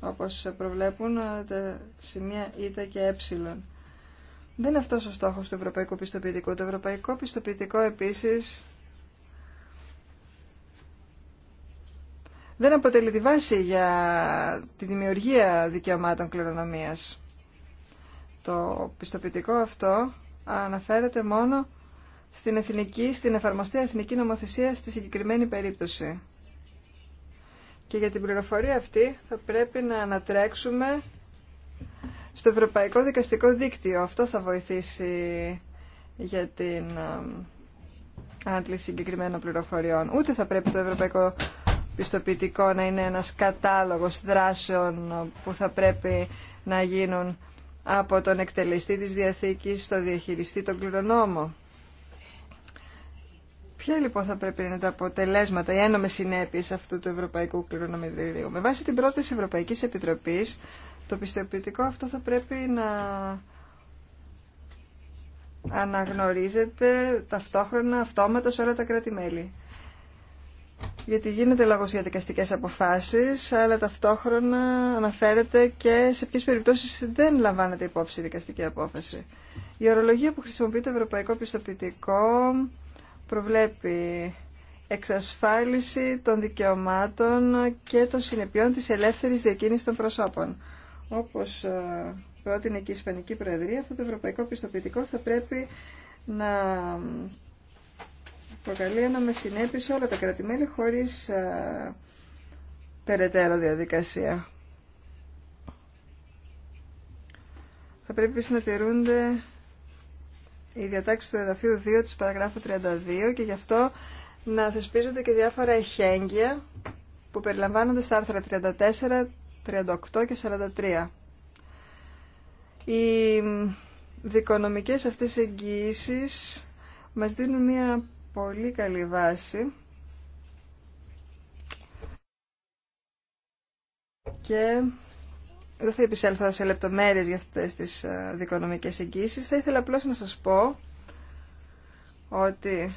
όπως προβλέπουν τα σημεία ΙΤΑ και Ε. Δεν είναι αυτός ο στόχος του Ευρωπαϊκού Πιστοποιητικού. Το Ευρωπαϊκό Πιστοποιητικό επίσης δεν αποτελεί τη βάση για τη δημιουργία δικαιωμάτων κληρονομίας. Το πιστοποιητικό αυτό αναφέρεται μόνο στην, εθνική, στην εφαρμοστή εθνική νομοθεσία στη συγκεκριμένη περίπτωση. Και για την πληροφορία αυτή θα πρέπει να ανατρέξουμε στο Ευρωπαϊκό Δικαστικό Δίκτυο. Αυτό θα βοηθήσει για την άντληση συγκεκριμένων πληροφοριών. Ούτε θα πρέπει το Ευρωπαϊκό Πιστοποιητικό να είναι ένας κατάλογος δράσεων που θα πρέπει να γίνουν από τον εκτελεστή της Διαθήκης στο διαχειριστή τον κληρονόμο. Ποια λοιπόν θα πρέπει να είναι τα αποτελέσματα, οι ένομε συνέπειε αυτού του Ευρωπαϊκού Κληρονομιδίου. Με βάση την πρόταση Ευρωπαϊκή Επιτροπή, το πιστοποιητικό αυτό θα πρέπει να αναγνωρίζεται ταυτόχρονα αυτόματα σε όλα τα κράτη-μέλη. Γιατί γίνεται λόγος για δικαστικές αποφάσεις, αλλά ταυτόχρονα αναφέρεται και σε ποιες περιπτώσεις δεν λαμβάνεται υπόψη η δικαστική απόφαση. Η ορολογία που χρησιμοποιεί το Ευρωπαϊκό Πιστοποιητικό προβλέπει εξασφάλιση των δικαιωμάτων και των συνεπειών της ελεύθερης διακίνησης των προσώπων όπως ε, πρότεινε και η Ισπανική Προεδρία, αυτό το ευρωπαϊκό πιστοποιητικό θα πρέπει να προκαλεί ένα με σε όλα τα κρατημέλη χωρίς ε, περαιτέρω διαδικασία. Θα πρέπει να τηρούνται οι διατάξει του εδαφείου 2 της παραγράφου 32 και γι' αυτό να θεσπίζονται και διάφορα εχέγγυα που περιλαμβάνονται στα άρθρα 34 38 και 43. Οι δικονομικές αυτές εγγυήσει μας δίνουν μια πολύ καλή βάση και δεν θα επισέλθω σε λεπτομέρειες για αυτές τις ε, δικονομικές εγγύσεις. Θα ήθελα απλώς να σας πω ότι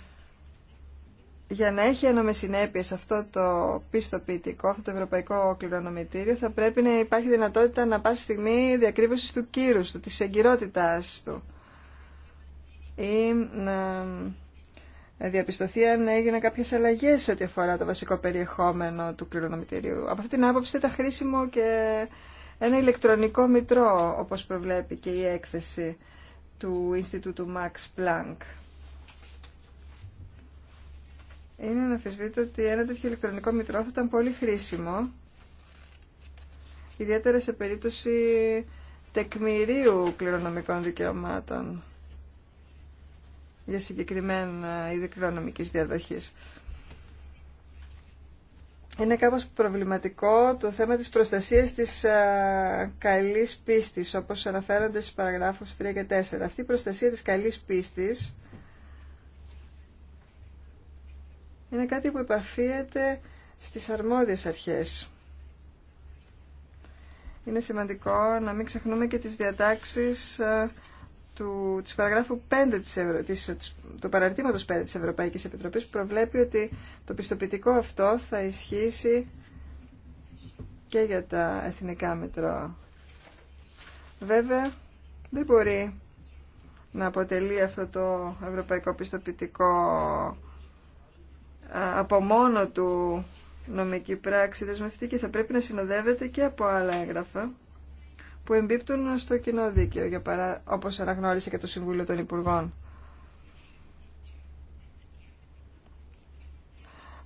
για να έχει ένομε συνέπειε αυτό το πιστοποιητικό, αυτό το ευρωπαϊκό κληρονομητήριο, θα πρέπει να υπάρχει δυνατότητα να πάσει στιγμή διακρύβωση του κύρου του, τη εγκυρότητά του. Ή να διαπιστωθεί αν έγιναν κάποιε αλλαγέ σε ό,τι αφορά το βασικό περιεχόμενο του κληρονομητήριου. Από αυτή την άποψη ήταν χρήσιμο και ένα ηλεκτρονικό μητρό, όπω προβλέπει και η έκθεση του Ινστιτούτου Max Planck είναι να ότι ένα τέτοιο ηλεκτρονικό μητρό θα ήταν πολύ χρήσιμο, ιδιαίτερα σε περίπτωση τεκμηρίου κληρονομικών δικαιωμάτων για συγκεκριμένα είδη κληρονομικής διαδοχής. Είναι κάπως προβληματικό το θέμα της προστασίας της α, καλής πίστης, όπως αναφέρονται στις παραγράφους 3 και 4. Αυτή η προστασία της καλής πίστης είναι κάτι που επαφίεται στις αρμόδιες αρχές. Είναι σημαντικό να μην ξεχνούμε και τις διατάξεις ε, του, της παραγράφου 5 της, Ευρω... της του παραρτήματος 5 της Ευρωπαϊκής Επιτροπής που προβλέπει ότι το πιστοποιητικό αυτό θα ισχύσει και για τα εθνικά μετρό. Βέβαια, δεν μπορεί να αποτελεί αυτό το ευρωπαϊκό πιστοποιητικό από μόνο του νομική πράξη δεσμευτική θα πρέπει να συνοδεύεται και από άλλα έγγραφα που εμπίπτουν στο κοινό δίκαιο, για παρά, όπως αναγνώρισε και το Συμβούλιο των Υπουργών.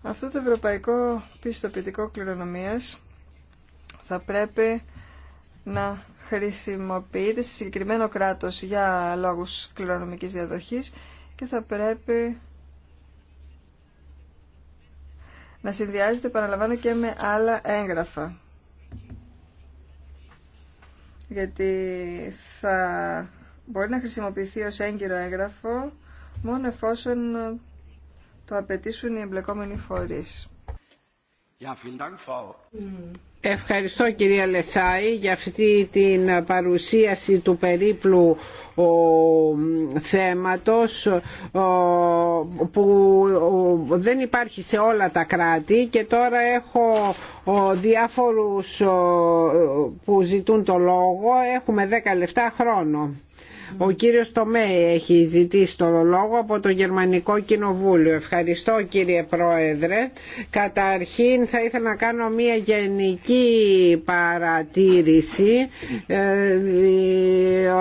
Αυτό το ευρωπαϊκό πιστοποιητικό κληρονομίας θα πρέπει να χρησιμοποιείται σε συγκεκριμένο κράτος για λόγους κληρονομικής διαδοχής και θα πρέπει να συνδυάζεται, παραλαμβάνω, και με άλλα έγγραφα. Γιατί θα μπορεί να χρησιμοποιηθεί ως έγκυρο έγγραφο μόνο εφόσον το απαιτήσουν οι εμπλεκόμενοι φορείς. Ευχαριστώ κυρία Λεσάη για αυτή την παρουσίαση του περίπλου ο, θέματος που δεν υπάρχει σε όλα τα κράτη και τώρα έχω διάφορους που ζητούν το λόγο. Έχουμε 10 λεπτά χρόνο. Ο κύριος Τομέη έχει ζητήσει το λόγο από το Γερμανικό Κοινοβούλιο. Ευχαριστώ κύριε Πρόεδρε. Καταρχήν θα ήθελα να κάνω μια γενική παρατήρηση ε,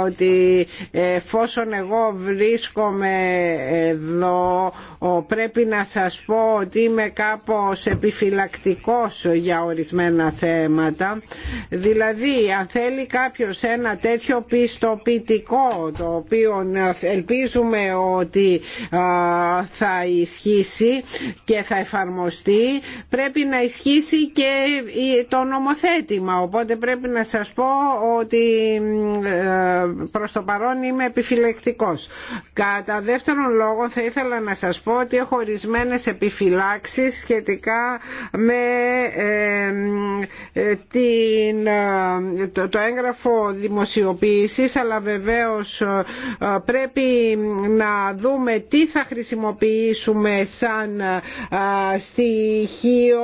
ότι εφόσον εγώ βρίσκομαι εδώ πρέπει να σας πω ότι είμαι κάπως επιφυλακτικός για ορισμένα θέματα. Δηλαδή αν θέλει κάποιος ένα τέτοιο πιστοποιητικό το οποίο ελπίζουμε ότι θα ισχύσει και θα εφαρμοστεί πρέπει να ισχύσει και το νομοθέτημα οπότε πρέπει να σας πω ότι ε, προς το παρόν είμαι επιφυλεκτικός κατά δεύτερον λόγο θα ήθελα να σας πω ότι έχω ορισμένε επιφυλάξεις σχετικά με ε, ε, την, το, έγγραφο δημοσιοποίησης αλλά βεβαίως ε, πρέπει να δούμε τι θα χρησιμοποιήσουμε σαν ε, στοιχείο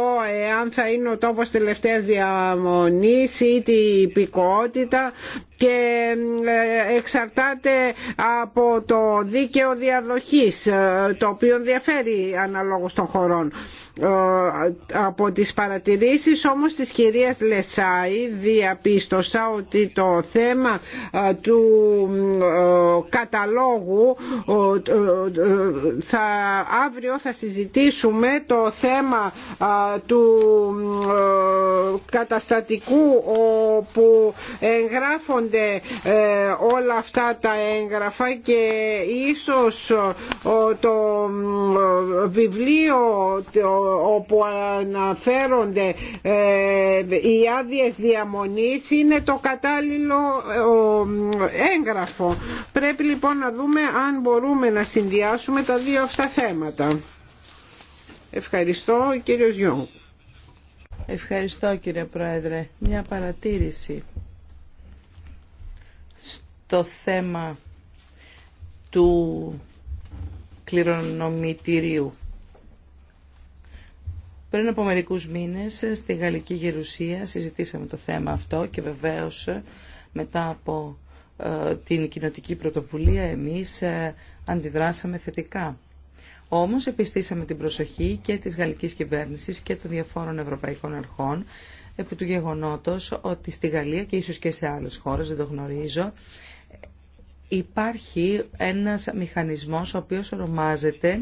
εάν θα είναι ο τόπος τελευταίας διαμονής ή την υπηκότητα και ε, εξαρτάται από το δίκαιο διαδοχής το οποίο διαφέρει αναλόγως των χωρών από τις παρατηρήσεις όμως της κυρίας Λεσάη διαπίστωσα ότι το θέμα του καταλόγου θα, αύριο θα συζητήσουμε το θέμα του καταστατικού όπου εγγράφονται ε, όλα αυτά τα έγγραφα και ίσως το βιβλίο το όπου αναφέρονται ε, οι άδειε διαμονής είναι το κατάλληλο έγγραφο. Πρέπει λοιπόν να δούμε αν μπορούμε να συνδυάσουμε τα δύο αυτά θέματα. Ευχαριστώ Κύριο Γιόγκ. Ευχαριστώ κύριε Πρόεδρε. Μια παρατήρηση στο θέμα του κληρονομητηρίου. Πριν από μερικούς μήνες ε, στη Γαλλική Γερουσία συζητήσαμε το θέμα αυτό και βεβαίως ε, μετά από ε, την κοινοτική πρωτοβουλία εμείς αντιδράσαμε θετικά. Όμως επιστήσαμε την προσοχή και της γαλλικής κυβέρνησης και των διαφόρων ευρωπαϊκών αρχών επί του γεγονότος ότι στη Γαλλία και ίσως και σε άλλες χώρες, δεν το γνωρίζω, υπάρχει ένας μηχανισμός ο οποίος ονομάζεται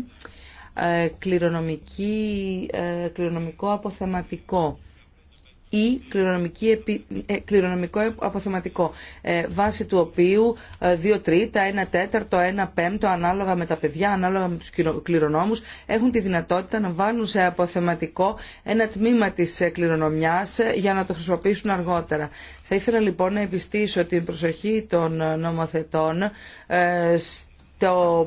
ε, κληρονομική, ε, κληρονομικό αποθεματικό ή ε, κληρονομικό αποθεματικό, βάσει του οποίου 2 τρίτα, 1 τέταρτο, 1 πέμπτο, ανάλογα με τα παιδιά, ανάλογα με τους κληρονόμους, έχουν τη δυνατότητα να βάλουν σε αποθεματικό ένα τμήμα της κληρονομιάς για να το χρησιμοποιήσουν αργότερα. Θα ήθελα λοιπόν να επιστήσω την προσοχή των νομοθετών το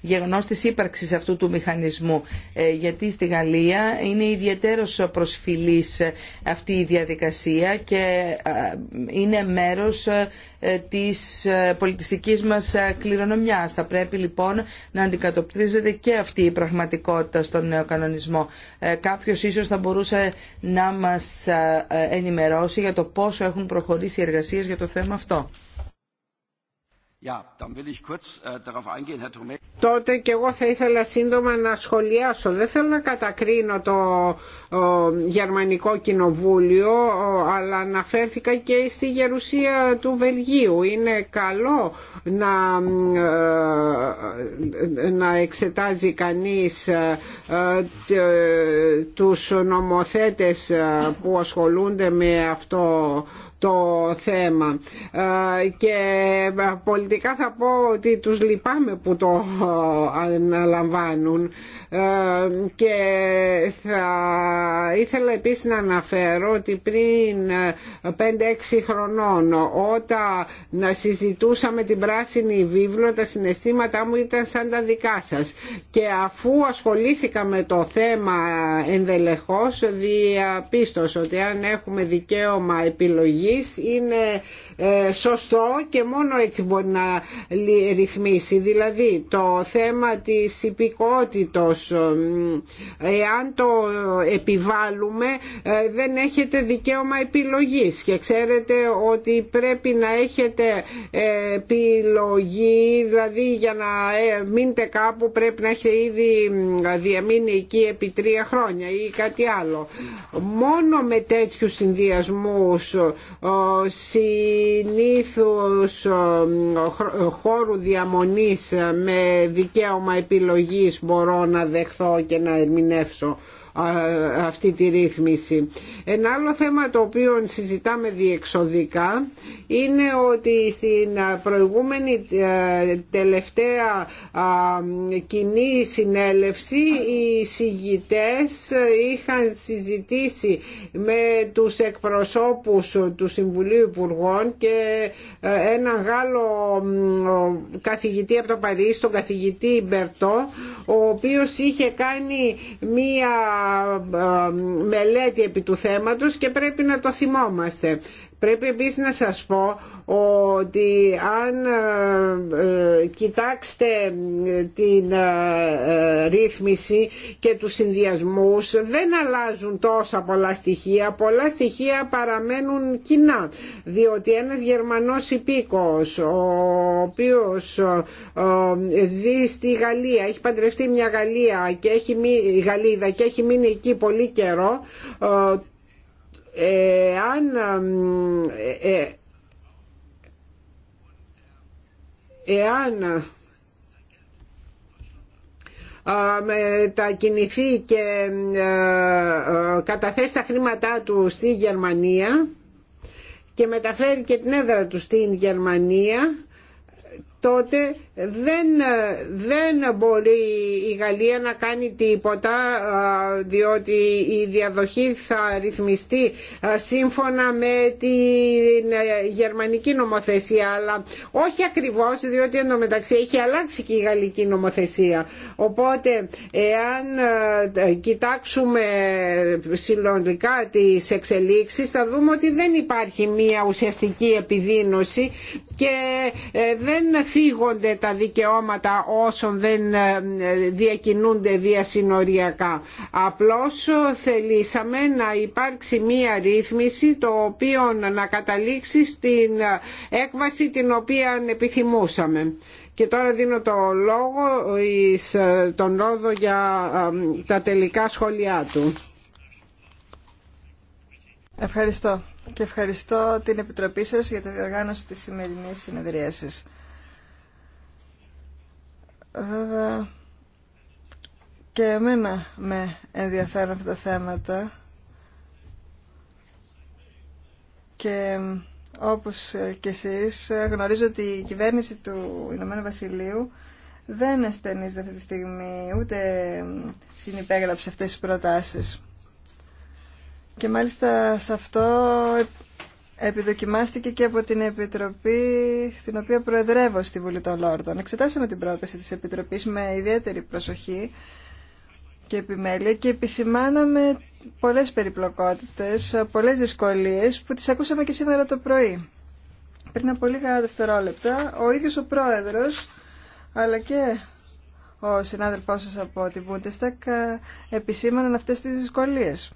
γεγονός της ύπαρξης αυτού του μηχανισμού ε, γιατί στη Γαλλία είναι ιδιαίτερος προσφυλής ε, αυτή η διαδικασία και ε, είναι μέρος της πολιτιστικής μας κληρονομιάς. Θα πρέπει λοιπόν να αντικατοπτρίζεται και αυτή η πραγματικότητα στον νέο κανονισμό. Κάποιος ίσως θα μπορούσε να μας ενημερώσει για το πόσο έχουν προχωρήσει οι εργασίες για το θέμα αυτό. Äh, Τότε και εγώ θα ήθελα σύντομα να σχολιάσω. Δεν θέλω να κατακρίνω το Γερμανικό Κοινοβούλιο, αλλά αναφέρθηκα και στη γερουσία του Βελγίου. Είναι καλό να, ε, να εξετάζει κανείς ε, ε, τους νομοθέτες ε, που ασχολούνται με αυτό το θέμα και πολιτικά θα πω ότι τους λυπάμαι που το αναλαμβάνουν και θα ήθελα επίσης να αναφέρω ότι πριν 5-6 χρονών όταν συζητούσαμε την πράσινη βίβλο τα συναισθήματά μου ήταν σαν τα δικά σας και αφού ασχολήθηκα με το θέμα ενδελεχώς διαπίστωσα ότι αν έχουμε δικαίωμα επιλογή είναι ε, σωστό και μόνο έτσι μπορεί να ρυθμίσει. Δηλαδή το θέμα της υπηκότητος, ε, εάν το επιβάλλουμε ε, δεν έχετε δικαίωμα επιλογής και ξέρετε ότι πρέπει να έχετε επιλογή, δηλαδή για να μείνετε κάπου πρέπει να έχετε ήδη διαμείνει εκεί επί τρία χρόνια ή κάτι άλλο. Μόνο με τέτοιους συνδυασμούς ο συνήθους χώρου διαμονής με δικαίωμα επιλογής μπορώ να δεχθώ και να ερμηνεύσω αυτή τη ρύθμιση. Ένα άλλο θέμα το οποίο συζητάμε διεξοδικά είναι ότι στην προηγούμενη ε, τελευταία κοινή συνέλευση οι συγητές είχαν συζητήσει με τους εκπροσώπους του Συμβουλίου Υπουργών και ε, ένα Γάλλο καθηγητή από το Παρίσι, τον καθηγητή Μπερτό, ο οποίος είχε κάνει μία μελέτη επί του θέματος και πρέπει να το θυμόμαστε. Πρέπει επίσης να σας πω ότι αν ε, ε, κοιτάξτε ε, την ρύθμιση και τους συνδυασμούς δεν αλλάζουν τόσα πολλά στοιχεία. Πολλά στοιχεία παραμένουν κοινά διότι ένας Γερμανός υπήκος ο οποίος ζει στη Γαλλία, έχει παντρευτεί μια Γαλλία και έχει, Γαλλίδα και έχει μείνει εκεί πολύ καιρό εάν ε, ε, ε, τα μετακινηθεί και ε, καταθέσει τα χρήματά του στη Γερμανία και μεταφέρει και την έδρα του στην Γερμανία τότε δεν, δεν μπορεί η Γαλλία να κάνει τίποτα διότι η διαδοχή θα ρυθμιστεί σύμφωνα με την ε, γερμανική νομοθεσία αλλά όχι ακριβώς διότι εντωμεταξύ έχει αλλάξει και η γαλλική νομοθεσία οπότε εάν κοιτάξουμε συλλογικά τις εξελίξεις θα δούμε ότι δεν υπάρχει μια ουσιαστική επιδείνωση και ε, δεν φύγονται τα τα δικαιώματα όσων δεν ε, διακινούνται διασυνοριακά. Απλώς θελήσαμε να υπάρξει μία ρύθμιση το οποίο να καταλήξει στην έκβαση την οποία επιθυμούσαμε. Και τώρα δίνω το λόγο ε, τον Ρόδο για ε, τα τελικά σχόλιά του. Ευχαριστώ και ευχαριστώ την Επιτροπή σας για τη διοργάνωση της σημερινής συνεδρίασης. Βέβαια και εμένα με ενδιαφέρουν αυτά τα θέματα και όπως και εσείς γνωρίζω ότι η κυβέρνηση του Ηνωμένου Βασιλείου δεν ασθενίζεται αυτή τη στιγμή ούτε συνυπέγραψε αυτές τις προτάσεις. Και μάλιστα σε αυτό επιδοκιμάστηκε και από την Επιτροπή στην οποία προεδρεύω στη Βουλή των Λόρδων. Εξετάσαμε την πρόταση της Επιτροπής με ιδιαίτερη προσοχή και επιμέλεια και επισημάναμε πολλές περιπλοκότητες, πολλές δυσκολίες που τις ακούσαμε και σήμερα το πρωί. Πριν από λίγα δευτερόλεπτα, ο ίδιος ο πρόεδρος, αλλά και ο συνάδελφός σας από την Bundestag ε, επισήμαναν αυτές τις δυσκολίες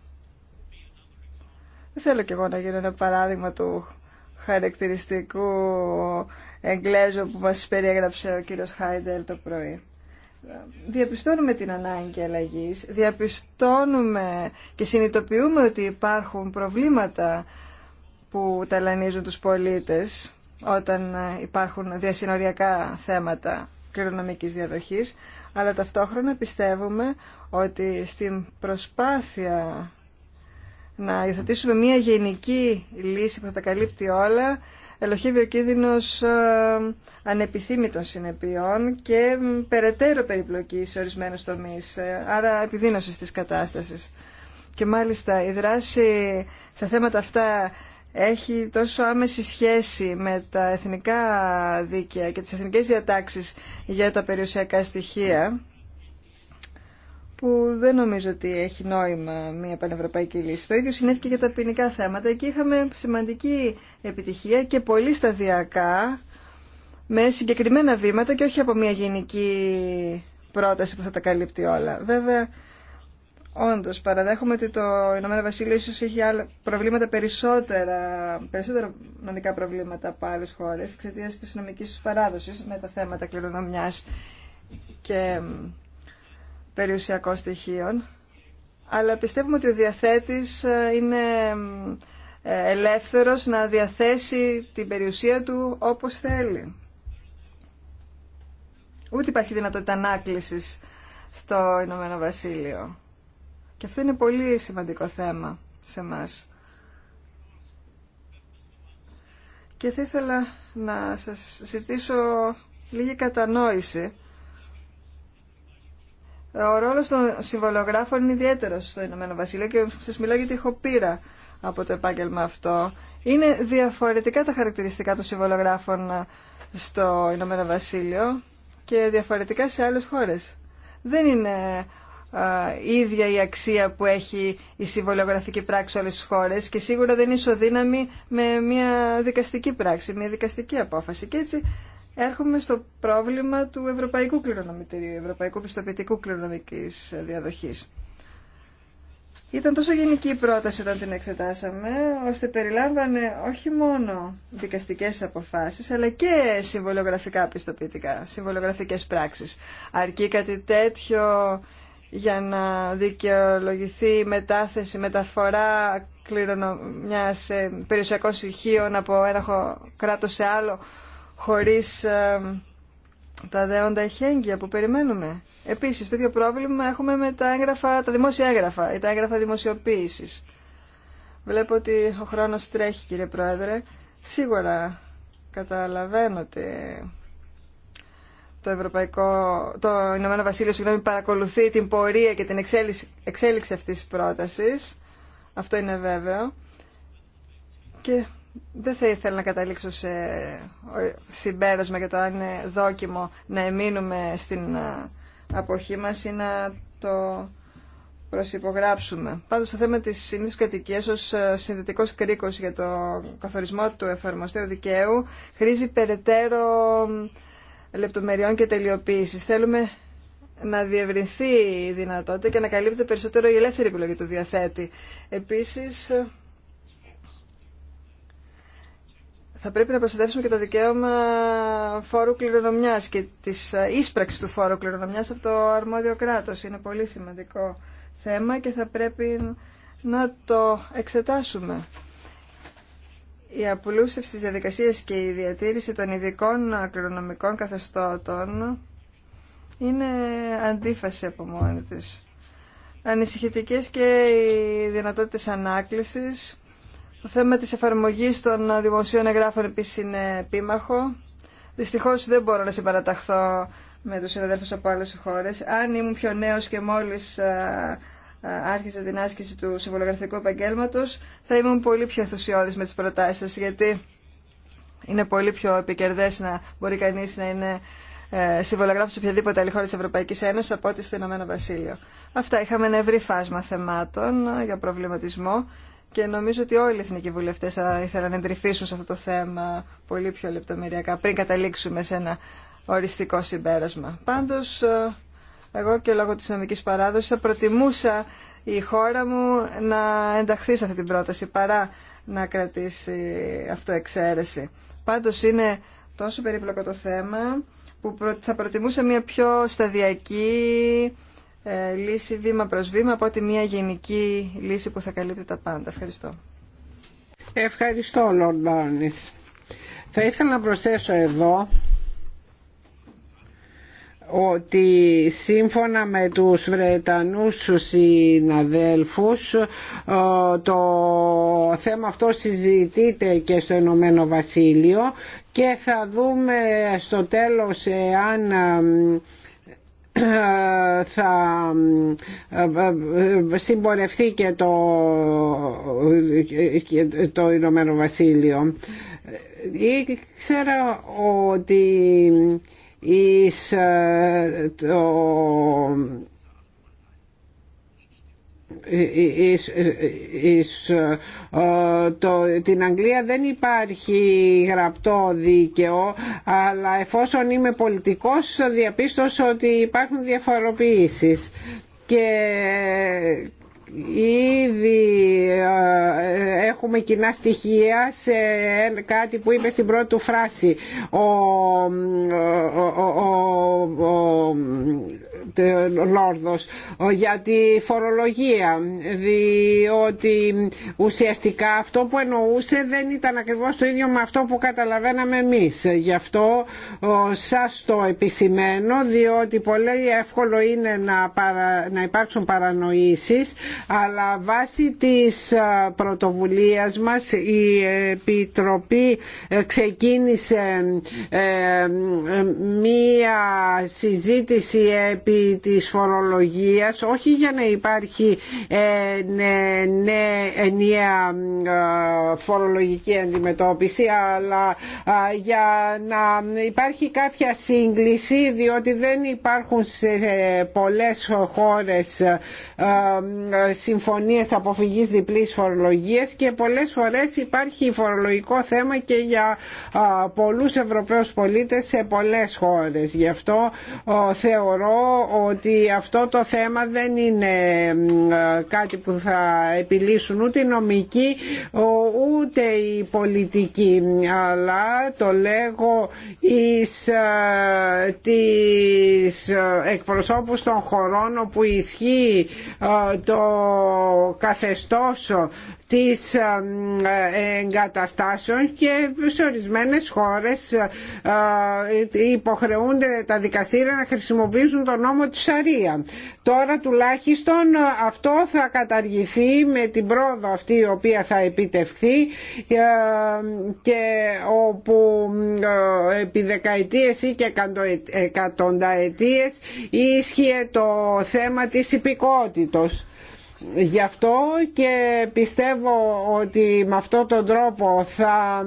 θέλω κι εγώ να γίνω ένα παράδειγμα του χαρακτηριστικού εγγλέζου που μας περιέγραψε ο κύριος Χάιντελ το πρωί. Διαπιστώνουμε την ανάγκη αλλαγή, διαπιστώνουμε και συνειδητοποιούμε ότι υπάρχουν προβλήματα που ταλανίζουν τους πολίτες όταν υπάρχουν διασυνοριακά θέματα κληρονομικής διαδοχής, αλλά ταυτόχρονα πιστεύουμε ότι στην προσπάθεια να υιοθετήσουμε μια γενική λύση που θα τα καλύπτει όλα, ελοχεύει ο κίνδυνος ε, ανεπιθύμητων συνεπειών και περαιτέρω περιπλοκή σε ορισμένους ε, άρα επιδείνωση τη κατάστασης. Και μάλιστα η δράση στα θέματα αυτά έχει τόσο άμεση σχέση με τα εθνικά δίκαια και τις εθνικές διατάξεις για τα περιουσιακά στοιχεία που δεν νομίζω ότι έχει νόημα μια πανευρωπαϊκή λύση. Το ίδιο συνέβη και για τα ποινικά θέματα. Εκεί είχαμε σημαντική επιτυχία και πολύ σταδιακά με συγκεκριμένα βήματα και όχι από μια γενική πρόταση που θα τα καλύπτει όλα. Βέβαια, όντως παραδέχομαι ότι το Ηνωμένο Βασίλειο ίσως έχει άλλα προβλήματα περισσότερα, περισσότερα νομικά προβλήματα από άλλε χώρες εξαιτία της νομικής τους παράδοσης με τα θέματα κληρονομιάς και περιουσιακών στοιχείων, αλλά πιστεύουμε ότι ο διαθέτης ε, είναι ε, ελεύθερος να διαθέσει την περιουσία του όπως θέλει. Ούτε υπάρχει δυνατότητα ανάκλησης στο Ηνωμένο Βασίλειο. Και αυτό είναι πολύ σημαντικό θέμα σε μας. Και θα ήθελα να σας ζητήσω λίγη κατανόηση ο ρόλος των συμβολογράφων είναι ιδιαίτερος στο Ηνωμένο Βασίλειο και σας μιλάω γιατί έχω πείρα από το επάγγελμα αυτό. Είναι διαφορετικά τα χαρακτηριστικά των συμβολογράφων ε, στο Ηνωμένο Βασίλειο και διαφορετικά σε άλλες χώρες. Δεν είναι η ε, ίδια η αξία που έχει η συμβολογραφική πράξη σε όλες τις χώρες και σίγουρα δεν είναι ισοδύναμη με μια δικαστική πράξη, μια δικαστική απόφαση. Και έτσι έρχομαι στο πρόβλημα του Ευρωπαϊκού Κληρονομητηρίου, Ευρωπαϊκού Πιστοποιητικού Κληρονομικής Διαδοχής. Ήταν τόσο γενική η πρόταση όταν την εξετάσαμε, ώστε περιλάμβανε όχι μόνο δικαστικές αποφάσεις, αλλά και συμβολογραφικά πιστοποιητικά, συμβολογραφικέ πράξεις. Αρκεί κάτι τέτοιο για να δικαιολογηθεί η μετάθεση, μεταφορά μιας ε, περιουσιακών στοιχείων από ένα κράτος σε άλλο, χωρίς τα δέοντα εχέγγυα που περιμένουμε. Επίσης, το πρόβλημα έχουμε με τα, έγγραφα, τα δημόσια έγγραφα ή τα έγγραφα δημοσιοποίησης. Βλέπω ότι ο χρόνος τρέχει, κύριε Πρόεδρε. Σίγουρα καταλαβαίνω ότι το, Ευρωπαϊκό, το Ηνωμένο Βασίλειο συγγνώμη, παρακολουθεί την πορεία και την εξέλιξη, εξέλιξη αυτής της πρότασης. Αυτό είναι βέβαιο. Και δεν θα ήθελα να καταλήξω σε συμπέρασμα για το αν είναι δόκιμο να εμείνουμε στην ε, αποχή μας ή να το προσυπογράψουμε. Πάντως το θέμα της συνήθως κατοικίας ως ε, συνδετικός κρίκος για το καθορισμό του εφαρμοστέου δικαίου χρήζει περαιτέρω λεπτομεριών και τελειοποίησης. Θέλουμε να διευρυνθεί η δυνατότητα και να καλύπτεται περισσότερο η ελεύθερη επιλογή του διαθέτη. Επίσης, θα πρέπει να προστατεύσουμε και το δικαίωμα φόρου κληρονομιά και τη ε, ίσπραξης του φόρου κληρονομιά από το αρμόδιο κράτος. Είναι πολύ σημαντικό θέμα και θα πρέπει να το εξετάσουμε. Η απολούσευση της διαδικασίας και η διατήρηση των ειδικών κληρονομικών καθεστώτων είναι αντίφαση από μόνη της. Ανησυχητικές και οι δυνατότητες ανάκλησης το θέμα της εφαρμογής των δημοσίων εγγράφων επίσης είναι επίμαχο. Δυστυχώς δεν μπορώ να συμπαραταχθώ με τους συναδέλφους από άλλες χώρες. Αν ήμουν πιο νέος και μόλις ε, ε, άρχισε την άσκηση του συμβολογραφικού επαγγέλματο, θα ήμουν πολύ πιο ενθουσιώδης με τις προτάσεις σας, γιατί είναι πολύ πιο επικερδές να μπορεί κανείς να είναι ε, συμβολογράφος σε οποιαδήποτε άλλη χώρα της Ευρωπαϊκής Ένωσης από ό,τι στο Ηνωμένο Βασίλειο. Αυτά είχαμε ένα ευρύ φάσμα θεμάτων για προβληματισμό και νομίζω ότι όλοι οι εθνικοί βουλευτέ θα ήθελαν να εντρυφήσουν σε αυτό το θέμα πολύ πιο λεπτομεριακά πριν καταλήξουμε σε ένα οριστικό συμπέρασμα. Πάντως, ε, εγώ και λόγω τη Νομική παράδοσης θα προτιμούσα η χώρα μου να ενταχθεί σε αυτή την πρόταση παρά να κρατήσει αυτοεξαίρεση. Πάντως είναι τόσο περίπλοκο το θέμα που θα προτιμούσα μια πιο σταδιακή ε, λύση βήμα προς βήμα από ότι μια γενική λύση που θα καλύπτει τα πάντα. Ευχαριστώ. Ευχαριστώ, Λόρντ Θα ήθελα να προσθέσω εδώ ότι σύμφωνα με τους Βρετανούς συναδέλφους ε, το θέμα αυτό συζητείται και στο Ενωμένο Βασίλειο και θα δούμε στο τέλος εάν θα ε, ε, συμπορευτεί και το, και το Ηνωμένο Βασίλειο. Ήξερα ότι εις, ε, το, ε, την Αγγλία δεν υπάρχει γραπτό δίκαιο αλλά εφόσον είμαι πολιτικός διαπίστωσα ότι υπάρχουν διαφοροποιήσεις και ήδη ε, έχουμε κοινά στοιχεία σε κάτι που είπε στην πρώτη του φράση Λόρδος για τη φορολογία διότι ουσιαστικά αυτό που εννοούσε δεν ήταν ακριβώς το ίδιο με αυτό που καταλαβαίναμε εμείς γι' αυτό σας το επισημαίνω διότι πολύ εύκολο είναι να, να υπάρξουν παρανοήσεις αλλά βάσει της πρωτοβουλίας μας η Επιτροπή ε, ξεκίνησε ε, ε, μία συζήτηση επί επί της φορολογίας όχι για να υπάρχει ε, ενιαία ε, φορολογική αντιμετώπιση αλλά ε, για να υπάρχει κάποια σύγκληση διότι δεν υπάρχουν σε πολλές χώρες συμφωνίες αποφυγής διπλής φορολογίας και πολλές φορές υπάρχει φορολογικό θέμα και για πολλούς Ευρωπαίους πολίτες σε πολλές χώρες. Γι' αυτό θεωρώ ότι αυτό το θέμα δεν είναι κάτι που θα επιλύσουν ούτε οι νομικοί ούτε οι πολιτικοί αλλά το λέγω εις της ε, τις ε, εκπροσώπους των χωρών όπου ισχύει ε, το καθεστώς της ε, ε, εγκαταστάσεων και σε ορισμένες χώρες ε, υποχρεούνται τα δικαστήρια να χρησιμοποιήσουν τον νόμο της Σαρία. Τώρα τουλάχιστον αυτό θα καταργηθεί με την πρόοδο αυτή η οποία θα επιτευχθεί και όπου επί δεκαετίες ή και εκατονταετίες ίσχυε το θέμα της υπηκότητος. Γι' αυτό και πιστεύω ότι με αυτόν τον τρόπο θα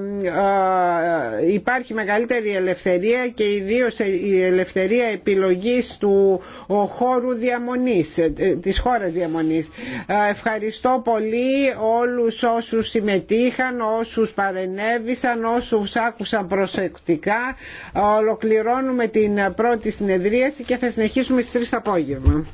ε, υπάρχει μεγαλύτερη ελευθερία και ιδίως η ελευθερία επιλογής του χώρου διαμονής, ε, της χώρας διαμονής. Ε, ευχαριστώ πολύ όλους όσους συμμετείχαν, όσους παρενέβησαν, όσους άκουσαν προσεκτικά. Ολοκληρώνουμε την πρώτη συνεδρίαση και θα συνεχίσουμε στις 3 το απόγευμα.